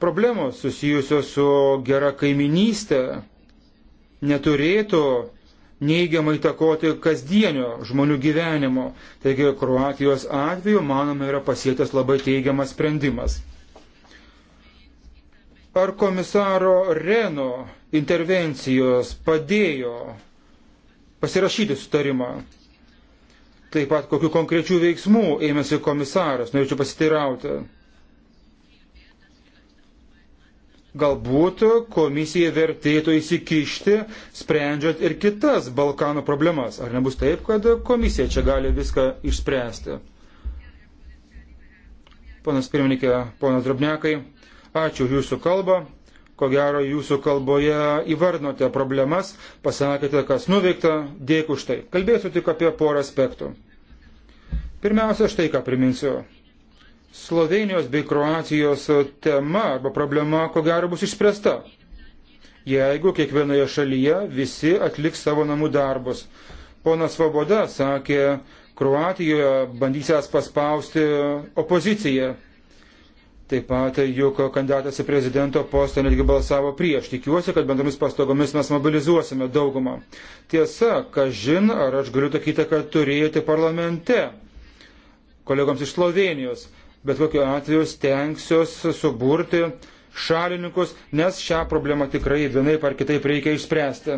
Problemos susijusios su gera kaiminystė neturėtų neigiamai takoti kasdienio žmonių gyvenimo. Taigi Kroatijos atveju, manome, yra pasiektas labai teigiamas sprendimas. Ar komisaro Reno intervencijos padėjo pasirašyti sutarimą? Taip pat kokiu konkrečiu veiksmu ėmėsi komisaras, norėčiau pasiteirauti. Galbūt komisija vertėtų įsikišti, sprendžiant ir kitas Balkanų problemas. Ar nebus taip, kad komisija čia gali viską išspręsti? Ponas pirmininkė, ponas Drabnekai, ačiū už jūsų kalbą. Ko gero, jūsų kalboje įvardinote problemas, pasakėte, kas nuveikta, dėkui už tai. Kalbėsiu tik apie porą aspektų. Pirmiausia, štai ką priminsiu. Slovenijos bei Kroatijos tema arba problema, ko gero, bus išspręsta, jeigu kiekvienoje šalyje visi atliks savo namų darbus. Ponas Svoboda sakė, Kroatijoje bandysias paspausti opoziciją. Taip pat juk kandidatas į prezidento postą netgi balsavo prieš. Tikiuosi, kad bendromis pastogomis mes mobilizuosime daugumą. Tiesa, kažin, ar aš galiu tokį įtaką turėti parlamente kolegoms iš Slovenijos bet kokiu atveju stengsiuos suburti šalininkus, nes šią problemą tikrai vienaip ar kitaip reikia išspręsti.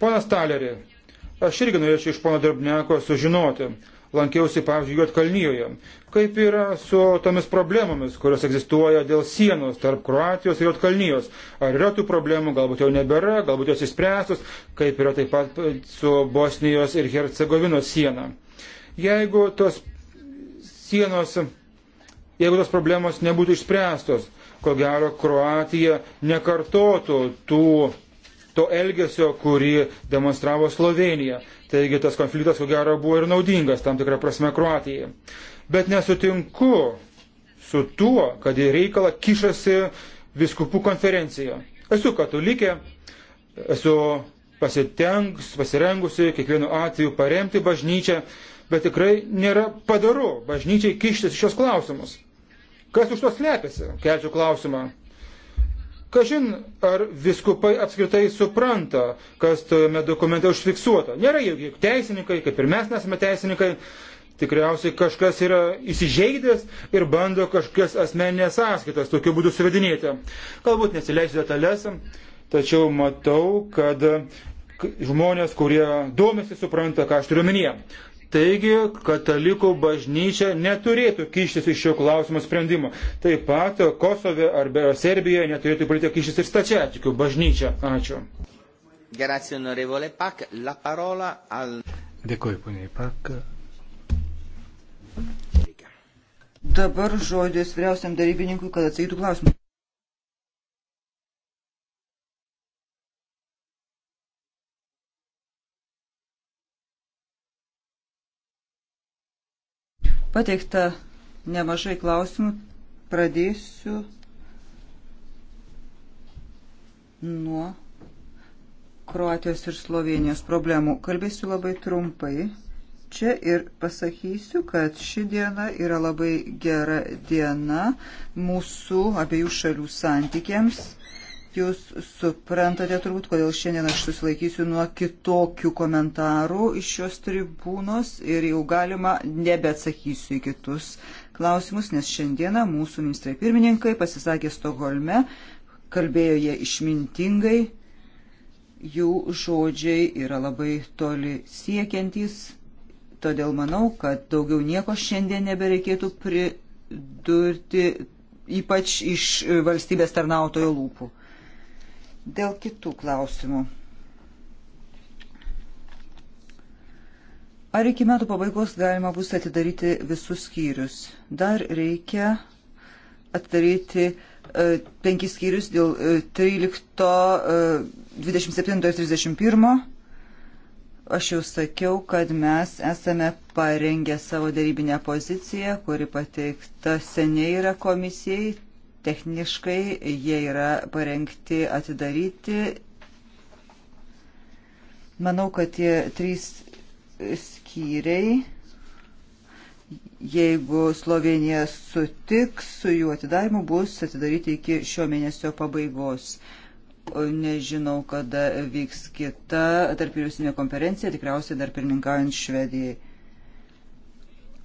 Ponas Talerį, aš irgi norėčiau iš pono Darbneko sužinoti. Lankiausi, pavyzdžiui, Juotkalnyjoje. Kaip yra su tomis problemomis, kurios egzistuoja dėl sienos tarp Kroatijos ir Juotkalnyjos? Ar yra tų problemų, galbūt jau nebėra, galbūt jos įspręstos, kaip yra taip pat su Bosnijos ir Hercegovinos siena? Jeigu tos sienos jeigu tos problemos nebūtų išspręstos. Ko gero, Kroatija nekartotų tų, to elgesio, kurį demonstravo Slovenija. Taigi tas konfliktas, ko gero, buvo ir naudingas tam tikrą prasme Kroatijai. Bet nesutinku su tuo, kad į reikalą kišasi viskupų konferencija. Esu katalikė, esu pasitengs, pasirengusi kiekvienu atveju paremti bažnyčią, bet tikrai nėra padaru bažnyčiai kištis šios klausimus. Kas už to slepiasi? Kelčiu klausimą. Kažin, ar viskupai apskritai supranta, kas tojame dokumente užfiksuota. Nėra jokie teisininkai, kaip ir mes nesame teisininkai. Tikriausiai kažkas yra įsižeidęs ir bando kažkas asmeninės sąskaitas tokiu būdu suvedinėti. Galbūt nesileisiu detalės, tačiau matau, kad žmonės, kurie domisi, supranta, ką aš turiu minėję. Taigi, katalikų bažnyčia neturėtų kištis iš šio klausimo sprendimo. Taip pat Kosove ar Serbijoje neturėtų pradėti kištis ir stačiatikių bažnyčia. Ačiū. Grazie, onorevole Pak. La parola al. Dėkuoju, poniai Pak. Dabar žodis vyriausiam darybininkui, kad atsakytų klausimą. Pateikta nemažai klausimų. Pradėsiu nuo Kroatijos ir Slovenijos problemų. Kalbėsiu labai trumpai. Čia ir pasakysiu, kad ši diena yra labai gera diena mūsų abiejų šalių santykiams Jūs suprantate turbūt, kodėl šiandien aš susilaikysiu nuo kitokių komentarų iš šios tribūnos ir jau galima nebeatsakysiu į kitus klausimus, nes šiandieną mūsų ministrai pirmininkai pasisakė Stokholme, kalbėjo jie išmintingai, jų žodžiai yra labai toli siekiantys, todėl manau, kad daugiau nieko šiandien nebereikėtų pridurti, ypač iš valstybės tarnautojo lūpų. Dėl kitų klausimų. Ar iki metų pabaigos galima bus atidaryti visus skyrius? Dar reikia atidaryti e, penkis skyrius dėl 13, e, 27 e, ir 31. Aš jau sakiau, kad mes esame parengę savo darybinę poziciją, kuri pateikta seniai yra komisijai. Techniškai jie yra parengti atidaryti. Manau, kad tie trys skyriai, jeigu Slovenija sutiks su jų atidarimu, bus atidaryti iki šio mėnesio pabaigos nežinau, kada vyks kita tarp vyriausybinė konferencija, tikriausiai dar pirmininkaujant Švedijai.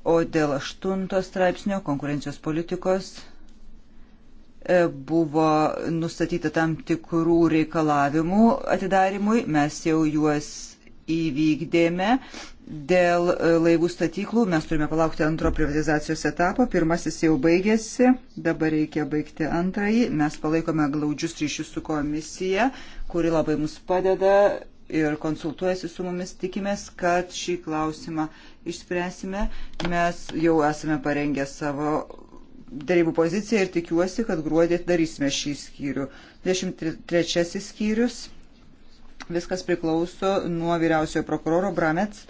O dėl aštunto straipsnio konkurencijos politikos E, buvo nustatyta tam tikrų reikalavimų atidarimui, mes jau juos įvykdėme. Dėl e, laivų statyklų mes turime palaukti antro privatizacijos etapo. Pirmasis jau baigėsi, dabar reikia baigti antrąjį. Mes palaikome glaudžius ryšius su komisija, kuri labai mus padeda ir konsultuojasi su mumis. Tikimės, kad šį klausimą išspręsime. Mes jau esame parengę savo darybų poziciją ir tikiuosi, kad gruodį darysime šį skyrių. 23 skyrius. Viskas priklauso nuo vyriausiojo prokuroro Bramets.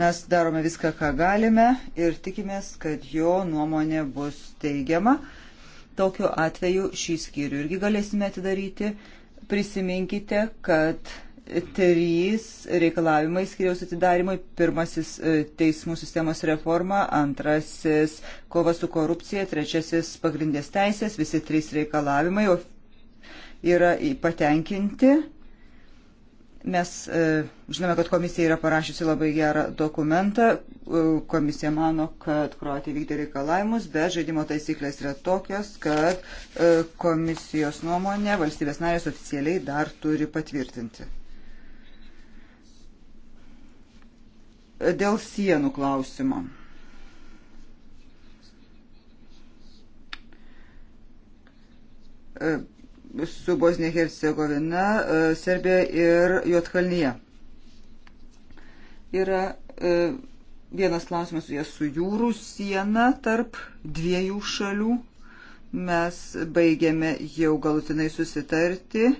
Mes darome viską, ką galime ir tikimės, kad jo nuomonė bus teigiama. Tokiu atveju šį skyrių irgi galėsime atidaryti. Prisiminkite, kad trys reikalavimai skiriaus atidarimui. Pirmasis e, teismų sistemos reforma, antrasis kova su korupcija, trečiasis pagrindės teisės, visi trys reikalavimai yra patenkinti. Mes e, žinome, kad komisija yra parašysi labai gerą dokumentą. E, komisija mano, kad Kroatija vykdė reikalavimus, bet žaidimo taisyklės yra tokios, kad komisijos nuomonė valstybės narės oficialiai dar turi patvirtinti. Dėl sienų klausimo. E, su Bosnija Hercegovina, e, Serbija ir Jotkalnyje. Yra e, vienas klausimas su jie su jūrų siena tarp dviejų šalių. Mes baigėme jau galutinai susitarti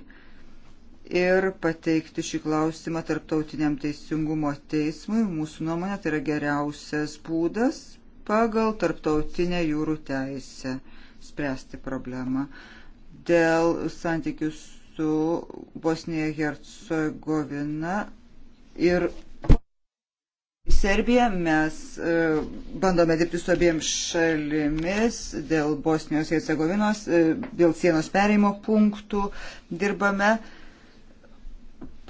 ir pateikti šį klausimą tarptautiniam teisingumo teismui. Mūsų nuomonė tai yra geriausias būdas pagal tarptautinę jūrų teisę spręsti problemą. Dėl santykių su Bosnija Hercegovina ir Serbija mes e, bandome dirbti su abiem šalimis dėl Bosnijos Hercegovinos, e, dėl sienos perėjimo punktų dirbame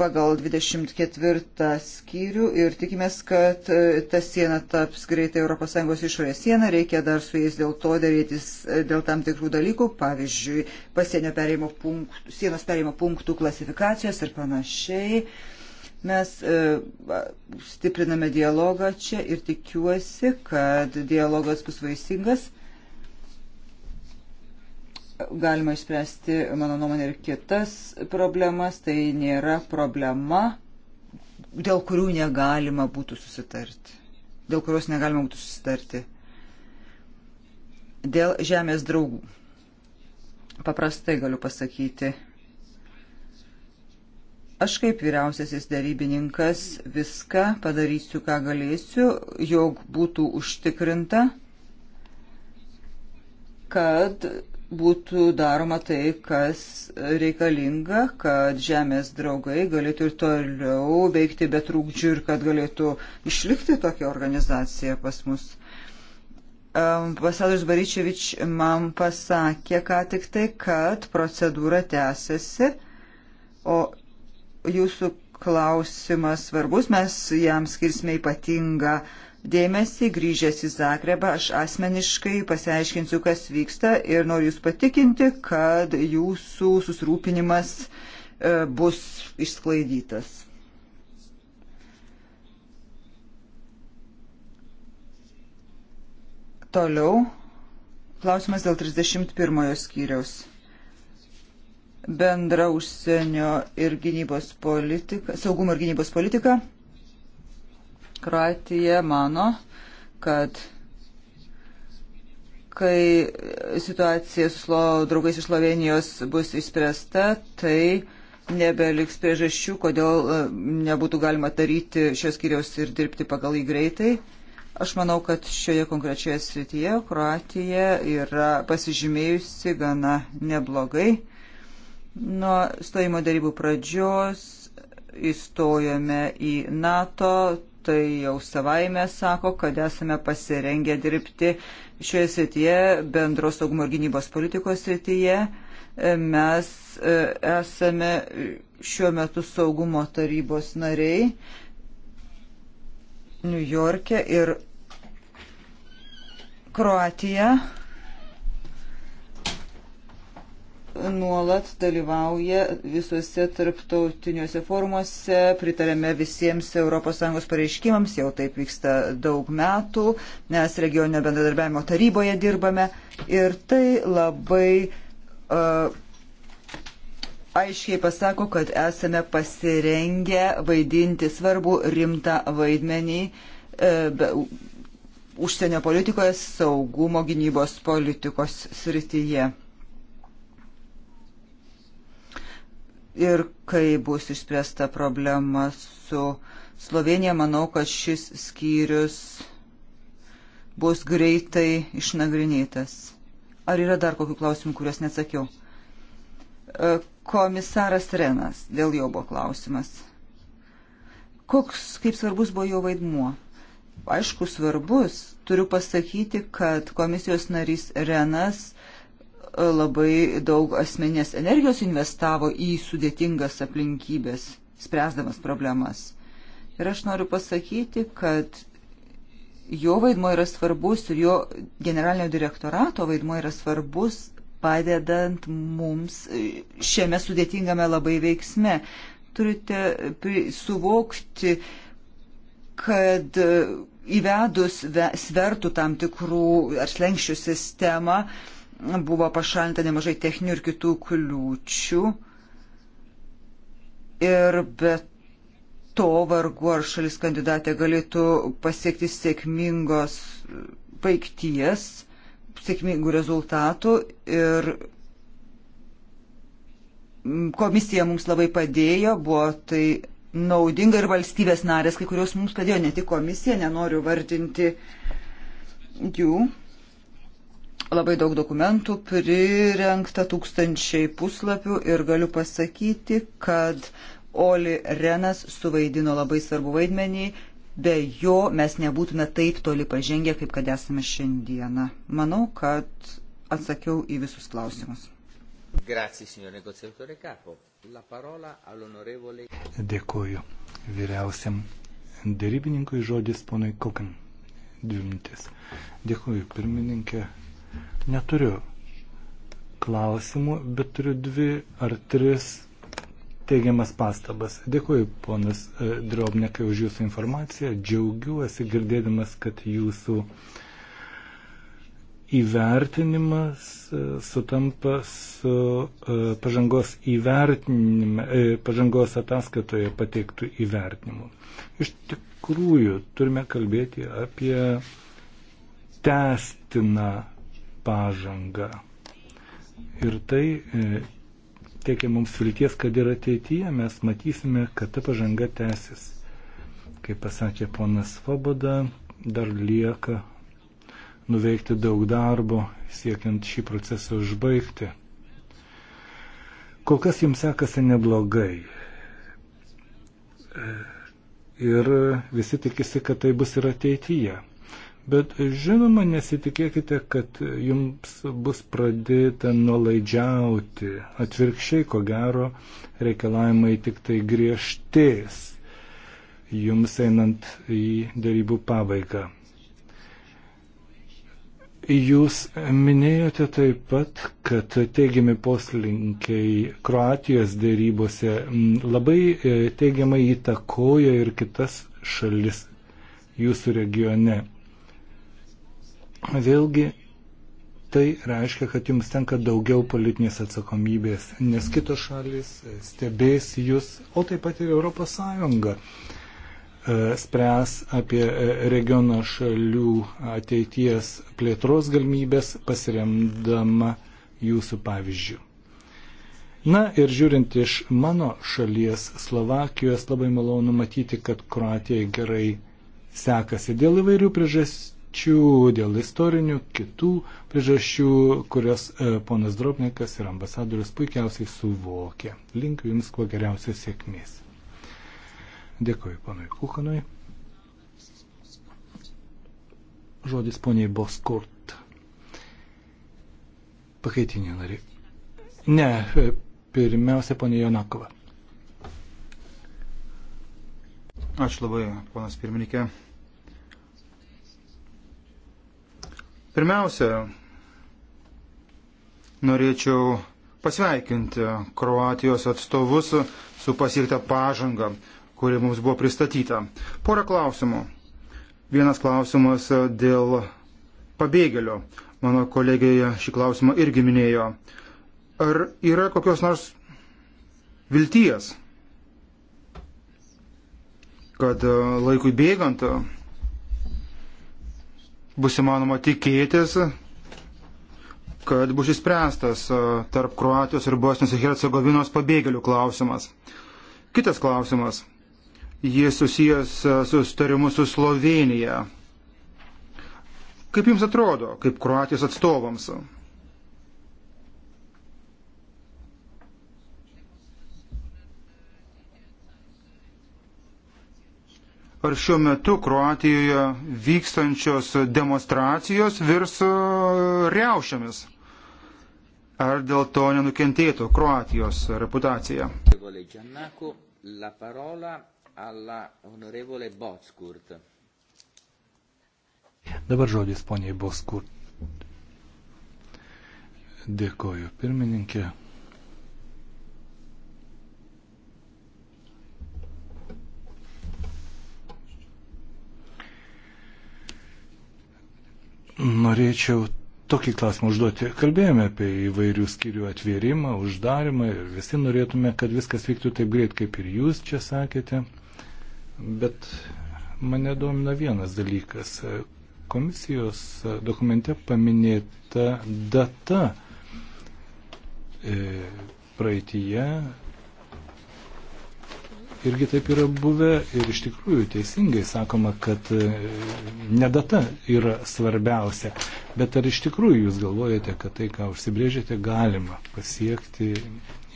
pagal 24 skyrių ir tikimės, kad e, ta siena taps greitai ES išorės siena, reikia dar su jais dėl to darytis e, dėl tam tikrų dalykų, pavyzdžiui, pasienio perėjimo punktų, sienos perėjimo punktų klasifikacijos ir panašiai. Mes e, stipriname dialogą čia ir tikiuosi, kad dialogas bus vaisingas galima išspręsti, mano nuomonė, ir kitas problemas. Tai nėra problema, dėl kurių negalima būtų susitarti. Dėl kurios negalima būtų susitarti. Dėl žemės draugų. Paprastai galiu pasakyti. Aš kaip vyriausiasis darybininkas viską padarysiu, ką galėsiu, jog būtų užtikrinta, kad būtų daroma tai, kas reikalinga, kad žemės draugai galėtų ir toliau veikti be trūkdžių ir kad galėtų išlikti tokia organizacija pas mus. Ambasadorius Baryčevič man pasakė ką tik tai, kad procedūra tęsiasi, o jūsų klausimas svarbus, mes jam skirsime ypatingą dėmesį, grįžęs į Zagrebą, aš asmeniškai pasiaiškinsiu, kas vyksta ir noriu Jūs patikinti, kad Jūsų susirūpinimas e, bus išsklaidytas. Toliau klausimas dėl 31 skyriaus bendra užsienio ir gynybos politika, saugumo ir gynybos politika, Kroatija mano, kad kai situacija su draugais iš Slovenijos bus išspręsta, tai nebeliks priežasčių, kodėl e, nebūtų galima daryti šios kiriaus ir dirbti pagal jį greitai. Aš manau, kad šioje konkrečioje srityje Kroatija yra pasižymėjusi gana neblogai. Nuo stojimo darybų pradžios įstojome į NATO, tai jau savaime sako, kad esame pasirengę dirbti šioje srityje, bendros saugumo ir gynybos politikos srityje. E, mes e, esame šiuo metu saugumo tarybos nariai Niujorke ir Kroatija nuolat dalyvauja visuose tarptautiniuose forumuose, pritarėme visiems ES pareiškimams, jau taip vyksta daug metų, mes regioninio bendradarbiavimo taryboje dirbame ir tai labai uh, aiškiai pasako, kad esame pasirengę vaidinti svarbų rimtą vaidmenį. Uh, be, užsienio politikoje, saugumo gynybos politikos srityje. ir kai bus išspręsta problema su Slovenija, manau, kad šis skyrius bus greitai išnagrinėtas. Ar yra dar kokių klausimų, kuriuos neatsakiau? E, komisaras Renas, dėl jo buvo klausimas. Koks, kaip svarbus buvo jo vaidmuo? Aišku, svarbus. Turiu pasakyti, kad komisijos narys Renas labai daug asmenės energijos investavo į sudėtingas aplinkybės, spręsdamas problemas. Ir aš noriu pasakyti, kad jo vaidmo yra svarbus ir jo generalinio direktorato vaidmo yra svarbus padedant mums šiame sudėtingame labai veiksme. Turite suvokti, kad įvedus svertų tam tikrų ar slengščių sistemą, uh, buvo pašalinta nemažai techninių ir kitų kliūčių. Ir be to vargu ar šalis kandidatė galėtų pasiekti sėkmingos baigties, sėkmingų rezultatų. Ir komisija mums labai padėjo, buvo tai naudinga ir valstybės narės, kai kurios mums padėjo, ne tik komisija, nenoriu vardinti jų labai daug dokumentų, prirenkta tūkstančiai puslapių ir galiu pasakyti, kad Oli Renas suvaidino labai svarbu vaidmenį, be jo mes nebūtume taip toli pažengę, kaip kad esame šiandieną. Manau, kad atsakiau į visus klausimus. Grazie, signor negoziatore capo. La parola all'onorevole. Dėkuoju vyriausiam dėrybininkui žodis ponui Kokan. Dvi mintis. Dėkuoju pirmininkė, neturiu klausimų, bet turiu dvi ar tris teigiamas pastabas. Dėkuoju, ponas e, Drobnekai, už jūsų informaciją. Džiaugiuosi girdėdamas, kad jūsų įvertinimas e, sutampa su e, pažangos, pažangos ataskatoje pateiktų įvertinimu. Iš tikrųjų, turime kalbėti apie tęstiną pažangą. Ir tai e, teikia mums vilties, kad ir ateityje mes matysime, kad ta pažanga tęsis. Kaip pasakė ponas Svoboda, dar lieka nuveikti daug darbo, siekiant šį procesą užbaigti. Kol kas jums sekasi neblogai. E, ir visi tikisi, kad tai bus ir ateityje. Bet žinoma, nesitikėkite, kad jums bus pradėta nuolaidžiauti. Atvirkščiai, ko gero, reikalavimai tik tai griežtės jums einant į dėrybų pabaigą. Jūs minėjote taip pat, kad teigiami poslinkiai Kroatijos dėrybose labai e, teigiamai įtakoja ir kitas šalis jūsų regione. Vėlgi tai reiškia, kad jums tenka daugiau politinės atsakomybės, nes kitos šalis e, stebės jūs, o taip pat ir ES e, spręs apie e, regiono šalių ateities plėtros galimybės pasiremdama jūsų pavyzdžių. Na ir žiūrint iš mano šalies Slovakijos, labai malonu matyti, kad Kroatijai gerai sekasi dėl įvairių priežasčių priežasčių, dėl istorinių, kitų priežasčių, kurias e, ponas Drobnikas ir ambasadorius puikiausiai suvokė. Linkiu Jums kuo geriausios sėkmės. Dėkuoju ponui Kukanui. Žodis poniai Boskurt. Pakaitinė nari. Ne, e, pirmiausia ponė Jonakova. Ačiū labai, ponas pirmininkė. Pirmiausia, norėčiau pasveikinti Kroatijos atstovus su pasiektą pažangą, kuri mums buvo pristatyta. Porą klausimų. Vienas klausimas dėl pabėgėlio. Mano kolegija šį klausimą irgi minėjo. Ar yra kokios nors vilties, kad laikui bėgant bus įmanoma tikėtis, kad bus išspręstas e, tarp Kroatijos ir Bosnijos ir Hercegovinos pabėgėlių klausimas. Kitas klausimas. Jis susijęs e, su starimu su Slovenija. Kaip jums atrodo, kaip Kroatijos atstovams? ar šiuo metu Kroatijoje vykstančios demonstracijos virs e, reušiamis? Ar dėl to nenukentėtų Kroatijos reputacija? Dabar žodis poniai Boskurt. Dėkoju pirmininkė. Norėčiau tokį klausimą užduoti. Kalbėjome apie įvairių skyrių atvėrimą, uždarimą ir visi norėtume, kad viskas vyktų taip greit, kaip ir jūs čia sakėte. Bet mane domina vienas dalykas. Komisijos dokumente paminėta data e, praeitįje irgi taip yra buvę ir iš tikrųjų teisingai sakoma, kad e, ne data yra svarbiausia. Bet ar iš tikrųjų jūs galvojate, kad tai, ką užsibrėžėte, galima pasiekti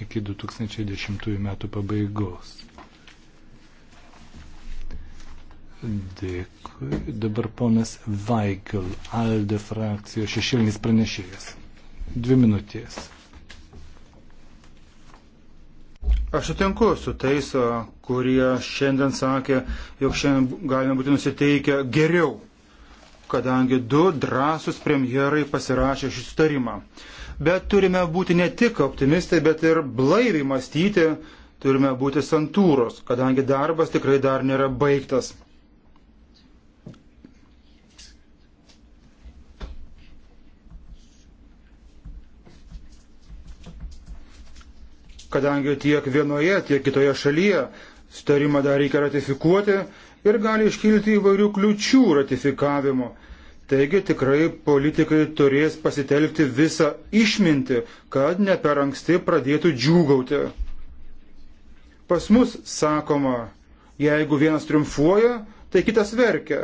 iki 2010 metų pabaigos? Dėkui. Dabar ponas Vaikel, Alde frakcijos šešėlinis pranešėjas. Dvi minutės. Aš sutinku su tais, kurie šiandien sakė, jog šiandien galime būti nusiteikę geriau, kadangi du drąsūs premjerai pasirašė šį sutarimą. Bet turime būti ne tik optimistai, bet ir blaiviai mąstyti, turime būti santūros, kadangi darbas tikrai dar nėra baigtas. kadangi tiek vienoje, tiek kitoje šalyje sutarimą dar reikia ratifikuoti ir gali iškilti įvairių kliučių ratifikavimo. Taigi tikrai politikai turės pasitelkti visą išmintį, kad ne per anksti pradėtų džiūgauti. Pas mus sakoma, jeigu vienas triumfuoja, tai kitas verkia.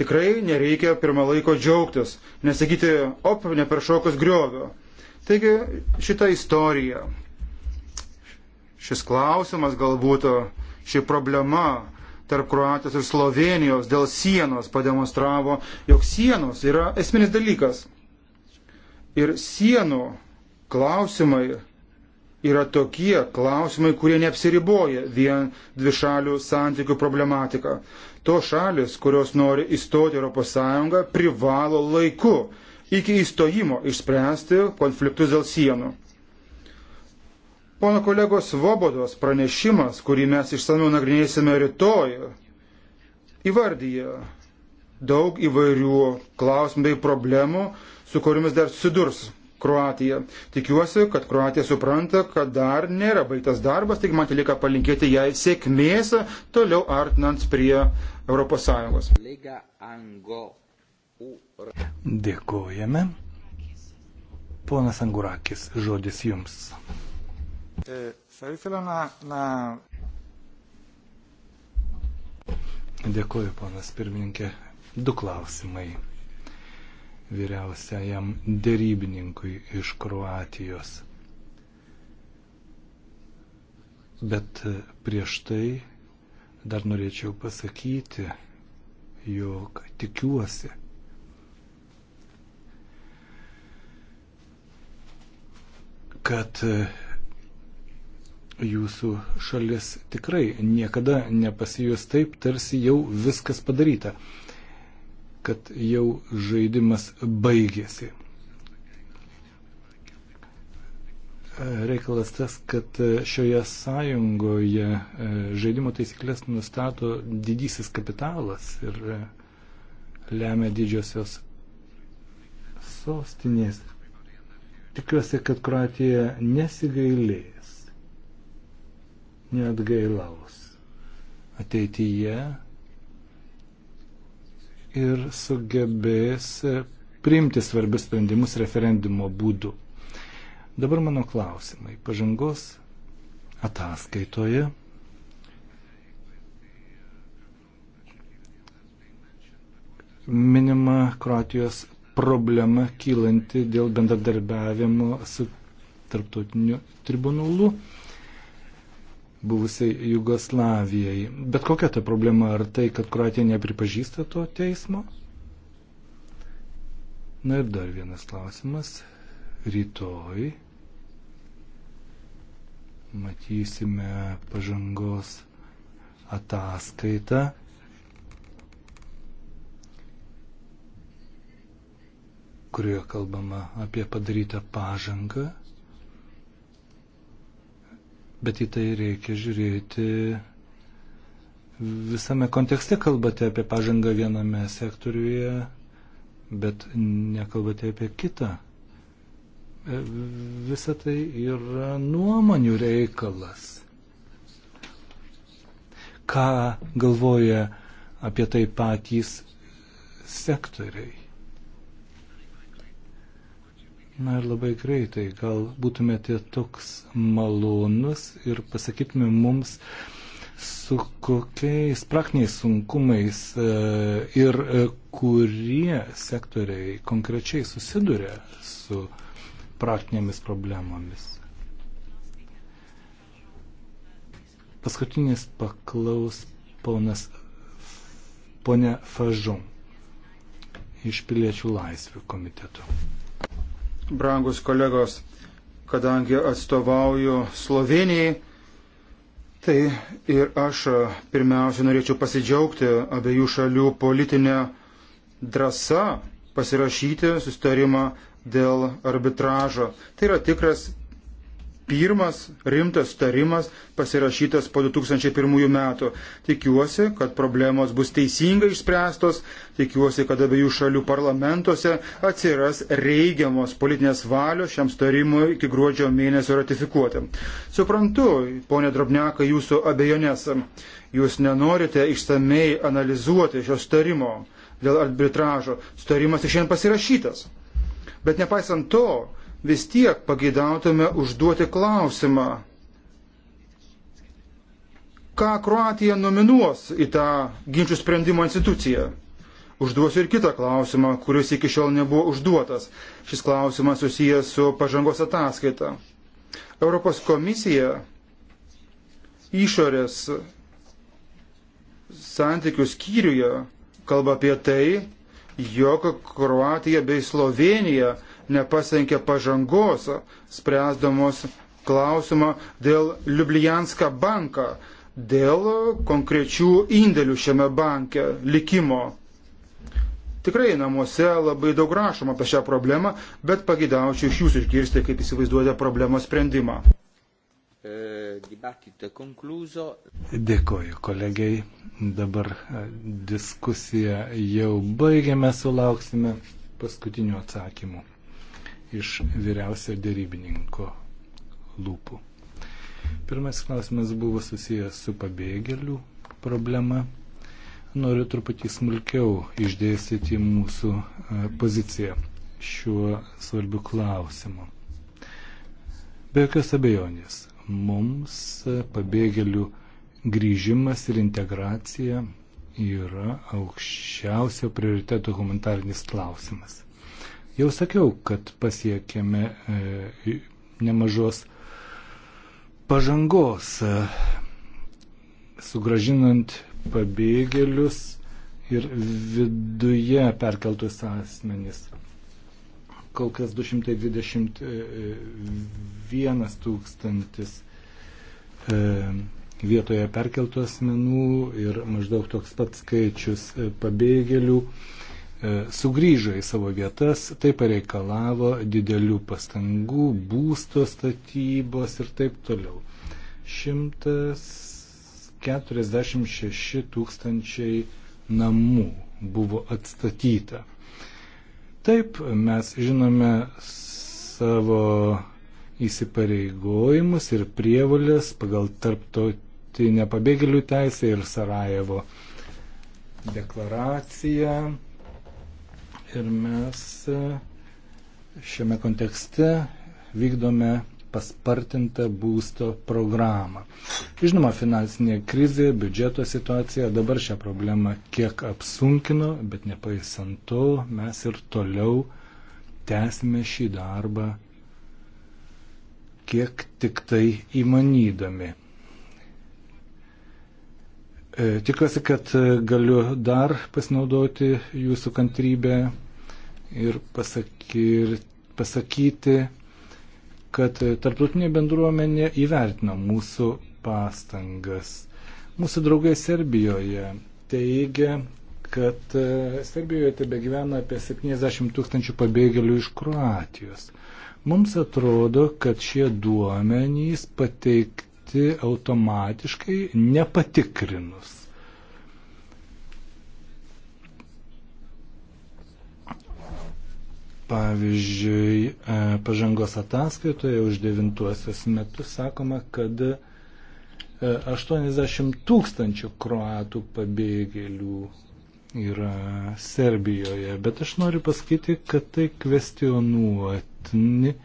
Tikrai nereikia pirmą laiko džiaugtis, nesakyti, op, neperšokus griovio. Taigi šitą istoriją šis klausimas galbūt, e, ši problema tarp Kroatijos ir Slovenijos dėl sienos pademonstravo, jog sienos yra esminis dalykas. Ir sienų klausimai yra tokie klausimai, kurie neapsiriboja vien dvišalių santykių problematika. To šalis, kurios nori įstoti ES, privalo laiku iki įstojimo išspręsti konfliktus dėl sienų. Pono kolegos Vobodos pranešimas, kurį mes išsamiau nagrinėsime rytoj, įvardyja daug įvairių klausimų bei problemų, su kuriomis dar sudurs Kroatija. Tikiuosi, kad Kroatija supranta, kad dar nėra baigtas darbas, tik man lieka palinkėti jai sėkmės toliau artinant prie ES. Dėkojame. Ponas Angurakis, žodis jums. Θα ήθελα να, να... Dėkuoju, panas pirmininkė. Du klausimai vyriausiajam dėrybininkui iš Kroatijos. Bet e, prieš tai dar norėčiau pasakyti, jog tikiuosi, kad e, jūsų šalis tikrai niekada nepasijus taip, tarsi jau viskas padaryta, kad jau žaidimas baigėsi. reikalas tas, kad šioje sąjungoje e, žaidimo taisyklės nustato didysis kapitalas ir e, lemia didžiosios sostinės. Tikiuosi, kad Kroatija nesigailės neatgailaus ateityje ir sugebės priimti svarbius sprendimus referendumo būdu. Dabar mano klausimai. Pažangos ataskaitoje minima Kroatijos problema kylanti dėl bendradarbiavimo su tarptautiniu tribunolu buvusiai Jugoslavijai. Bet kokia ta problema, ar tai, kad Kroatija nepripažįsta to teismo? Na ir dar vienas klausimas. Rytoj matysime pažangos ataskaitą. kurioje kalbama apie padarytą pažangą bet į tai reikia žiūrėti visame kontekste. Kalbate apie pažangą viename sektoriuje, bet nekalbate apie kitą. E, visa tai yra nuomonių reikalas. Ką galvoja apie tai patys sektoriai? Na ir labai greitai, gal būtumėte toks malonus ir pasakytume mums, su kokiais praktiniais sunkumais e, ir e, kurie sektoriai konkrečiai susiduria su praktinėmis problemomis. Paskutinis paklaus ponas, ponia Fažum iš Piliečių laisvių komiteto brangus kolegos, kadangi atstovauju Slovenijai, tai ir aš e, pirmiausia norėčiau pasidžiaugti abiejų šalių politinę drąsą pasirašyti sustarimą dėl arbitražo. Tai yra tikras pirmas rimtas tarimas pasirašytas po 2001 metų. Tikiuosi, kad problemos bus teisingai išspręstos, tikiuosi, kad abiejų šalių parlamentuose atsiras reigiamos politinės valios šiam tarimui iki gruodžio mėnesio ratifikuoti. Suprantu, ponė Drobneka, jūsų abejonės. Jūs nenorite išsamei analizuoti šios tarimo dėl arbitražo. Sutarimas šiandien pasirašytas. Bet nepaisant to, vis tiek pagidautume užduoti klausimą, ką Kroatija nominuos į tą ginčių sprendimo instituciją. Užduosiu ir kitą klausimą, kuris iki šiol nebuvo užduotas. Šis klausimas susijęs su pažangos ataskaita. Europos komisija išorės santykių skyriuje kalba apie tai, jog Kroatija bei Slovenija nepasiekė pažangos, spręsdamos klausimą dėl Liublijanska banką, dėl konkrečių indėlių šiame banke likimo. Tikrai namuose labai daug rašoma apie šią problemą, bet pagidaučiau iš jūsų išgirsti, kaip įsivaizduojate problemos sprendimą. E, Dėkoju kolegiai. Dabar e, diskusiją jau baigėme, sulauksime paskutinių atsakymų iš vyriausio dėrybininko lūpų. Pirmas klausimas buvo susijęs su pabėgėlių problema. Noriu truputį smulkiau išdėstyti mūsų e, poziciją šiuo svarbiu klausimu. Be jokios abejonės, mums e, pabėgėlių grįžimas ir integracija yra aukščiausio prioriteto humanitarinis klausimas. Jau sakiau, kad pasiekėme e, nemažos pažangos, e, sugražinant pabėgėlius ir viduje perkeltus asmenys. Kol kas 221 tūkstantis e, vietoje perkeltų asmenų ir maždaug toks pat skaičius pabėgėlių. E, E, sugrįžo į savo vietas, tai pareikalavo didelių pastangų, būsto statybos ir taip toliau. 146 tūkstančiai namų buvo atstatyta. Taip, mes žinome savo įsipareigojimus ir prievalės pagal tarptautinę pabėgėlių teisę ir Sarajevo deklaraciją ir mes e, šiame kontekste vykdome paspartintą būsto programą. Žinoma, finansinė krizė, biudžeto situacija dabar šią problemą kiek apsunkino, bet nepaisant to mes ir toliau tęsime šį darbą kiek tik tai įmanydami. E, tikiuosi, kad e, galiu dar pasinaudoti jūsų kantrybę ir pasakir, pasakyti, kad tarptautinė bendruomenė įvertino mūsų pastangas. Mūsų draugai Serbijoje teigia, kad e, Serbijoje tebe gyvena apie 70 tūkstančių pabėgėlių iš Kroatijos. Mums atrodo, kad šie duomenys pateikti gauti automatiškai nepatikrinus. Pavyzdžiui, e, pažangos ataskaitoje už devintuosius metus sakoma, kad 80 e, tūkstančių kroatų pabėgėlių yra Serbijoje, bet aš noriu pasakyti, kad tai kvestionuotini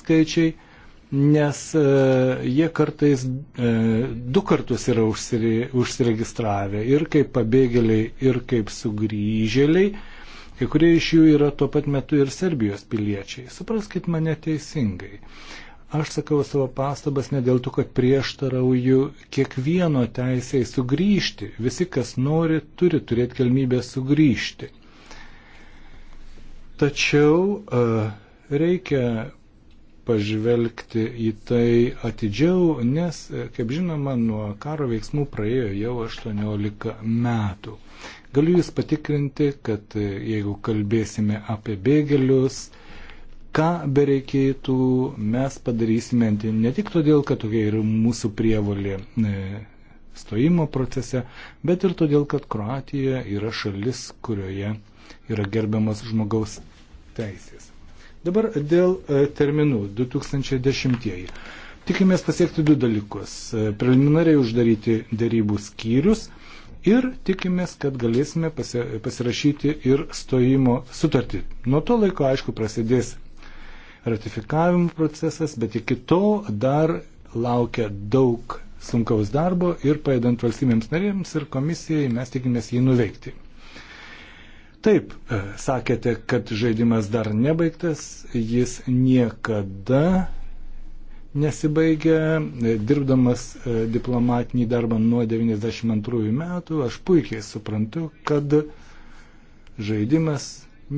skaičiai nes e, jie kartais e, du kartus yra užsiregistravę ir kaip pabėgėliai, ir kaip sugrįžėliai. Kai kurie iš jų yra tuo pat metu ir Serbijos piliečiai. Supraskit mane teisingai. Aš sakau savo pastabas ne dėl to, kad prieštarauju kiekvieno teisėjai sugrįžti. Visi, kas nori, turi turėti galimybę sugrįžti. Tačiau e, reikia pažvelgti į tai atidžiau, nes, e, kaip žinoma, nuo karo veiksmų praėjo jau 18 metų. Galiu Jūs patikrinti, kad e, jeigu kalbėsime apie bėgelius, ką bereikėtų, mes padarysime ne tik todėl, kad tokia yra mūsų prievalė e, stojimo procese, bet ir todėl, kad Kroatija yra šalis, kurioje yra gerbiamas žmogaus teisės. Dabar dėl e, terminų 2010. Tikimės pasiekti du dalykus. E, preliminariai uždaryti dėrybų skyrius ir tikimės, kad galėsime pasirašyti ir stojimo sutartį. Nuo to laiko, aišku, prasidės ratifikavimo procesas, bet iki to dar laukia daug sunkaus darbo ir paėdant valstybėms narėms ir komisijai mes tikimės jį nuveikti. Taip, e, sakėte, kad žaidimas dar nebaigtas, jis niekada nesibaigia. E, dirbdamas e, diplomatinį darbą nuo 92 metų, aš puikiai suprantu, kad žaidimas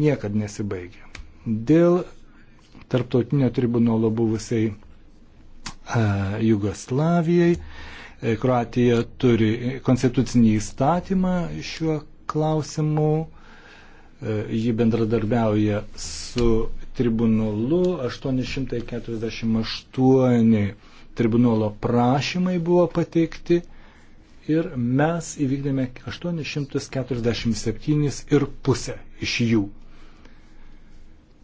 niekada nesibaigia. Dėl tarptautinio tribunolo buvusiai Jugoslavijai, Kroatija turi konstitucinį įstatymą šiuo klausimu E, ji bendradarbiauja su tribunolu 848 tribunolo prašymai buvo pateikti ir mes įvykdėme 847 ir pusę iš jų.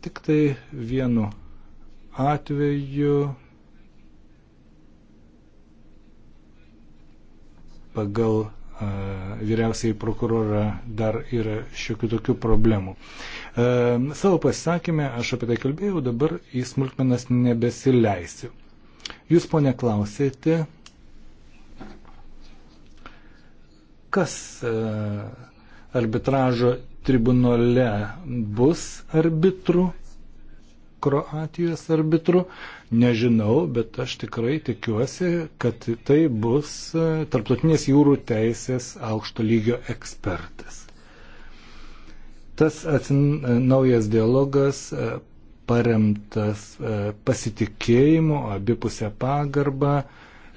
Tik tai vienu atveju pagal vyriausiai prokurorą dar yra šiokių tokių problemų. Savo pasisakymę aš apie tai kalbėjau, dabar į smulkmenas nebesileisiu. Jūs, ponė, klausėte, kas arbitražo tribunole bus arbitru Kroatijos arbitru. Nežinau, bet aš tikrai tikiuosi, kad tai bus e, tarptautinės jūrų teisės aukšto lygio ekspertas. Tas atsin, e, naujas dialogas e, paremtas pasitikėjimu, abipusę pagarbą,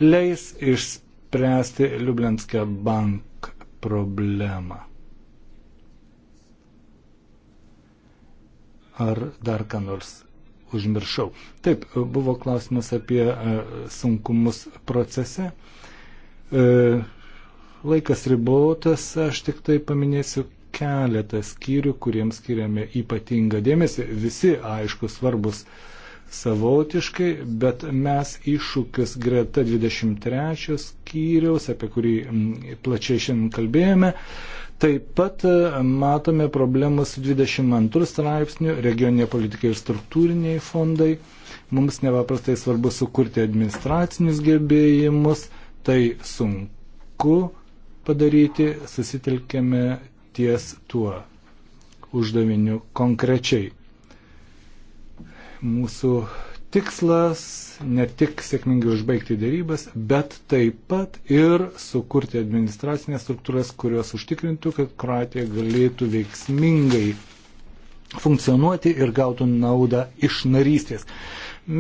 leis išspręsti Liublenskia bank problemą. Ar dar ką nors užmiršau. Taip, buvo klausimas apie e, sunkumus procese. E, laikas ribotas, aš tik tai paminėsiu keletą skyrių, kuriems skiriame ypatingą dėmesį. Visi, aišku, svarbus savotiškai, bet mes iššūkis greta 23 skyriaus, apie kurį plačiai šiandien kalbėjome, Taip pat e, matome problemą su 22 straipsniu regioninė politika ir struktūriniai fondai. Mums nepaprastai svarbu sukurti administracinius gebėjimus, tai sunku padaryti, susitelkėme ties tuo uždaviniu konkrečiai. Mūsų tikslas ne tik sėkmingai užbaigti dėrybas, bet taip pat ir sukurti administracinės struktūras, kurios užtikrintų, kad Kroatija galėtų veiksmingai funkcionuoti ir gautų naudą iš narystės.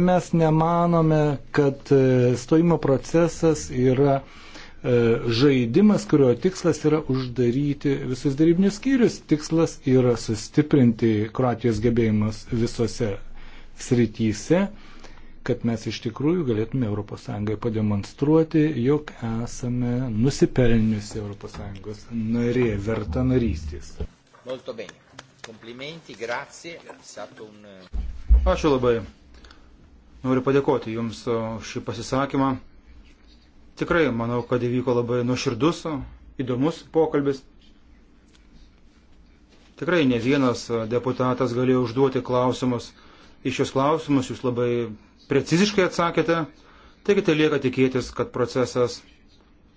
Mes nemanome, kad e, stojimo procesas yra e, žaidimas, kurio tikslas yra uždaryti visus darybinius skyrius. Tikslas yra sustiprinti Kroatijos gebėjimus visose srityse, kad mes iš tikrųjų galėtume ES pademonstruoti, jog esame nusipelniusi ES narė, verta narystės. Molto bene. Komplimenti, grazie. Un... Eh, Ačiū labai. Noriu padėkoti Jums už šį pasisakymą. Tikrai manau, kad įvyko labai nuoširdus, įdomus pokalbis. Tikrai ne vienas deputatas galėjo užduoti klausimus Iš šios klausimus jūs labai preciziškai atsakėte, taigi tai lieka tikėtis, kad procesas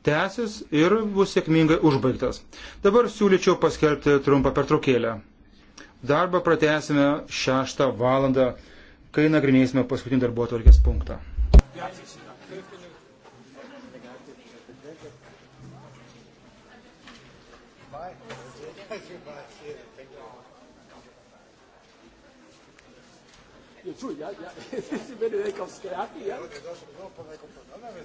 tęsis ir bus sėkmingai užbaigtas. Dabar siūlyčiau paskelbti trumpą pertraukėlę. Darbą pratęsime 6 valandą, kai nagrinėsime paskutinį darbuotojų punktą. Grazie. Čuj, ja, ja, si meni rekao skrati, ja? Došao, došao, pa rekao, pa da, ne,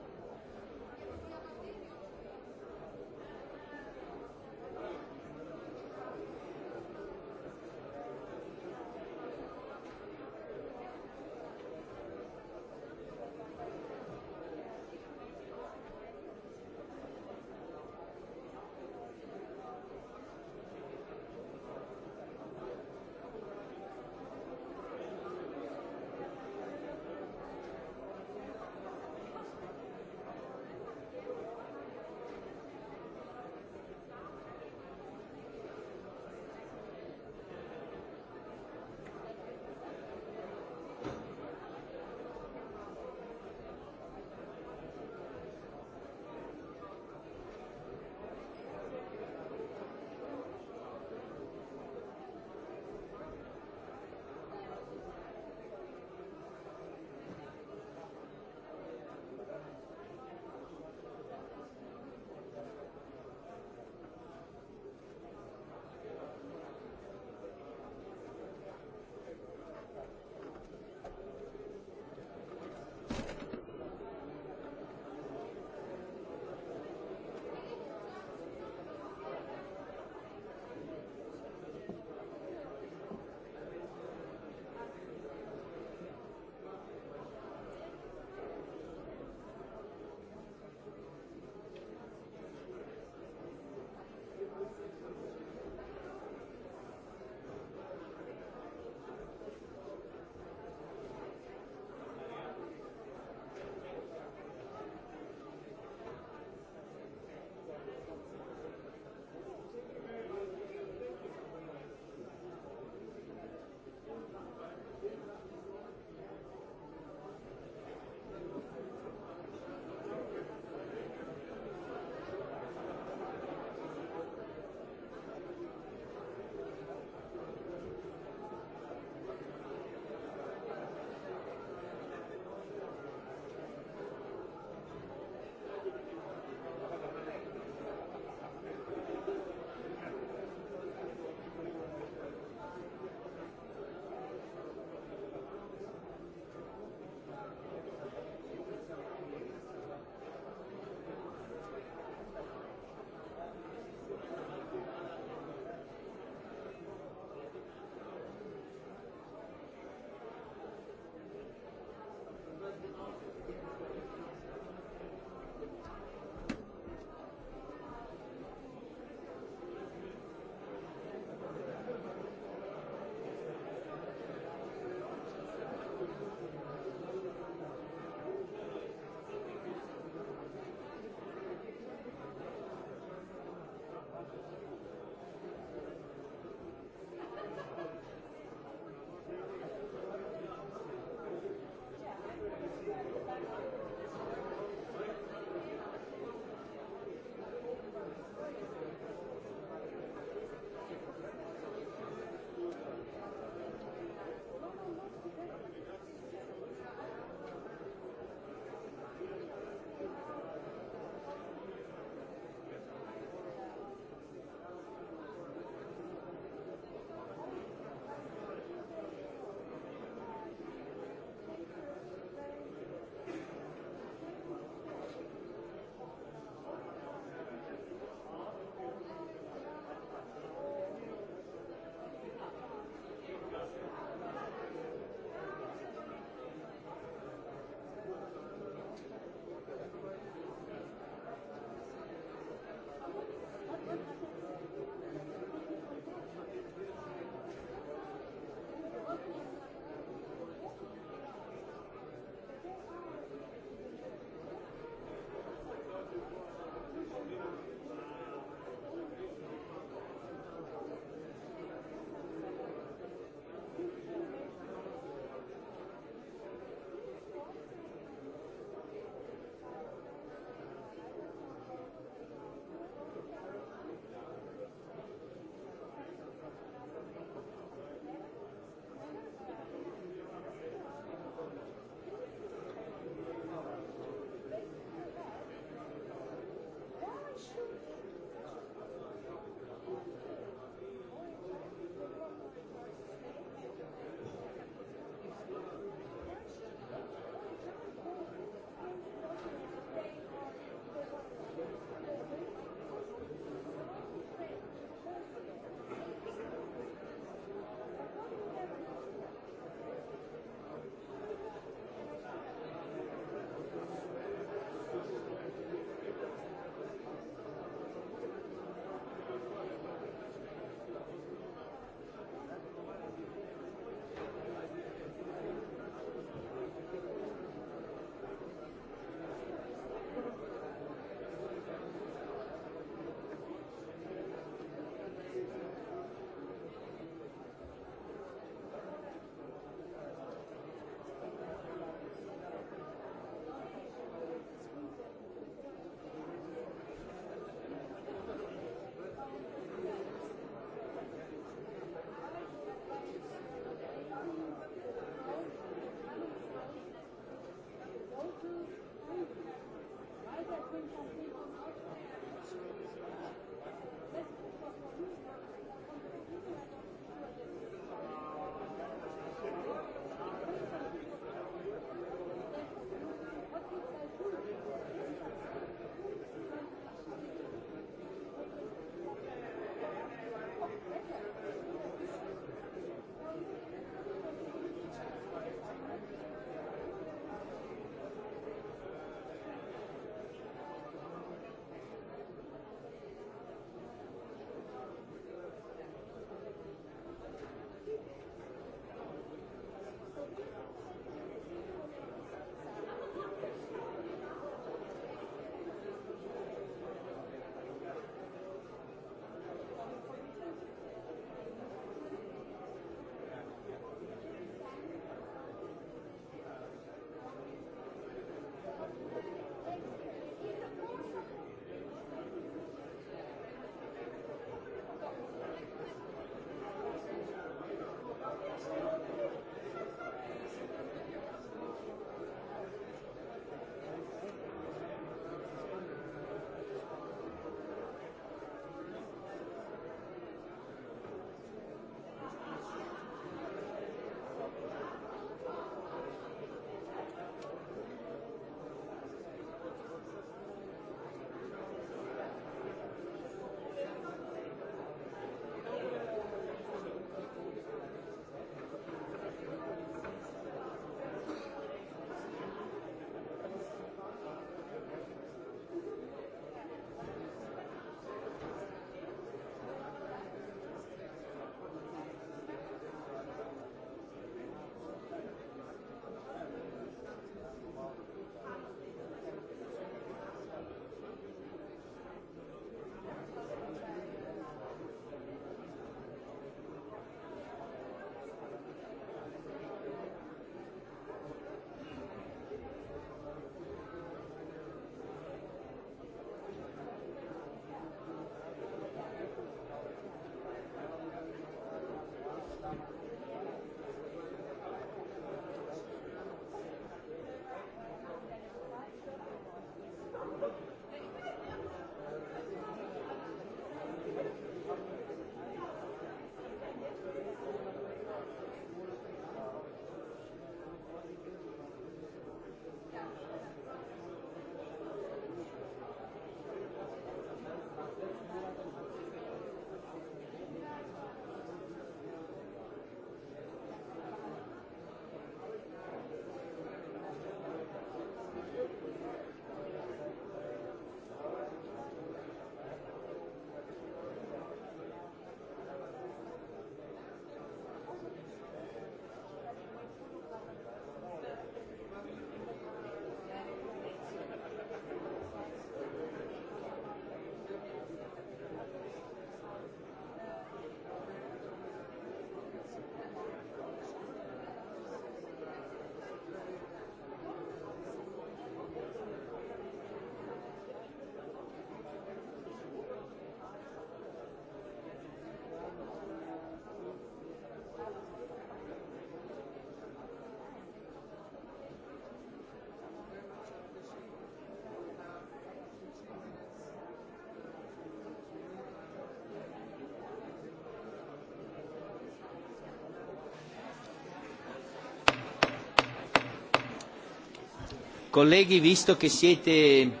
Colleghi, visto che siete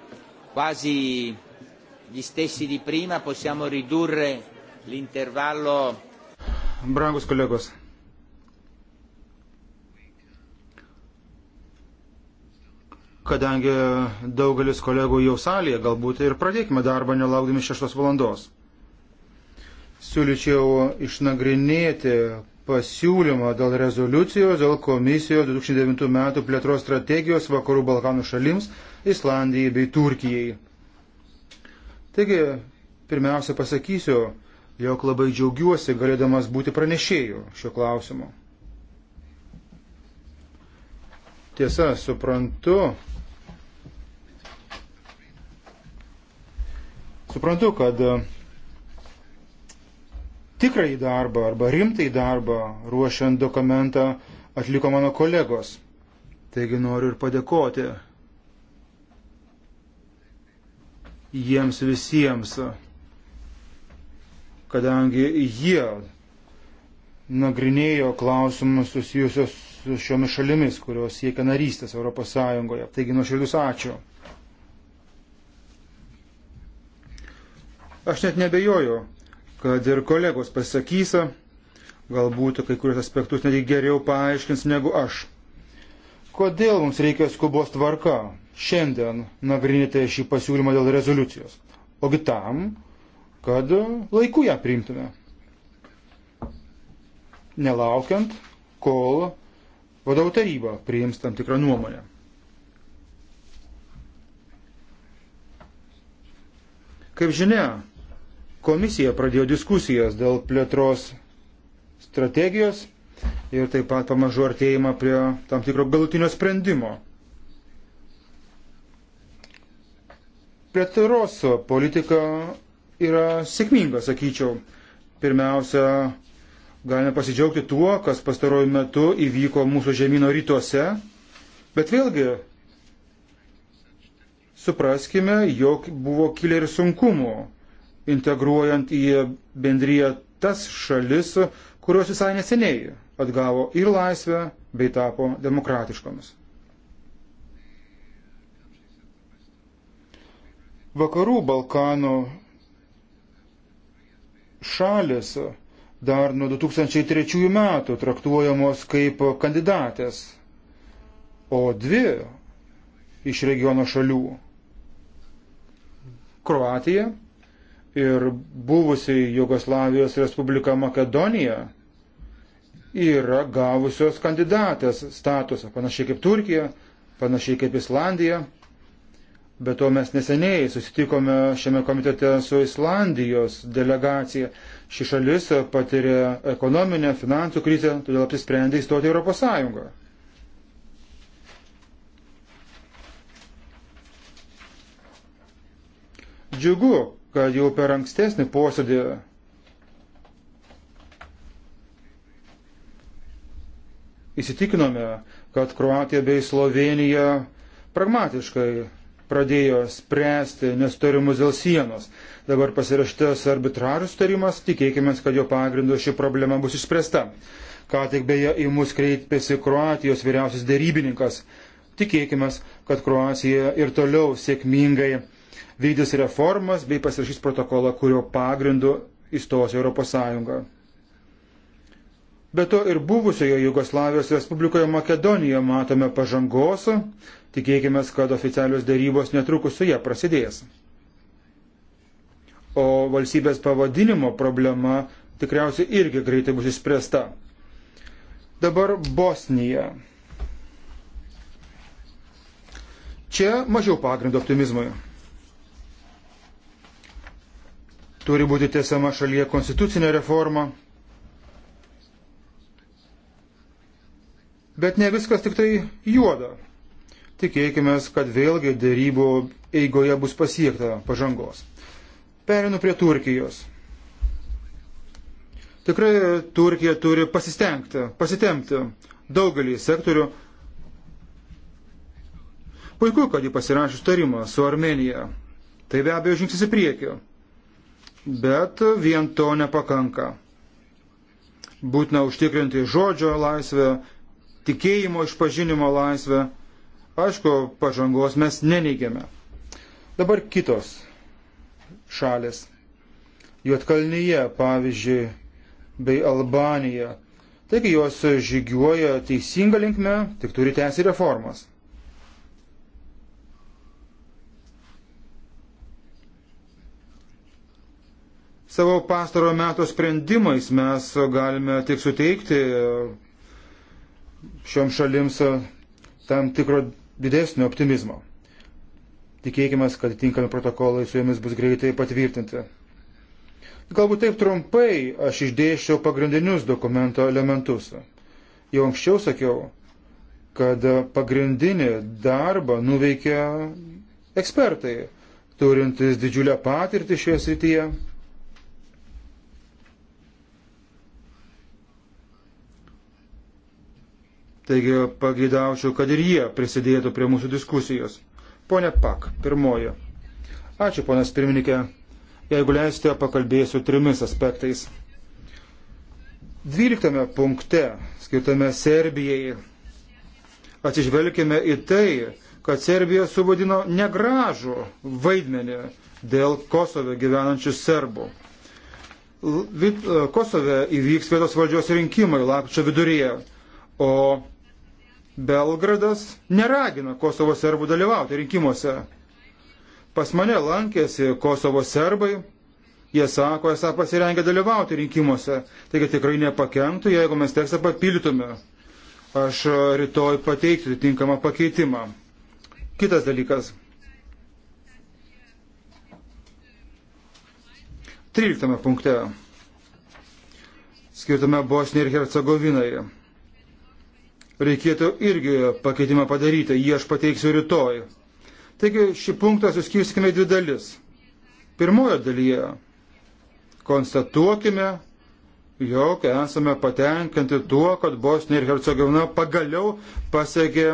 quasi gli stessi di prima, possiamo ridurre l'intervallo. Brangus kolegos. Kadangi daugelis kolegų jau salėje, galbūt ir pradėkime darbą nelaukdami šeštos valandos siūlyčiau išnagrinėti pasiūlymą dėl rezoliucijos, dėl komisijos 2009 metų plėtros strategijos Vakarų Balkanų šalims, Islandijai bei Turkijai. Taigi, pirmiausia pasakysiu, jog labai džiaugiuosi galėdamas būti pranešėju šio klausimu. Tiesa, suprantu, suprantu, kad tikrai darbą arba rimtai darbą ruošiant dokumentą atliko mano kolegos. Taigi noriu ir padėkoti jiems visiems, kadangi jie nagrinėjo klausimus susijusios su šiomis šalimis, kurios siekia narystės Europos Sąjungoje. Taigi nuoširdus ačiū. Aš net nebejoju, kad ir kolegos pasakys, galbūt kai kurios aspektus netgi geriau paaiškins negu aš. Kodėl mums reikia skubos tvarka šiandien nagrinėti šį pasiūlymą dėl rezoliucijos? Ogi tam, kad laiku ją priimtume. Nelaukiant, kol vadovų taryba priims tam tikrą nuomonę. Kaip žinia, Komisija pradėjo diskusijas dėl plėtros strategijos ir taip pat pamažu artėjimą prie tam tikro galutinio sprendimo. Plėtros politika yra sėkminga, sakyčiau. Pirmiausia, galime pasidžiaugti tuo, kas pastarojų metu įvyko mūsų žemynų rytuose, bet vėlgi supraskime, jog buvo kilę ir sunkumų integruojant į bendryją tas šalis, kurios visai neseniai atgavo ir laisvę, bei tapo demokratiškomis. Vakarų Balkanų šalis dar nuo 2003 metų traktuojamos kaip kandidatės, o dvi iš regiono šalių - Kroatija ir buvusiai Jugoslavijos Respublika Makedonija yra gavusios kandidatės statusą, panašiai kaip Turkija, panašiai kaip Islandija. Bet to mes neseniai susitikome šiame komitete su Islandijos delegacija. Ši šalis patiria ekonominę, finansų krizę, todėl apsisprendė įstoti Europos Sąjungą. Džiugu, kad jau per ankstesnį posėdį įsitikinome, kad Kroatija bei Slovenija pragmatiškai pradėjo spręsti nesutarimus dėl sienos. Dabar pasirašytas arbitražus tarimas, tikėkime, kad jo pagrindu ši problema bus išspręsta. Ką tik beje į mus kreipėsi Kroatijos vyriausias dėrybininkas. Tikėkime, kad Kroatija ir toliau sėkmingai vykdys reformas bei pasirašys protokolą, kurio pagrindu įstos Europos Sąjunga. Be to ir buvusioje Jugoslavijos Respublikoje Makedonijoje matome pažangos, tikėkime, kad oficialios darybos netrukus su ją prasidės. O valstybės pavadinimo problema tikriausiai irgi greitai bus išspręsta. Dabar Bosnija. Čia mažiau pagrindo optimizmui. Turi būti tiesama šalyje konstitucinė reforma. Bet ne viskas tik tai juoda. Tikėkime, kad vėlgi dėrybų eigoje bus pasiekta pažangos. Perinu prie Turkijos. Tikrai Turkija turi pasistengti, pasitemti daugelį sektorių. Puiku, kad ji pasirašė sutarimą su Armenija. Tai be abejo žingsnis į priekį bet vien to nepakanka. Būtina užtikrinti žodžio laisvę, tikėjimo išpažinimo laisvę. Aišku, pažangos mes neneigiame. Dabar kitos šalis. Juotkalnyje, pavyzdžiui, bei Albanija. Taigi jos žygiuoja teisinga linkme, tik turi tęsti reformas. Savo pastarojo meto sprendimais mes galime tik suteikti šiom šalims tam tikro didesnio optimizmo. Tikėkime, kad tinkami protokolai su jomis bus greitai patvirtinti. Galbūt taip trumpai aš išdėščiau pagrindinius dokumento elementus. Jau anksčiau sakiau, kad pagrindinį darbą nuveikia ekspertai, turintys didžiulę patirtį šioje srityje. Taigi pagaidaučiau, kad ir jie prisidėtų prie mūsų diskusijos. Pone Pak, pirmoji. Ačiū, ponas pirmininkė. Jeigu leisite, pakalbėsiu trimis aspektais. Dvyliktame punkte, skirtame Serbijai, atsižvelgime į tai, kad Serbija suvadino negražų vaidmenį dėl Kosove gyvenančių serbų. Kosove įvyks vietos valdžios rinkimai lapčio viduryje, o Belgradas neragina Kosovo serbų dalyvauti rinkimuose. Pas mane lankėsi Kosovo serbai, jie sako, esą pasirengę dalyvauti rinkimuose, taigi tikrai nepakenktų, jeigu mes tekstą papildytume. Aš e, rytoj pateiksiu tinkamą pakeitimą. Kitas dalykas. 13 punkte skirtame Bosnijai ir Hercegovinai reikėtų irgi pakeitimą padaryti, jį aš pateiksiu rytoj. Taigi šį punktą suskirskime į dvi dalis. Pirmojo dalyje konstatuokime, jog esame patenkinti tuo, kad Bosnija ir Hercegovina pagaliau pasiekė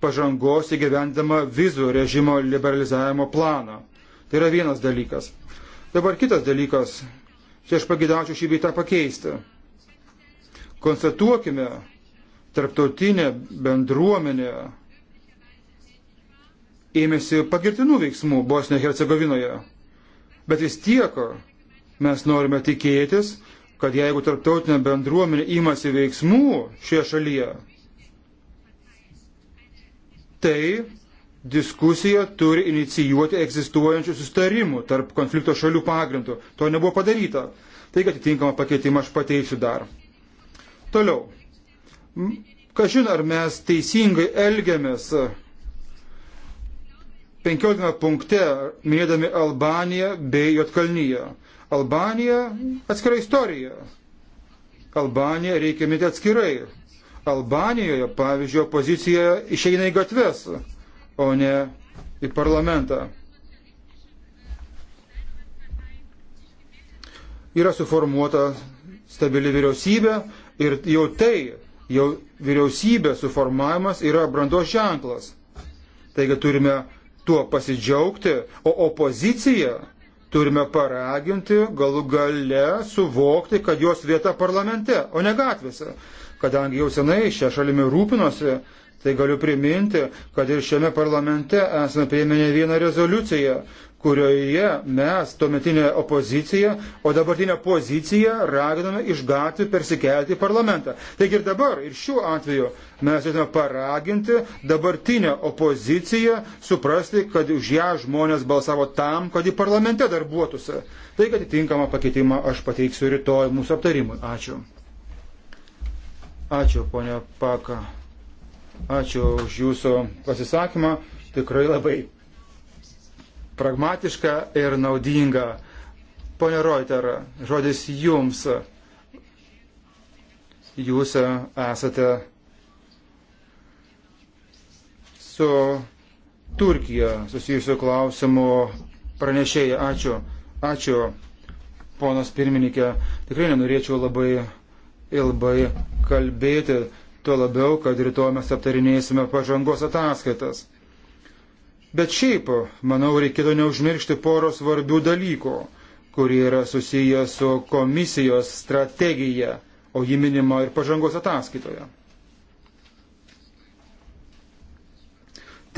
pažangos įgyvendama vizų režimo liberalizavimo planą. Tai yra vienas dalykas. Dabar kitas dalykas, čia aš pagidaučiau šį beitą pakeisti. Konstatuokime, tarptautinė bendruomenė ėmėsi pagirtinų veiksmų Bosnijoje Hercegovinoje. Bet vis tiek mes norime tikėtis, kad jeigu tarptautinė bendruomenė imasi veiksmų šioje šalyje, tai diskusija turi inicijuoti egzistuojančių sustarimų tarp konflikto šalių pagrindų. To nebuvo padaryta. Taigi atitinkamą pakeitimą aš pateiksiu dar. Toliau. Kažin ar mes teisingai elgiamės 15 punkte minėdami Albaniją bei Jotkalnyje. Albanija atskira istorija. Albaniją reikia minėti atskirai. Albanijoje, pavyzdžiui, opozicija išeina į gatves, o ne į parlamentą. Yra suformuota stabili vyriausybė ir jau tai jau vyriausybės suformavimas yra brandos ženklas. Taigi turime tuo pasidžiaugti, o opoziciją turime paraginti galų gale suvokti, kad jos vieta parlamente, o ne gatvėse. Kadangi jau senai šią šalimi rūpinosi, tai galiu priminti, kad ir šiame parlamente esame prieimę ne vieną rezoliuciją, kurioje mes, tuometinė opozicija, o dabartinė pozicija raginame iš gatvių persikelti į parlamentą. Taigi ir dabar, ir šiuo atveju mes turime paraginti dabartinę opoziciją suprasti, kad už ją žmonės balsavo tam, kad į parlamente darbuotųsi. Taigi atitinkamą pakeitimą aš pateiksiu rytoj mūsų aptarimui. Ačiū. Ačiū, ponia Paka. Ačiū už jūsų pasisakymą. Tikrai labai pragmatiška ir naudinga. Pone Reuter, žodis jums. Jūs e, esate su Turkija susijusiu klausimu pranešėjai. Ačiū. Ačiū, ponas pirmininkė. Tikrai nenorėčiau labai ilgai kalbėti, tuo labiau, kad rytoj mes aptarinėsime pažangos ataskaitas. Bet šiaip, manau, reikėtų neužmiršti poros svarbių dalykų, kurie yra susiję su komisijos strategija, o jį minima ir pažangos ataskaitoje.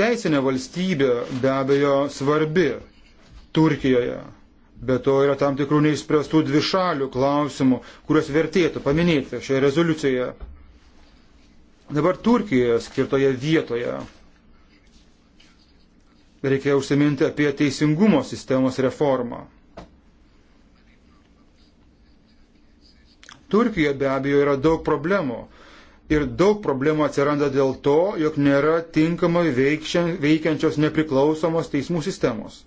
Teisinė valstybė be abejo svarbi Turkijoje, bet to yra tam tikrų neišspręstų dvišalių klausimų, kuriuos vertėtų paminėti šioje rezoliucijoje. Dabar Turkijoje skirtoje vietoje reikia užsiminti apie teisingumo sistemos reformą. Turkijoje be abejo yra daug problemų. Ir daug problemų atsiranda dėl to, jog nėra tinkamai veikiančios nepriklausomos teismų sistemos.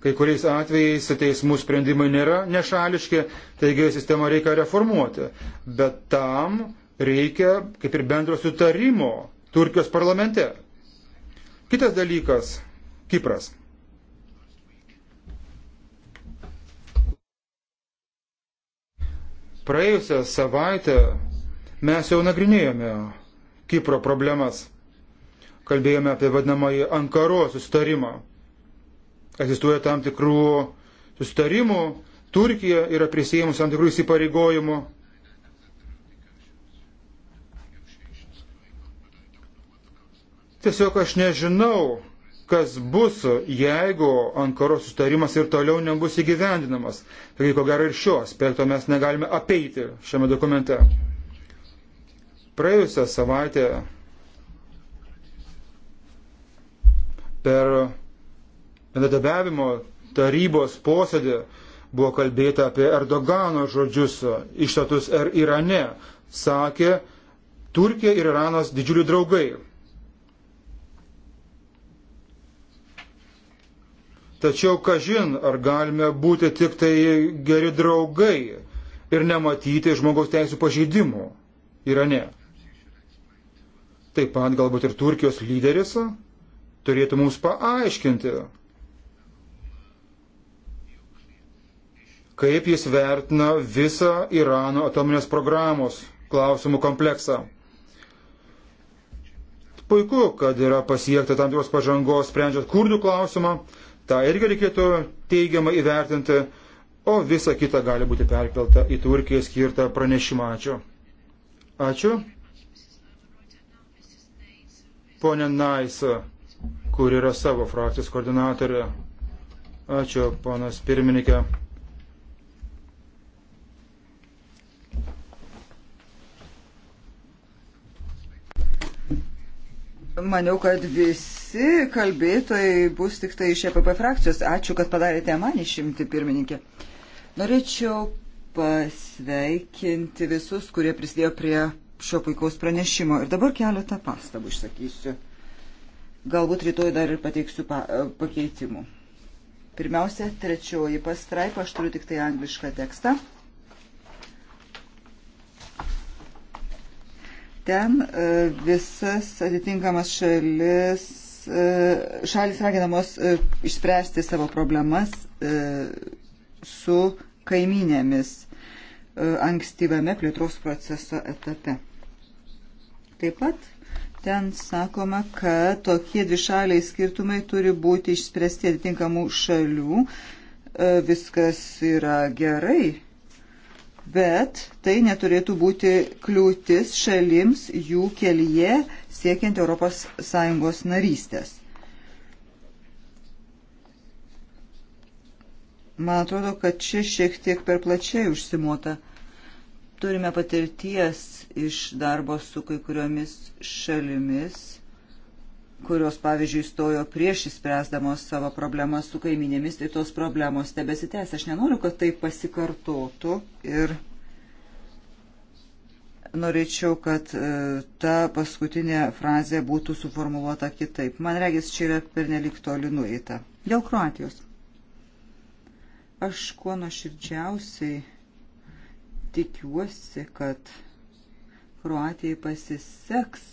Kai kuriais atvejais teismų sprendimai nėra nešališki, taigi sistemą reikia reformuoti. Bet tam reikia kaip ir bendro sutarimo Turkijos parlamente. Kitas dalykas - Kipras. Praėjusią savaitę mes jau nagrinėjome Kipro problemas. Kalbėjome apie vadinamąjį Ankaro sustarimą. Egzistuoja tam tikrų sustarimų, Turkija yra prisėjimus tam tikrų įsipareigojimų Tiesiog aš nežinau, kas bus, jeigu Ankaros sustarimas ir toliau nebus įgyvendinamas. Taigi, ko gero, ir šio aspekto mes negalime apeiti šiame dokumente. Praėjusią savaitę per bendradabiavimo tarybos posėdį buvo kalbėta apie Erdogano žodžius ištatus ir er Irane. Sakė, Turkija ir Iranas didžiuliai draugai. Tačiau, kažin, ar galime būti tik tai geri draugai ir nematyti žmogaus teisų pažeidimų Irane. Taip pat galbūt ir Turkijos lyderis turėtų mums paaiškinti, kaip jis vertina visą Irano atominės programos klausimų kompleksą. Puiku, kad yra pasiekta tam tikros pažangos sprendžiant kurdų klausimą, tą irgi reikėtų teigiamai įvertinti, o visa kita gali būti perkelta į Turkiją skirtą pranešimą. Ačiū. Ačiū. Pone Naisa, kur yra savo frakcijos koordinatorė. Ačiū, ponas pirmininkė. Maniau, kad visi kalbėtojai bus tik tai iš EPP frakcijos. Ačiū, kad padarėte man išimti pirmininkę. Norėčiau pasveikinti visus, kurie prisidėjo prie šio puikaus pranešimo. Ir dabar keletą pastabų išsakysiu. Galbūt rytoj dar ir pateiksiu pa, e, pakeitimų. Pirmiausia, trečioji pastraipa, aš turiu tik tai anglišką tekstą. Ten e, visas atitinkamas šalis, e, šalis raginamos e, išspręsti savo problemas su kaiminėmis ankstyvame plėtros proceso etape. Taip pat ten sakoma, kad tokie dvišaliai skirtumai turi būti išspręsti atitinkamų šalių. Viskas yra gerai, bet tai neturėtų būti kliūtis šalims jų kelyje siekiant ES narystės. Man atrodo, kad čia šiek tiek per plačiai užsimota. Turime patirties iš darbo su kai kuriomis šalimis kurios, pavyzdžiui, stojo prieš įspręsdamos savo problemas su kaiminėmis ir tai tos problemos tebesitęs. Aš nenoriu, kad tai pasikartotų ir norėčiau, kad e, ta paskutinė frazė būtų suformuoluota kitaip. Man regis, čia yra pernelik toli nueita. Dėl Kroatijos. Aš kuo nuoširdžiausiai tikiuosi, kad Kroatijai pasiseks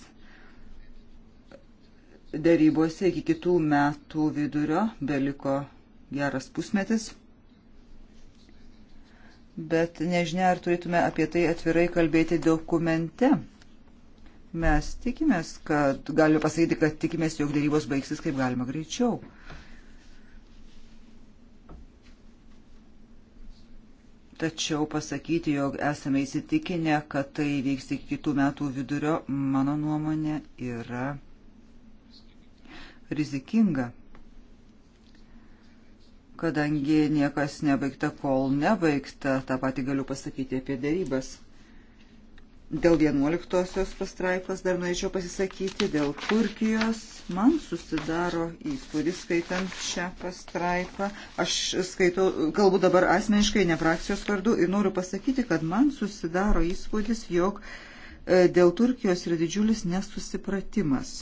Darybose iki kitų metų vidurio beliko geras pusmetis. Bet nežinia, ar turėtume apie tai atvirai kalbėti dokumente. Mes tikimės, kad galiu pasakyti, kad tikimės, jog darybos baigsis kaip galima greičiau. Tačiau pasakyti, jog esame įsitikinę, kad tai vyks iki kitų metų vidurio, mano nuomonė yra rizikinga, kadangi niekas nebaigta, kol nebaigta, tą patį galiu pasakyti apie dėrybas. Dėl 11 pastraipos dar norėčiau pasisakyti, dėl Turkijos man susidaro įspūdis skaitant šią pastraipą. Aš skaitau, kalbu dabar asmeniškai, ne frakcijos vardu ir noriu pasakyti, kad man susidaro įspūdis, jog e, dėl Turkijos yra didžiulis nesusipratimas.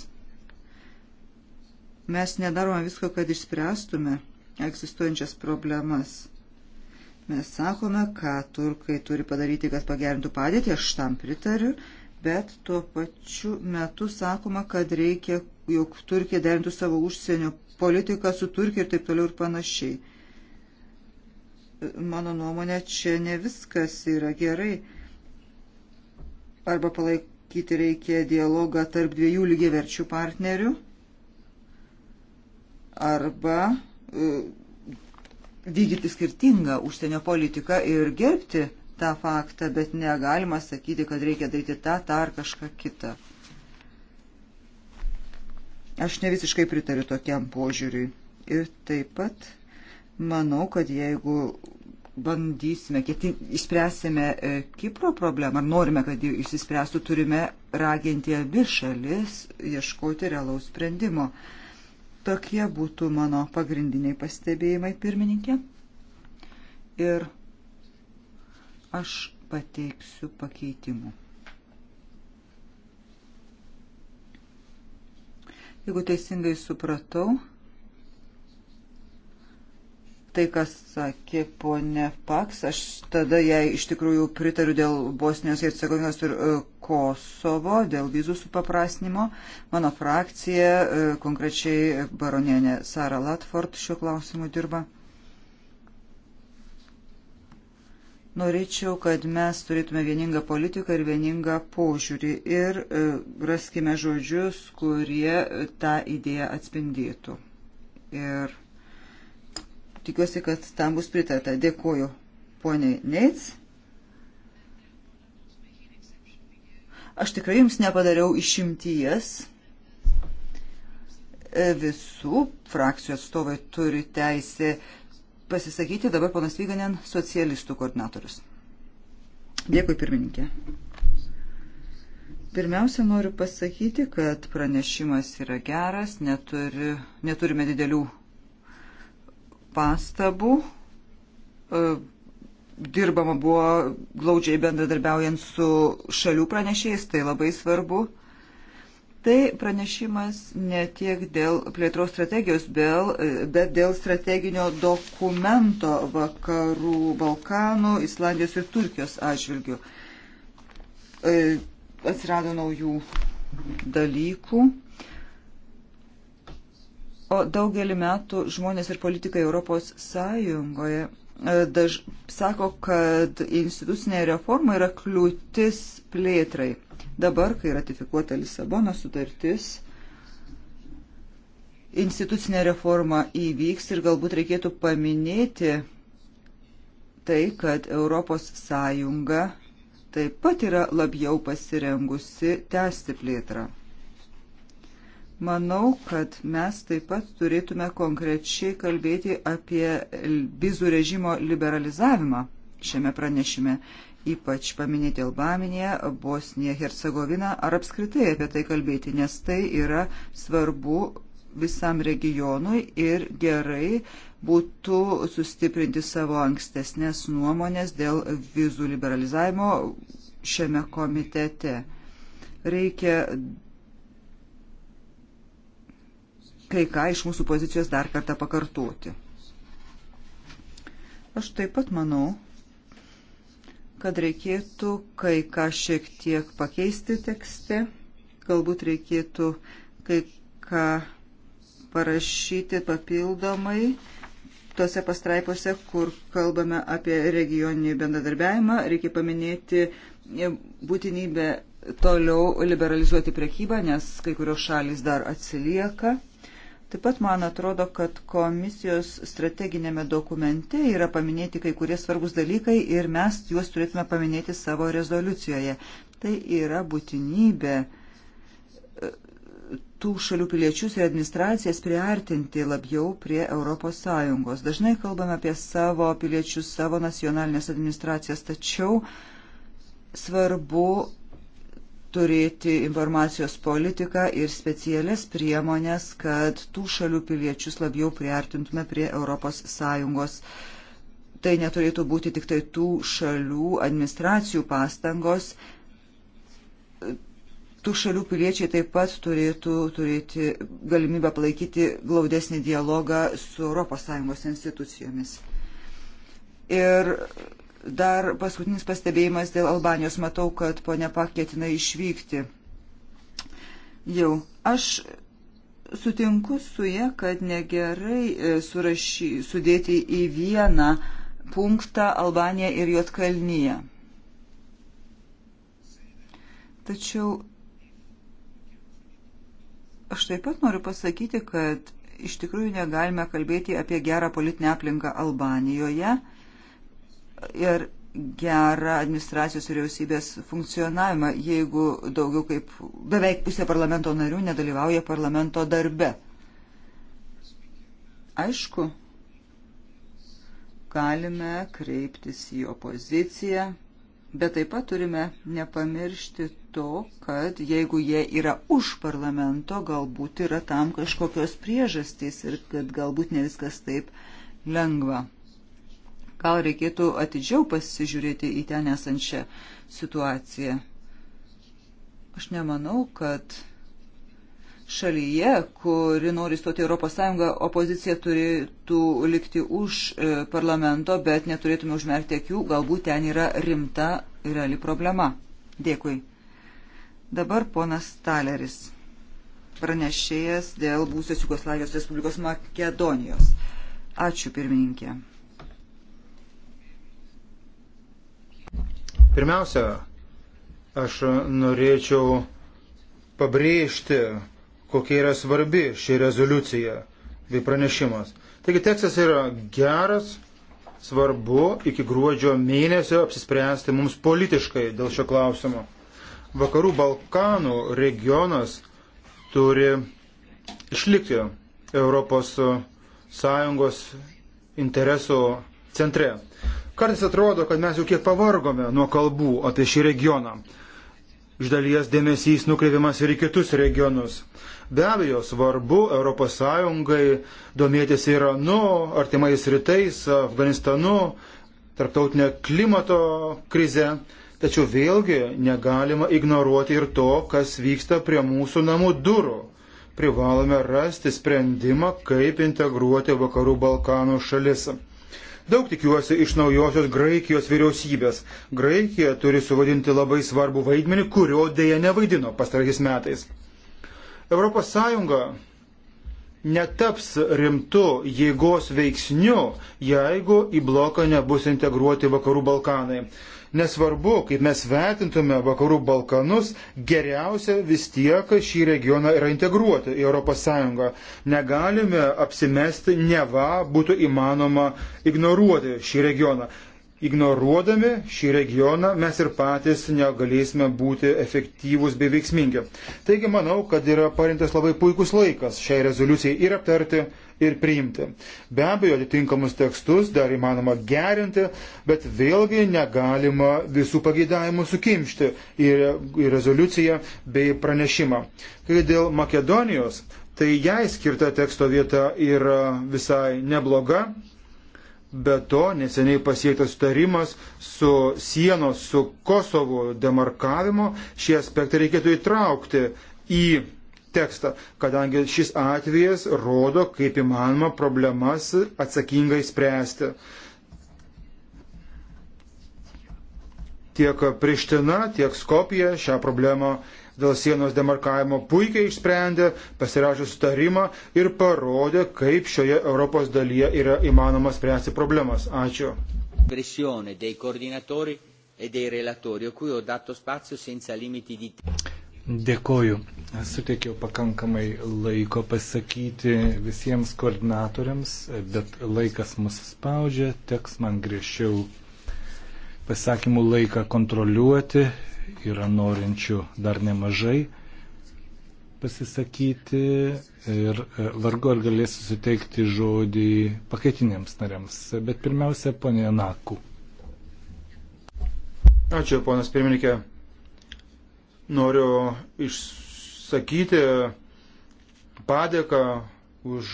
Mes nedarome visko, kad išspręstume egzistuojančias problemas. Mes sakome, ką turkai turi padaryti, kad pagerintų padėtį, aš tam pritariu, bet tuo pačiu metu sakoma, kad reikia, jog Turkija derintų savo užsienio politiką su Turkija ir taip toliau ir panašiai. Mano nuomonė, čia ne viskas yra gerai. Arba palaikyti reikia dialogą tarp dviejų lygiaverčių partnerių arba e, vykdyti skirtingą užsienio politiką ir gerbti tą faktą, bet negalima sakyti, kad reikia daryti tą, tą ar kažką kitą. Aš ne visiškai pritariu tokiam požiūriui. Ir taip pat manau, kad jeigu bandysime, išspręsime e, Kipro problemą, ar norime, kad jį išsispręstų, turime raginti abi šalis ieškoti realaus sprendimo. Uh, Tokie būtų mano pagrindiniai pastebėjimai, pirmininkė. Ir aš pateiksiu pakeitimų. Jeigu teisingai supratau, tai, kas sakė ponė Paks, aš tada jai iš tikrųjų pritariu dėl Bosnijos ir Cegovinos ir e, Kosovo dėl vizų supaprasnimo. Mano frakcija, e, konkrečiai baronienė Sara Latford šiuo klausimu dirba. Norėčiau, kad mes turėtume vieningą politiką ir vieningą požiūrį ir e, raskime žodžius, kurie tą idėją atspindėtų. Ir tikiuosi, kad tam bus pritarta. Dėkuoju poniai Neits. Aš tikrai jums nepadariau išimties. E, visų frakcijų atstovai turi teisę pasisakyti. Dabar ponas Vyganen, socialistų koordinatorius. Dėkui, pirmininkė. Pirmiausia, noriu pasakyti, kad pranešimas yra geras, neturi, neturime didelių pastabų. E, dirbama buvo glaudžiai bendradarbiaujant su šalių pranešėjais, tai labai svarbu. Tai pranešimas ne tiek dėl plėtros strategijos, bėl, bet dėl strateginio dokumento vakarų Balkanų, Islandijos ir Turkijos atžvilgių. E, atsirado naujų dalykų. O daugelį metų žmonės ir politikai Europos Sąjungoje daž, sako, kad institucinė reforma yra kliūtis plėtrai. Dabar, kai ratifikuota Lisabono sutartis, institucinė reforma įvyks ir galbūt reikėtų paminėti tai, kad Europos Sąjunga taip pat yra labiau pasirengusi tęsti plėtrą. Manau, kad mes taip pat turėtume konkrečiai kalbėti apie vizų režimo liberalizavimą šiame pranešime, ypač paminėti Albaniją, Bosniją, Hercegoviną ar apskritai apie tai kalbėti, nes tai yra svarbu visam regionui ir gerai būtų sustiprinti savo ankstesnės nuomonės dėl vizų liberalizavimo šiame komitete. Reikia kai ką iš mūsų pozicijos dar kartą pakartoti. Aš taip pat manau, kad reikėtų kai ką šiek tiek pakeisti tekste, galbūt reikėtų kai ką parašyti papildomai tose pastraipose, kur kalbame apie regioninį bendradarbiavimą, reikia paminėti būtinybę toliau liberalizuoti prekybą, nes kai kurios šalis dar atsilieka. Taip pat man atrodo, kad komisijos strateginėme dokumente yra paminėti kai kurie svarbus dalykai ir mes juos turėtume paminėti savo rezoliucijoje. Tai yra būtinybė e, tų šalių piliečius ir administracijas priartinti labiau prie ES. Dažnai kalbame apie savo piliečius, savo nacionalinės administracijas, tačiau svarbu turėti informacijos politiką ir specialias priemonės, kad tų šalių piliečius labiau priartintume prie ES. Tai neturėtų būti tik tai tų šalių administracijų pastangos. Tų šalių piliečiai taip pat turėtų turėti galimybę palaikyti glaudesnį dialogą su ES institucijomis. Ir Dar paskutinis pastebėjimas dėl Albanijos. Matau, kad ponia pakėtina išvykti. Jau. Aš sutinku su jie, kad negerai e, surašy, sudėti į vieną punktą Albaniją ir Jotkalnyje. Tačiau aš taip pat noriu pasakyti, kad iš tikrųjų negalime kalbėti apie gerą politinę aplinką Albanijoje ir gerą administracijos vyriausybės funkcionavimą, jeigu daugiau kaip beveik pusė parlamento narių nedalyvauja parlamento darbe. Aišku, galime kreiptis į opoziciją, bet taip pat turime nepamiršti to, kad jeigu jie yra už parlamento, galbūt yra tam kažkokios priežastys ir kad galbūt ne viskas taip lengva gal reikėtų atidžiau pasižiūrėti į ten esančią situaciją. Aš nemanau, kad šalyje, kuri nori stoti Europos Sąjungą, opozicija turėtų likti už e, parlamento, bet neturėtume užmerkti akių, galbūt ten yra rimta reali problema. Dėkui. Dabar ponas Taleris, pranešėjas dėl būsios Jugoslavijos Respublikos Makedonijos. Ačiū pirmininkė. Pirmiausia, aš norėčiau pabrėžti, kokia yra svarbi ši rezoliucija bei pranešimas. Taigi tekstas yra geras, svarbu iki gruodžio mėnesio apsispręsti mums politiškai dėl šio klausimo. Vakarų Balkanų regionas turi išlikti Europos Sąjungos interesų centre. Kartais atrodo, kad mes jau kiek pavargome nuo kalbų apie šį regioną. Iš dalies dėmesys nukreipiamas ir į kitus regionus. Be abejo, svarbu ES domėtis Iranu, artimais rytais, Afganistanu, tarptautinė klimato krize, tačiau vėlgi negalima ignoruoti ir to, kas vyksta prie mūsų namų durų. Privalome rasti sprendimą, kaip integruoti Vakarų Balkanų šalis. Daug tikiuosi iš naujosios Graikijos vyriausybės. Graikija turi suvadinti labai svarbų vaidmenį, kurio dėja nevaidino pastaraisiais metais. ES netaps rimtu jėgos veiksniu, jeigu į bloką nebus integruoti Vakarų Balkanai nesvarbu, kaip mes vertintume vakarų Balkanus, geriausia vis tiek šį regioną yra integruoti į ES. Negalime apsimesti, neva būtų įmanoma ignoruoti šį regioną. Ignoruodami šį regioną mes ir patys negalėsime būti efektyvūs bei veiksmingi. Taigi manau, kad yra parintas labai puikus laikas šiai rezoliucijai ir aptarti ir priimti. Be abejo, atitinkamus tekstus dar įmanoma gerinti, bet vėlgi negalima visų pageidavimų sukimšti į, į rezoliuciją bei pranešimą. Kai dėl Makedonijos, tai jai skirta teksto vieta yra visai nebloga. Be to, neseniai pasiektas sutarimas su sienos su Kosovo demarkavimo, šie aspektai reikėtų įtraukti į tekstą, kadangi šis atvejas rodo, kaip įmanoma problemas atsakingai spręsti. Tiek Priština, tiek Skopija šią problemą dėl sienos demarkavimo puikiai išsprendė, pasirašė sutarimą ir parodė, kaip šioje Europos dalyje yra įmanoma spręsti problemas. Ačiū. Presione dei koordinatori e dei relatori, a cui ho dato spazio senza limiti di tempo. Dėkoju. Suteikiau pakankamai laiko pasakyti visiems koordinatoriams, bet laikas mus spaudžia, teks man griežčiau pasakymų laiką kontroliuoti, yra norinčių dar nemažai pasisakyti ir e, vargu ar galėsiu suteikti žodį pakaitiniams nariams. Bet pirmiausia, ponė Naku. Ačiū, ponas pirmininkė. Noriu išsakyti padėką už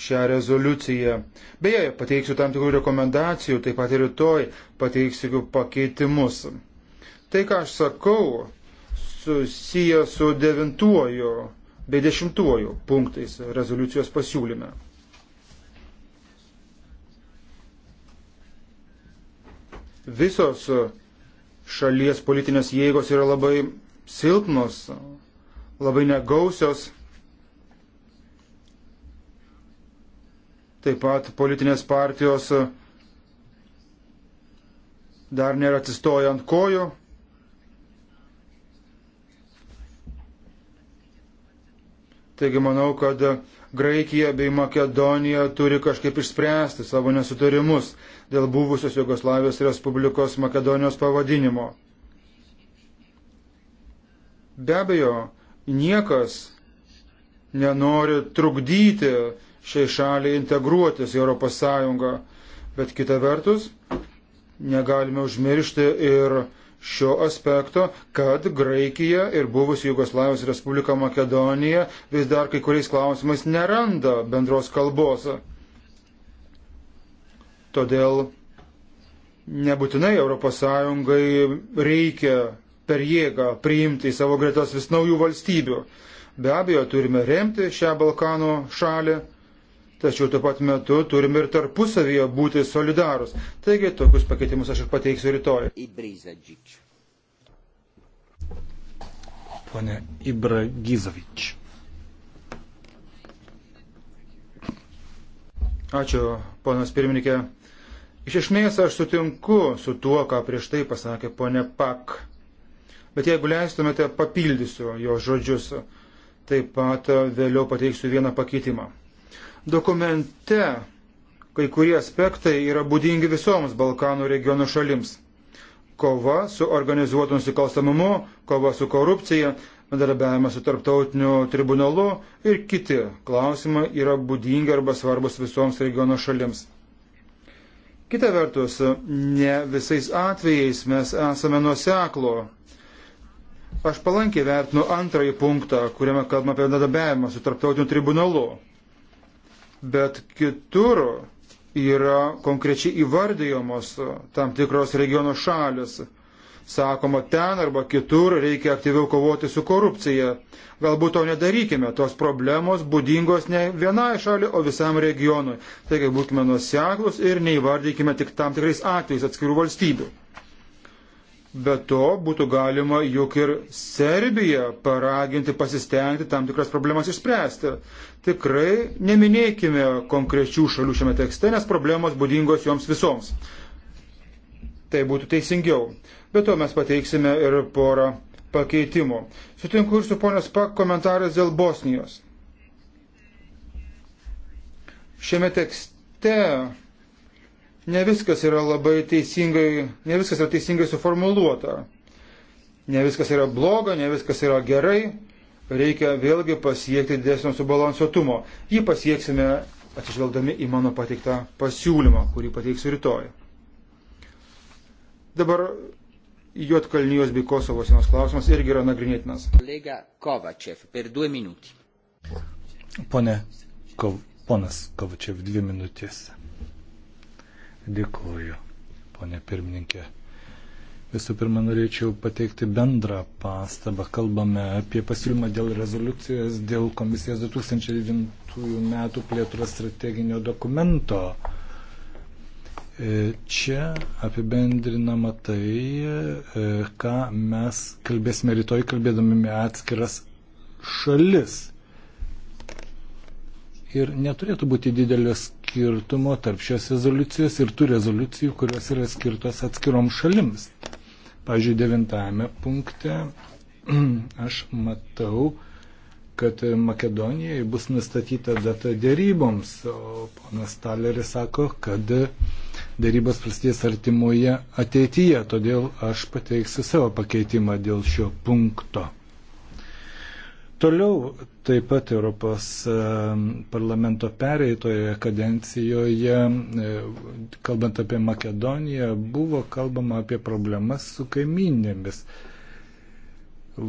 šią rezoliuciją. Beje, pateiksiu tam tikrų rekomendacijų, taip pat ir rytoj pateiksiu pakeitimus. Tai, ką aš sakau, susiję su devintuoju bei dešimtuoju punktais rezoliucijos pasiūlyme. Visos šalies politinės jėgos yra labai silpnos, labai negausios. Taip pat politinės partijos dar nėra atsistoję ant kojų. Taigi manau, kad Graikija bei Makedonija turi kažkaip išspręsti savo nesutarimus dėl buvusios Jugoslavijos Respublikos Makedonijos pavadinimo. Be abejo, niekas nenori trukdyti šiai šaliai integruotis į ES, bet kita vertus, negalime užmiršti ir šio aspekto, kad Graikija ir buvusi Jugoslavijos Respublika Makedonija vis dar kai kuriais klausimais neranda bendros kalbos. Todėl nebūtinai ES reikia per jėgą priimti į savo gretas vis naujų valstybių. Be abejo, turime remti šią Balkanų šalį, tačiau tuo pat metu turime ir tarpusavyje būti solidarus. Taigi, tokius pakeitimus aš ir pateiksiu rytoj. Pone Ibragizovič. Ačiū, ponas pirmininkė. Iš esmės aš sutinku su tuo, ką prieš tai pasakė ponė Pak. Bet jeigu leistumėte, papildysiu jo žodžius. Taip pat vėliau pateiksiu vieną pakeitimą. Dokumente kai kurie aspektai yra būdingi visoms Balkanų regionų šalims. Kova su organizuotu nusikalstamumu, kova su korupcija, bendradarbiavimas su tarptautiniu tribunolu ir kiti klausimai yra būdingi arba svarbus visoms regiono šalims. Kita vertus, ne visais atvejais mes esame nuseklo Aš palankiai vertinu antrąjį punktą, kuriame kalbama apie bendradarbiavimą su tarptautiniu tribunalu. Bet kitur yra konkrečiai įvardyjamos tam tikros regiono šalis. Sakoma, ten arba kitur reikia aktyviau kovoti su korupcija. Galbūt to nedarykime, tos problemos būdingos ne vienai šaliai, o visam regionui. Taigi būkime nuseklus ir neįvardykime tik tam tikrais atvejais atskirų valstybių. Be to būtų galima juk ir Serbiją paraginti pasistengti tam tikras problemas išspręsti. Tikrai neminėkime konkrečių šalių šiame tekste, nes problemos būdingos joms visoms. Tai būtų teisingiau. Be to mes pateiksime ir porą pakeitimų. Sutinku ir su ponios Pak komentaras dėl Bosnijos. Šiame tekste ne viskas yra labai teisingai, ne viskas yra teisingai suformuluota. Ne viskas yra bloga, ne viskas yra gerai. Reikia vėlgi pasiekti didesnio subalansuotumo. Jį pasieksime atsižvelgdami į mano pateiktą pasiūlymą, kurį pateiksiu rytoj. Dabar Juotkalnijos bei Kosovo sienos klausimas irgi yra nagrinėtinas. Kolega Kovačev, per 2 minutį. Pone, kov, ponas Kovačev, 2 minutės. Dėkuoju, ponė pirmininkė. Visų pirma, norėčiau pateikti bendrą pastabą. Kalbame apie pasiūlymą dėl rezoliucijos dėl komisijos 2009 metų plėtros strateginio dokumento. E, čia apibendrinama tai, e, ką mes kalbėsime rytoj, kalbėdami atskiras skirtas šalis. Ir neturėtų būti didelio skirtumo tarp šios rezoliucijos ir tų rezoliucijų, kurios yra skirtos atskirom šalims. Pavyzdžiui, devintame punkte aš matau, kad Makedonijai bus nustatyta data dėryboms, o ponas Taleris sako, kad dėrybos prasidės artimoje ateityje, todėl aš pateiksiu savo pakeitimą dėl šio punkto. Toliau taip pat Europos e, parlamento pereitoje kadencijoje, e, kalbant apie Makedoniją, buvo kalbama apie problemas su kaiminėmis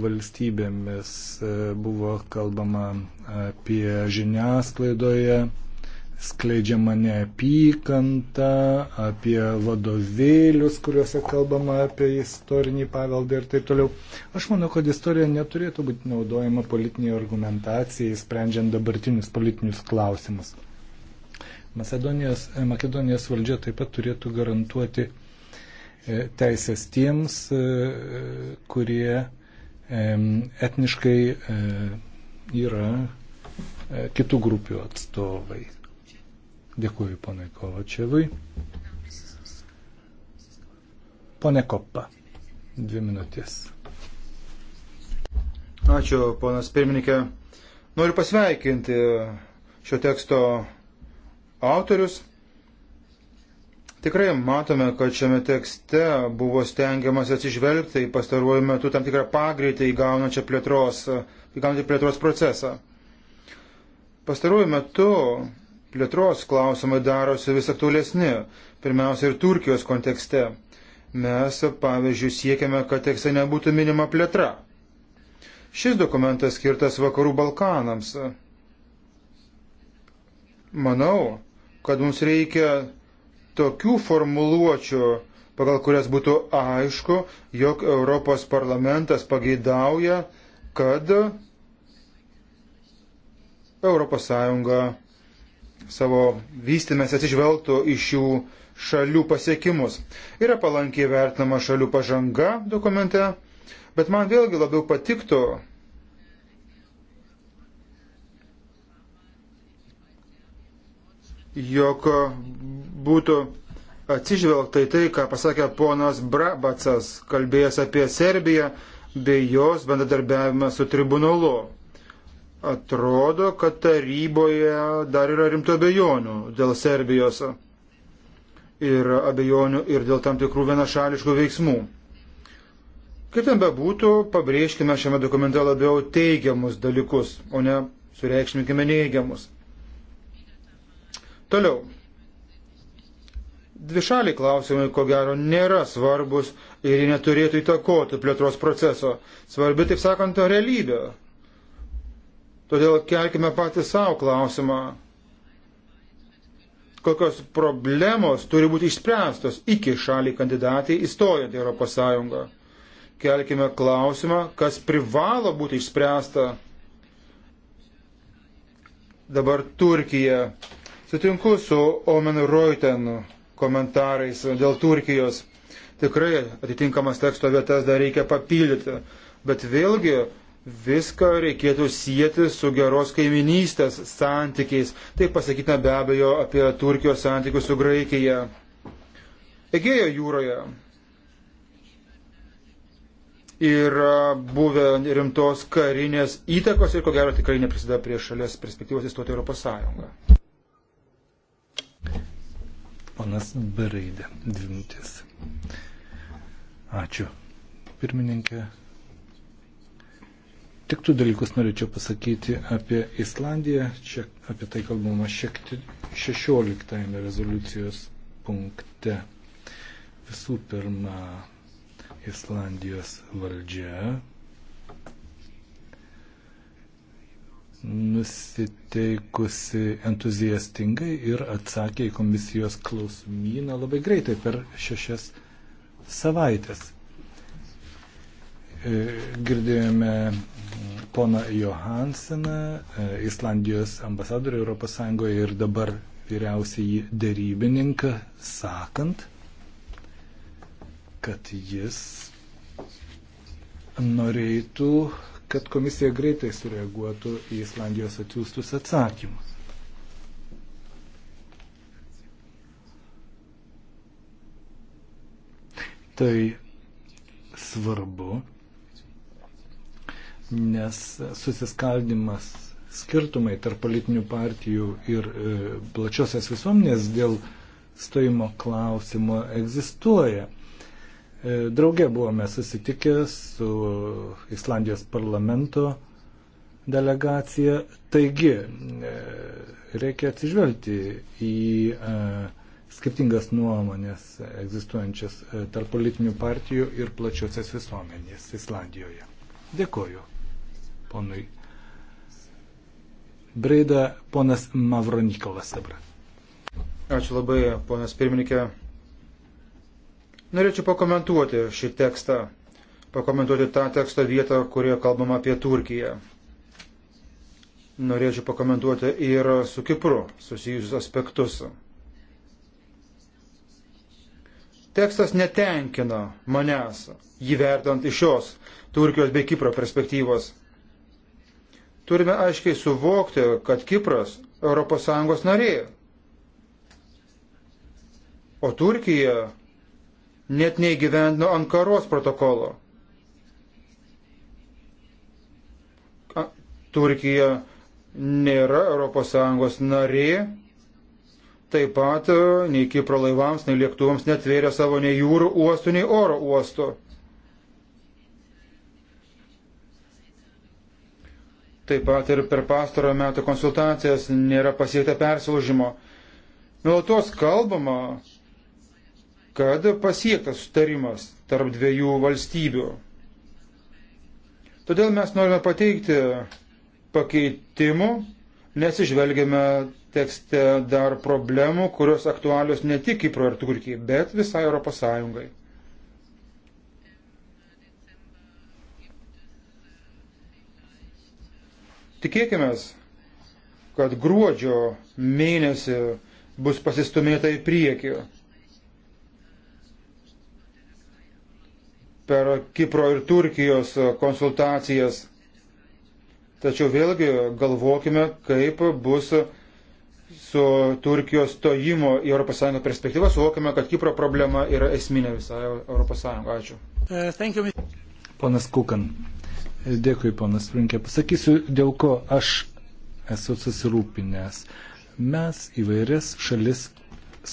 valstybėmis, e, buvo kalbama apie žiniasklaidoje skleidžiama neapykanta, apie vadovėlius, kuriuose kalbama apie istorinį paveldą ir taip toliau. Aš manau, kad istorija neturėtų būti naudojama politiniai argumentacijai, sprendžiant dabartinius politinius klausimus. Macedonijos, Makedonijos valdžia taip pat turėtų garantuoti e, teisės tiems, e, kurie etniškai e, yra kitų grupių atstovai. Dėkuoju ponai Kovačevui. Pone Koppa, dvi minutės. Ačiū, ponas pirmininkė. Noriu pasveikinti šio teksto autorius. Tikrai matome, kad šiame tekste buvo stengiamas atsižvelgti į pastaruoju metu tam tikrą pagreitį įgaunančią plėtros, įgaunančią plėtros procesą. Pastaruoju metu plėtros klausimai darosi vis aktualesni, pirmiausia ir Turkijos kontekste. Mes, pavyzdžiui, siekiame, kad tekste nebūtų minima plėtra. Šis dokumentas skirtas Vakarų Balkanams. Manau, kad mums reikia tokių formuluočių, pagal kurias būtų aišku, jog Europos parlamentas pageidauja, kad ES savo vystimės atsižvelgtų iš jų šalių pasiekimus. Yra palankiai vertinama šalių pažanga dokumente, bet man vėlgi labiau patiktų jog būtų atsižvelgta į tai, ką pasakė ponas Brabacas, kalbėjęs apie Serbiją bei jos bendradarbiavimą su tribunolu. Atrodo, kad taryboje dar yra rimtų abejonių dėl Serbijos ir abejonių ir dėl tam tikrų vienašališkų veiksmų. Kaip ten bebūtų, pabrėžkime šiame dokumente labiau teigiamus dalykus, o ne sureikšminkime neigiamus. Toliau. Dvišaliai klausimai, ko gero, nėra svarbus ir jie neturėtų įtakoti plėtros proceso. Svarbi, taip sakant, realybė Todėl kelkime patys savo klausimą, kokios problemos turi būti išspręstos iki šaliai kandidatai įstojant į ES. Kelkime klausimą, kas privalo būti išspręsta. Dabar Turkija. Sutinku su Omen Reuten komentarais dėl Turkijos. Tikrai atitinkamas teksto vietas dar reikia papildyti. Bet vėlgi viską reikėtų sieti su geros kaiminystės santykiais. Tai pasakytina be abejo apie Turkijos santykius su Graikija. Egėjo jūroje yra buvę rimtos karinės įtakos ir ko gero tikrai neprisideda prie šalies perspektyvos įstoti Europos Sąjungą. Ponas Braidė, dvi minutės. Ačiū. Pirmininkė, Tik tų dalykus norėčiau pasakyti apie Islandiją. Čia apie tai kalbama 16 rezoliucijos punkte. Visų pirma, Islandijos valdžia nusiteikusi entuziastingai ir atsakė į komisijos klausimyną labai greitai per šešias savaitės. E, girdėjome poną Johanseną, e, Islandijos ambasadorių Europos Sąjungoje ir dabar vyriausiai dėrybininką, sakant, kad jis norėtų, kad komisija greitai sureaguotų į Islandijos atsiųstus atsakymus. Tai svarbu, nes susiskaldimas skirtumai tarp politinių partijų ir e, plačiosios visuomenės dėl stojimo klausimo egzistuoja. E, drauge buvome susitikę su Islandijos parlamento delegacija. Taigi, e, reikia atsižvelgti į e, skirtingas nuomonės egzistuojančias e, tarp politinių partijų ir plačiosios visuomenės Islandijoje. Dėkoju ponui Breida, ponas Mavronikovas dabar. Ačiū labai, ponas pirmininkė. Norėčiau pakomentuoti šį tekstą, pakomentuoti tą teksto vietą, kurioje kalbama apie Turkiją. Norėčiau pakomentuoti ir su Kipru susijusius aspektus. Tekstas netenkina manęs, jį vertant iš šios Turkijos bei Kipro perspektyvos. Turime aiškiai suvokti, kad Kipras ES narė. O Turkija net neįgyvendino Ankaros protokolo. Turkija nėra ES narė, taip pat e, nei Kipro laivams, nei lėktuvams netvėrė savo nei jūrų uostų, nei oro uostų. Taip pat ir per pastarojo metų konsultacijas nėra pasiekta persilaužimo. Nuolatos kalbama, kad pasiektas sutarimas tarp dviejų valstybių. Todėl mes norime pateikti pakeitimų, nes išvelgiame tekste dar problemų, kurios aktualios ne tik Kiprui ar Turkijai, bet visai Europos Sąjungai. Tikėkime, kad gruodžio mėnesį bus pasistumėta į priekį. per Kipro ir Turkijos konsultacijas. Tačiau vėlgi galvokime, kaip bus su Turkijos stojimo į ES perspektyvą, suvokime, kad Kipro problema yra esminė visai ES. Ačiū. Uh, you, Ponas Kukan. Dėkui, panas Prinkė. Pasakysiu, dėl ko aš esu susirūpinęs. Mes įvairias šalis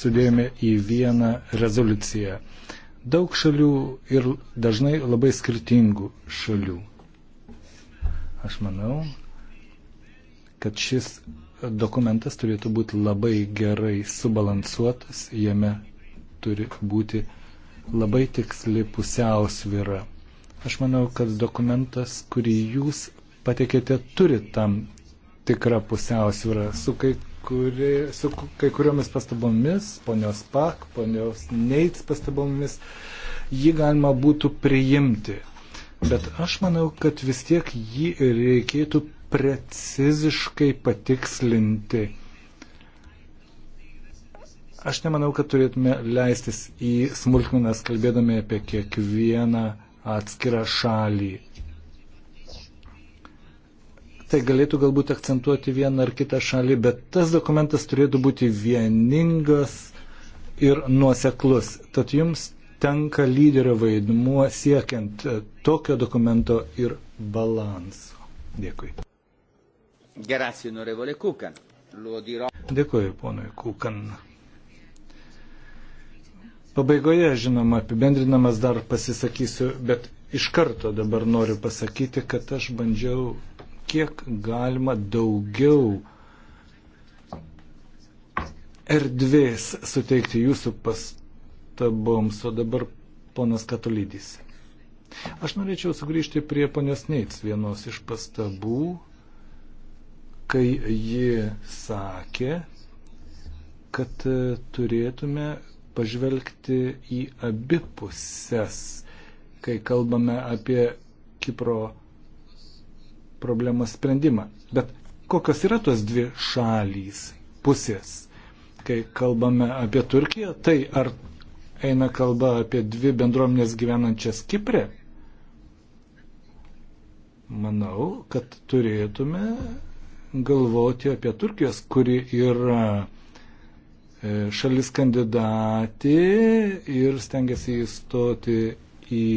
sudėjome į vieną rezoliuciją. Daug šalių ir dažnai labai skirtingų šalių. Aš manau, kad šis dokumentas turėtų būti labai gerai subalansuotas, jame turi būti labai tiksli pusiausvyra. Aš manau, kad dokumentas, kurį jūs patikėte, turi tam tikrą pusiausvyrą su kai, kuri, su kai kuriomis pastabomis, ponios Pak, ponios Neits pastabomis, jį galima būtų priimti. Bet aš manau, kad vis tiek jį reikėtų preciziškai patikslinti. Aš nemanau, kad turėtume leistis į smulkmenas, kalbėdami apie kiekvieną atskirą šalį. Tai galėtų galbūt akcentuoti vieną ar kitą šalį, bet tas dokumentas turėtų būti vieningas ir nuoseklus. Tad jums tenka lyderio vaidmuo siekiant e, tokio dokumento ir balanso. Dėkui. Grazie, onorevole Kukan. Dėkui, ponui Kukan. Pabaigoje, žinoma, apibendrinamas dar pasisakysiu, bet iš karto dabar noriu pasakyti, kad aš bandžiau kiek galima daugiau erdvės suteikti jūsų pastaboms, o dabar ponas Katolydys. Aš norėčiau sugrįžti prie ponios Neits vienos iš pastabų, kai ji sakė, kad turėtume pažvelgti į abi pusės, kai kalbame apie Kipro problemos sprendimą. Bet kokios yra tos dvi šalys, pusės? Kai kalbame apie Turkiją, tai ar eina kalba apie dvi bendruomenės gyvenančias Kiprė? Manau, kad turėtume galvoti apie Turkijos, kuri yra E, šalis kandidatė ir stengiasi įstoti į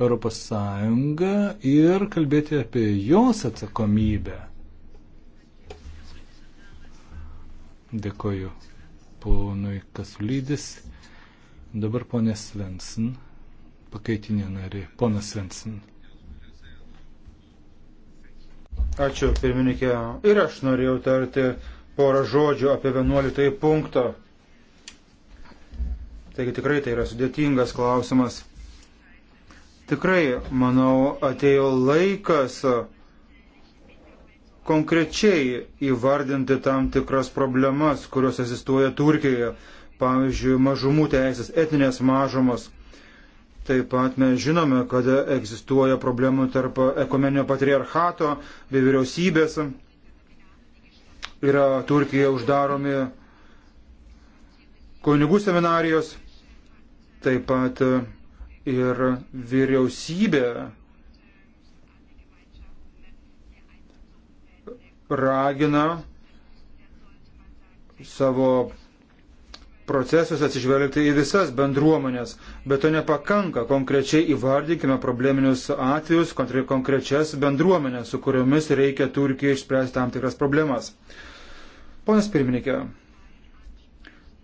Europos Sąjungą ir kalbėti apie jos atsakomybę. Dėkoju ponui Kasulydis. Dabar ponė Svensen, pakaitinė nari. Ponas Svensen. Ačiū, pirmininkė. Ir aš norėjau tarti porą žodžių apie 11 punktą. Taigi tikrai tai yra sudėtingas klausimas. Tikrai, manau, atėjo laikas konkrečiai įvardinti tam tikras problemas, kurios egzistuoja Turkijoje. Pavyzdžiui, mažumų teisės, etinės mažumos. Taip pat mes žinome, kad egzistuoja problemų tarp ekomeninio patriarchato bei vyriausybės yra Turkija uždaromi kunigų seminarijos, taip pat ir vyriausybė ragina savo procesus atsižvelgti į visas bendruomenės, bet to nepakanka. Konkrečiai įvardinkime probleminius atvejus, konkrečias bendruomenės, su kuriomis reikia Turkijai išspręsti tam tikras problemas. Ponas pirmininkė,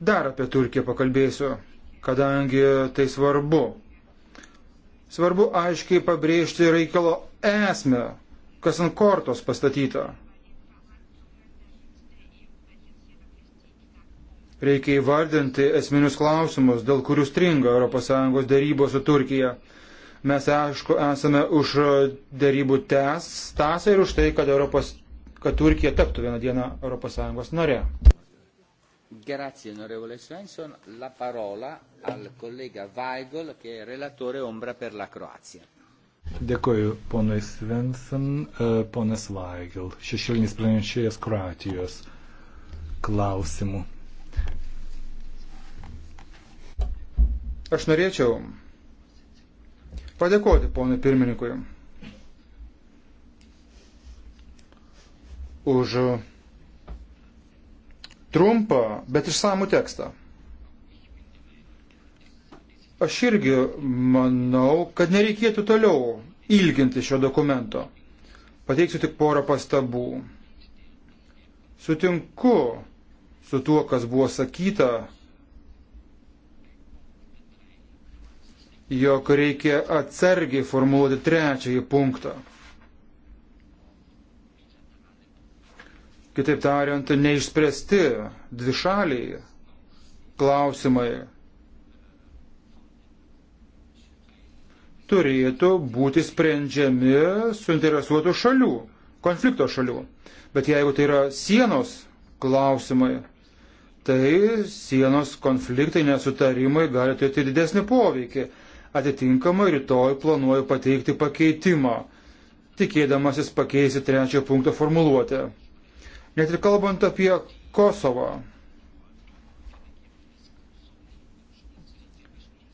dar apie Turkiją pakalbėsiu, kadangi tai svarbu. Svarbu aiškiai pabrėžti reikalo esmę, kas ant kortos pastatyta. Reikia įvardinti esminius klausimus, dėl kurių stringa ES dėrybos su Turkija. Mes, aišku, esame už dėrybų tęsą ir už tai, kad, Europos, kad Turkija taptų vieną dieną ES nare. Grazie onorevole Svensson. La parola al collega Weigel, che è relatore ombra per la Croazia. Dėkoju ponui Svensson, e, ponas Weigel, šešėlinis pranešėjas Kroatijos klausimų. Aš norėčiau padėkoti ponui pirmininkui už trumpą, bet išsamų tekstą. Aš irgi manau, kad nereikėtų toliau ilginti šio dokumento. Pateiksiu tik porą pastabų. Sutinku su tuo, kas buvo sakyta jog reikia atsargiai formuoti trečiąjį punktą. Kitaip tariant, neišspręsti dvišaliai klausimai turėtų būti sprendžiami suinteresuotų šalių, konflikto šalių. Bet jeigu tai yra sienos klausimai, tai sienos konfliktai, nesutarimai gali turėti didesnį poveikį. Atitinkamai rytoj planuoju pateikti pakeitimą, tikėdamasis pakeisti trečiojo punkto formuluotę. Net ir kalbant apie Kosovą,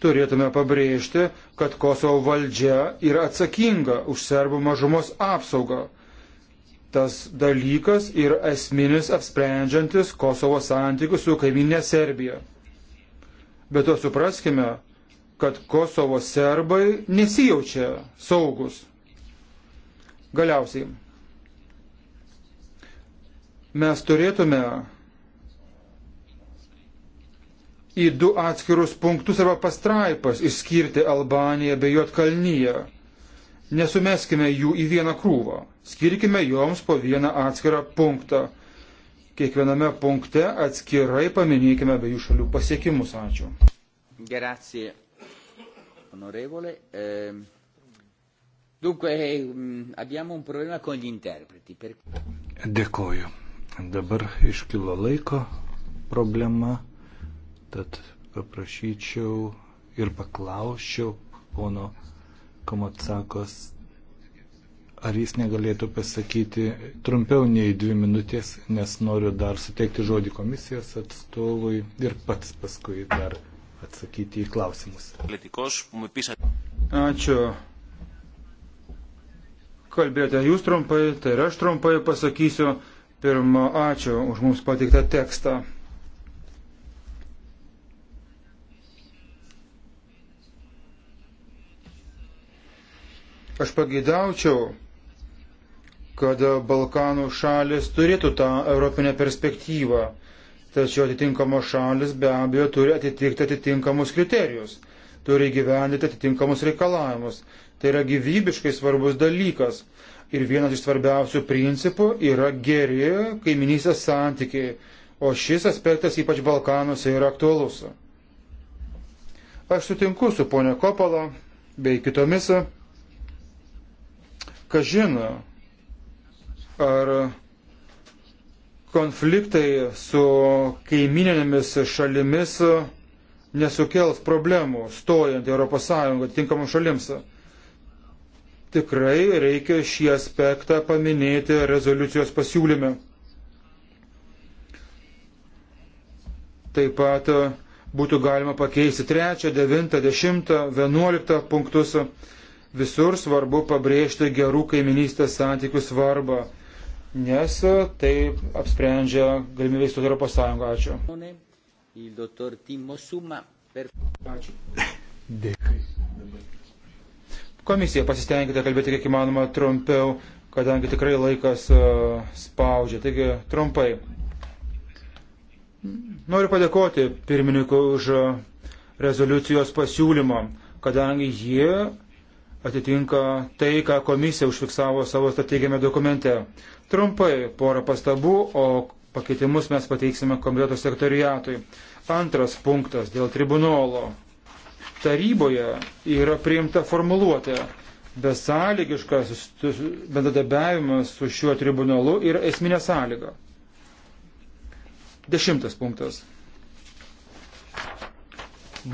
turėtume pabrėžti, kad Kosovo valdžia yra atsakinga už serbų mažumos apsaugą tas dalykas ir esminis apsprendžiantis Kosovo santykius su kaiminė Serbija. Bet to supraskime, kad Kosovo serbai nesijaučia saugus. Galiausiai, mes turėtume į du atskirus punktus arba pastraipas išskirti Albaniją bei Jotkalnyje. Nesumeskime jų į vieną krūvą, skirkime joms po vieną atskirą punktą. Kiekviename punkte atskirai paminėkime abiejų šalių pasiekimus. Ačiū. Grazie onorevole. Eh, dunque eh, abbiamo un problema con gli interpreti. Per... Dėkoju. Dabar iškilo laiko problema, tad paprašyčiau ir paklausčiau pono Komatsakos, ar jis negalėtų pasakyti trumpiau nei dvi minutės, nes noriu dar suteikti žodį komisijos atstovui ir pats paskui dar atsakyti į klausimus. Ačiū. Kalbėjote jūs trumpai, tai ir aš trumpai pasakysiu. Pirma, ačiū už mums patiktą tekstą. Aš pagėdaučiau, kad Balkanų šalis turėtų tą europinę perspektyvą tačiau atitinkamos šalis be abejo turi atitikti atitinkamus kriterijus, turi gyvendyti atitinkamus reikalavimus. Tai yra gyvybiškai svarbus dalykas. Ir vienas iš svarbiausių principų yra geri kaiminysės santykiai, o šis aspektas ypač Balkanuose yra aktualus. Aš sutinku su ponia Kopala bei kitomis, kad žino, ar konfliktai su kaimininėmis šalimis nesukels problemų stojant ES atitinkamam šalims. Tikrai reikia šį aspektą paminėti rezoliucijos pasiūlyme. Taip pat būtų galima pakeisti 3, 9, 10, 11 punktus. Visur svarbu pabrėžti gerų kaiminystės santykių svarbą nes e, tai apsprendžia galimybę įstoti Europos Sąjungą. Ačiū. Ačiū. Dėkui. Komisija pasistengite kalbėti kiek įmanoma trumpiau, kadangi tikrai laikas e, spaudžia. Taigi trumpai. Noriu padėkoti pirmininkui už rezoliucijos pasiūlymą, kadangi ji atitinka tai, ką komisija užfiksavo savo strategijame dokumente. Trumpai porą pastabų, o pakeitimus mes pateiksime komiteto sektoriatui. Antras punktas dėl tribunolo. Taryboje yra priimta formuluotė besąlygiškas bendradarbiavimas su šiuo tribunolu yra esminė sąlyga. Dešimtas punktas.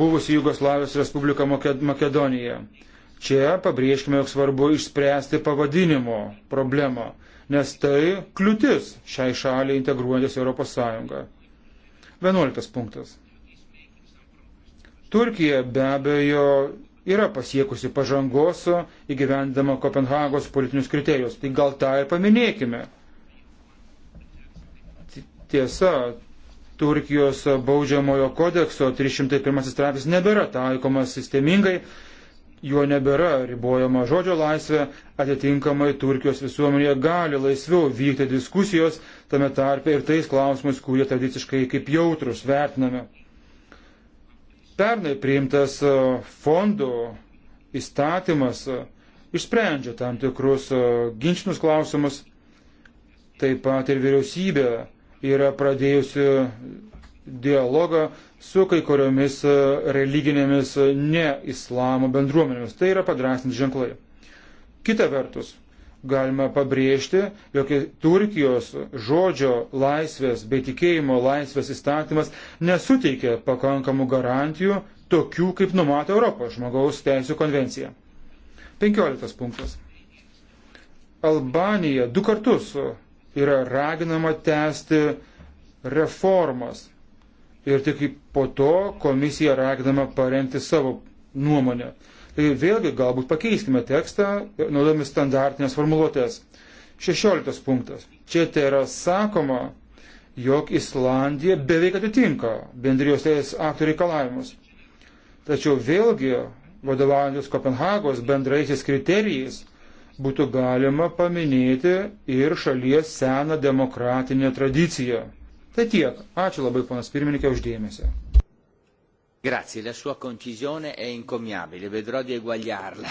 Buvusi Jugoslavijos Respublika Makedonija. Čia pabrėžkime, jog svarbu išspręsti pavadinimo problemą nes tai kliūtis šiai šaliai integruojantis Europos Sąjungą. 11 punktas. Turkija be abejo yra pasiekusi pažangos įgyvendama Kopenhagos politinius kriterijus. Tai gal tą ir paminėkime. Tiesa, Turkijos baudžiamojo kodekso 301 straipsnis nebėra taikomas sistemingai, jo nebėra, ribojama žodžio laisvė, atitinkamai Turkijos visuomenėje gali laisviau vykti diskusijos tame tarpe ir tais klausimais, kurie tradiciškai kaip jautrus vertiname. Pernai priimtas e, fondo įstatymas e, išsprendžia tam tikrus e, ginčinus klausimus, taip pat ir vyriausybė yra pradėjusi dialogą su kai kuriomis e, religinėmis e, ne islamo bendruomenėmis. Tai yra padrasnti ženklai. Kita vertus, galima pabrėžti, jog Turkijos žodžio laisvės bei tikėjimo laisvės įstatymas nesuteikia pakankamų garantijų tokių, kaip numato Europos žmogaus teisų konvencija. 15 punktas. Albanija du kartus yra raginama tęsti reformas ir tik po to komisija ragdama paremti savo nuomonę. Tai vėlgi galbūt pakeiskime tekstą, naudodami standartinės formuluotės. 16 punktas. Čia tai yra sakoma, jog Islandija beveik atitinka bendrijos teisės aktų reikalavimus. Tačiau vėlgi, vadovaujantis Kopenhagos bendraisiais kriterijais, būtų galima paminėti ir šalies seną demokratinę tradiciją. Tai tiek. Ačiū labai, ponas pirmininkė, uždėmesį. Grazie, la sua concisione è incommiabile, vedrò di eguagliarla.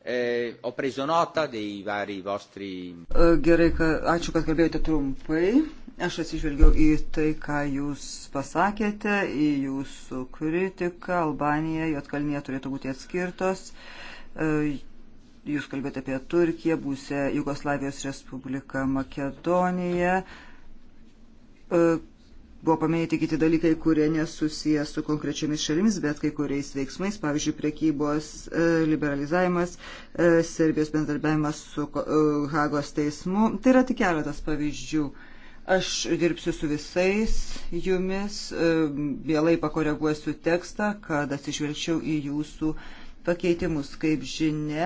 Eh, ho preso nota dei vari vostri. Eh, gerai, ka, ačiū, kad kalbėjote trumpai. Aš atsižvelgiau į tai, ką jūs pasakėte, į jūsų kritiką. Albanija, Jotkalnyje turėtų būti atskirtos. Eh, jūs kalbėjote apie Turkiją, būsę Jugoslavijos Respubliką, Makedoniją. E, buvo paminėti kiti dalykai, kurie nesusiję su konkrečiomis šalimis, bet kai kuriais veiksmais, pavyzdžiui, priekybos e, liberalizavimas, e, Serbijos bendarbiavimas su Hagos teismu. Tai yra tik keletas pavyzdžių. Aš dirbsiu su visais jumis, vėlai pakoreguosiu tekstą, kad atsižvelgčiau į jūsų pakeitimus. Kaip žinia,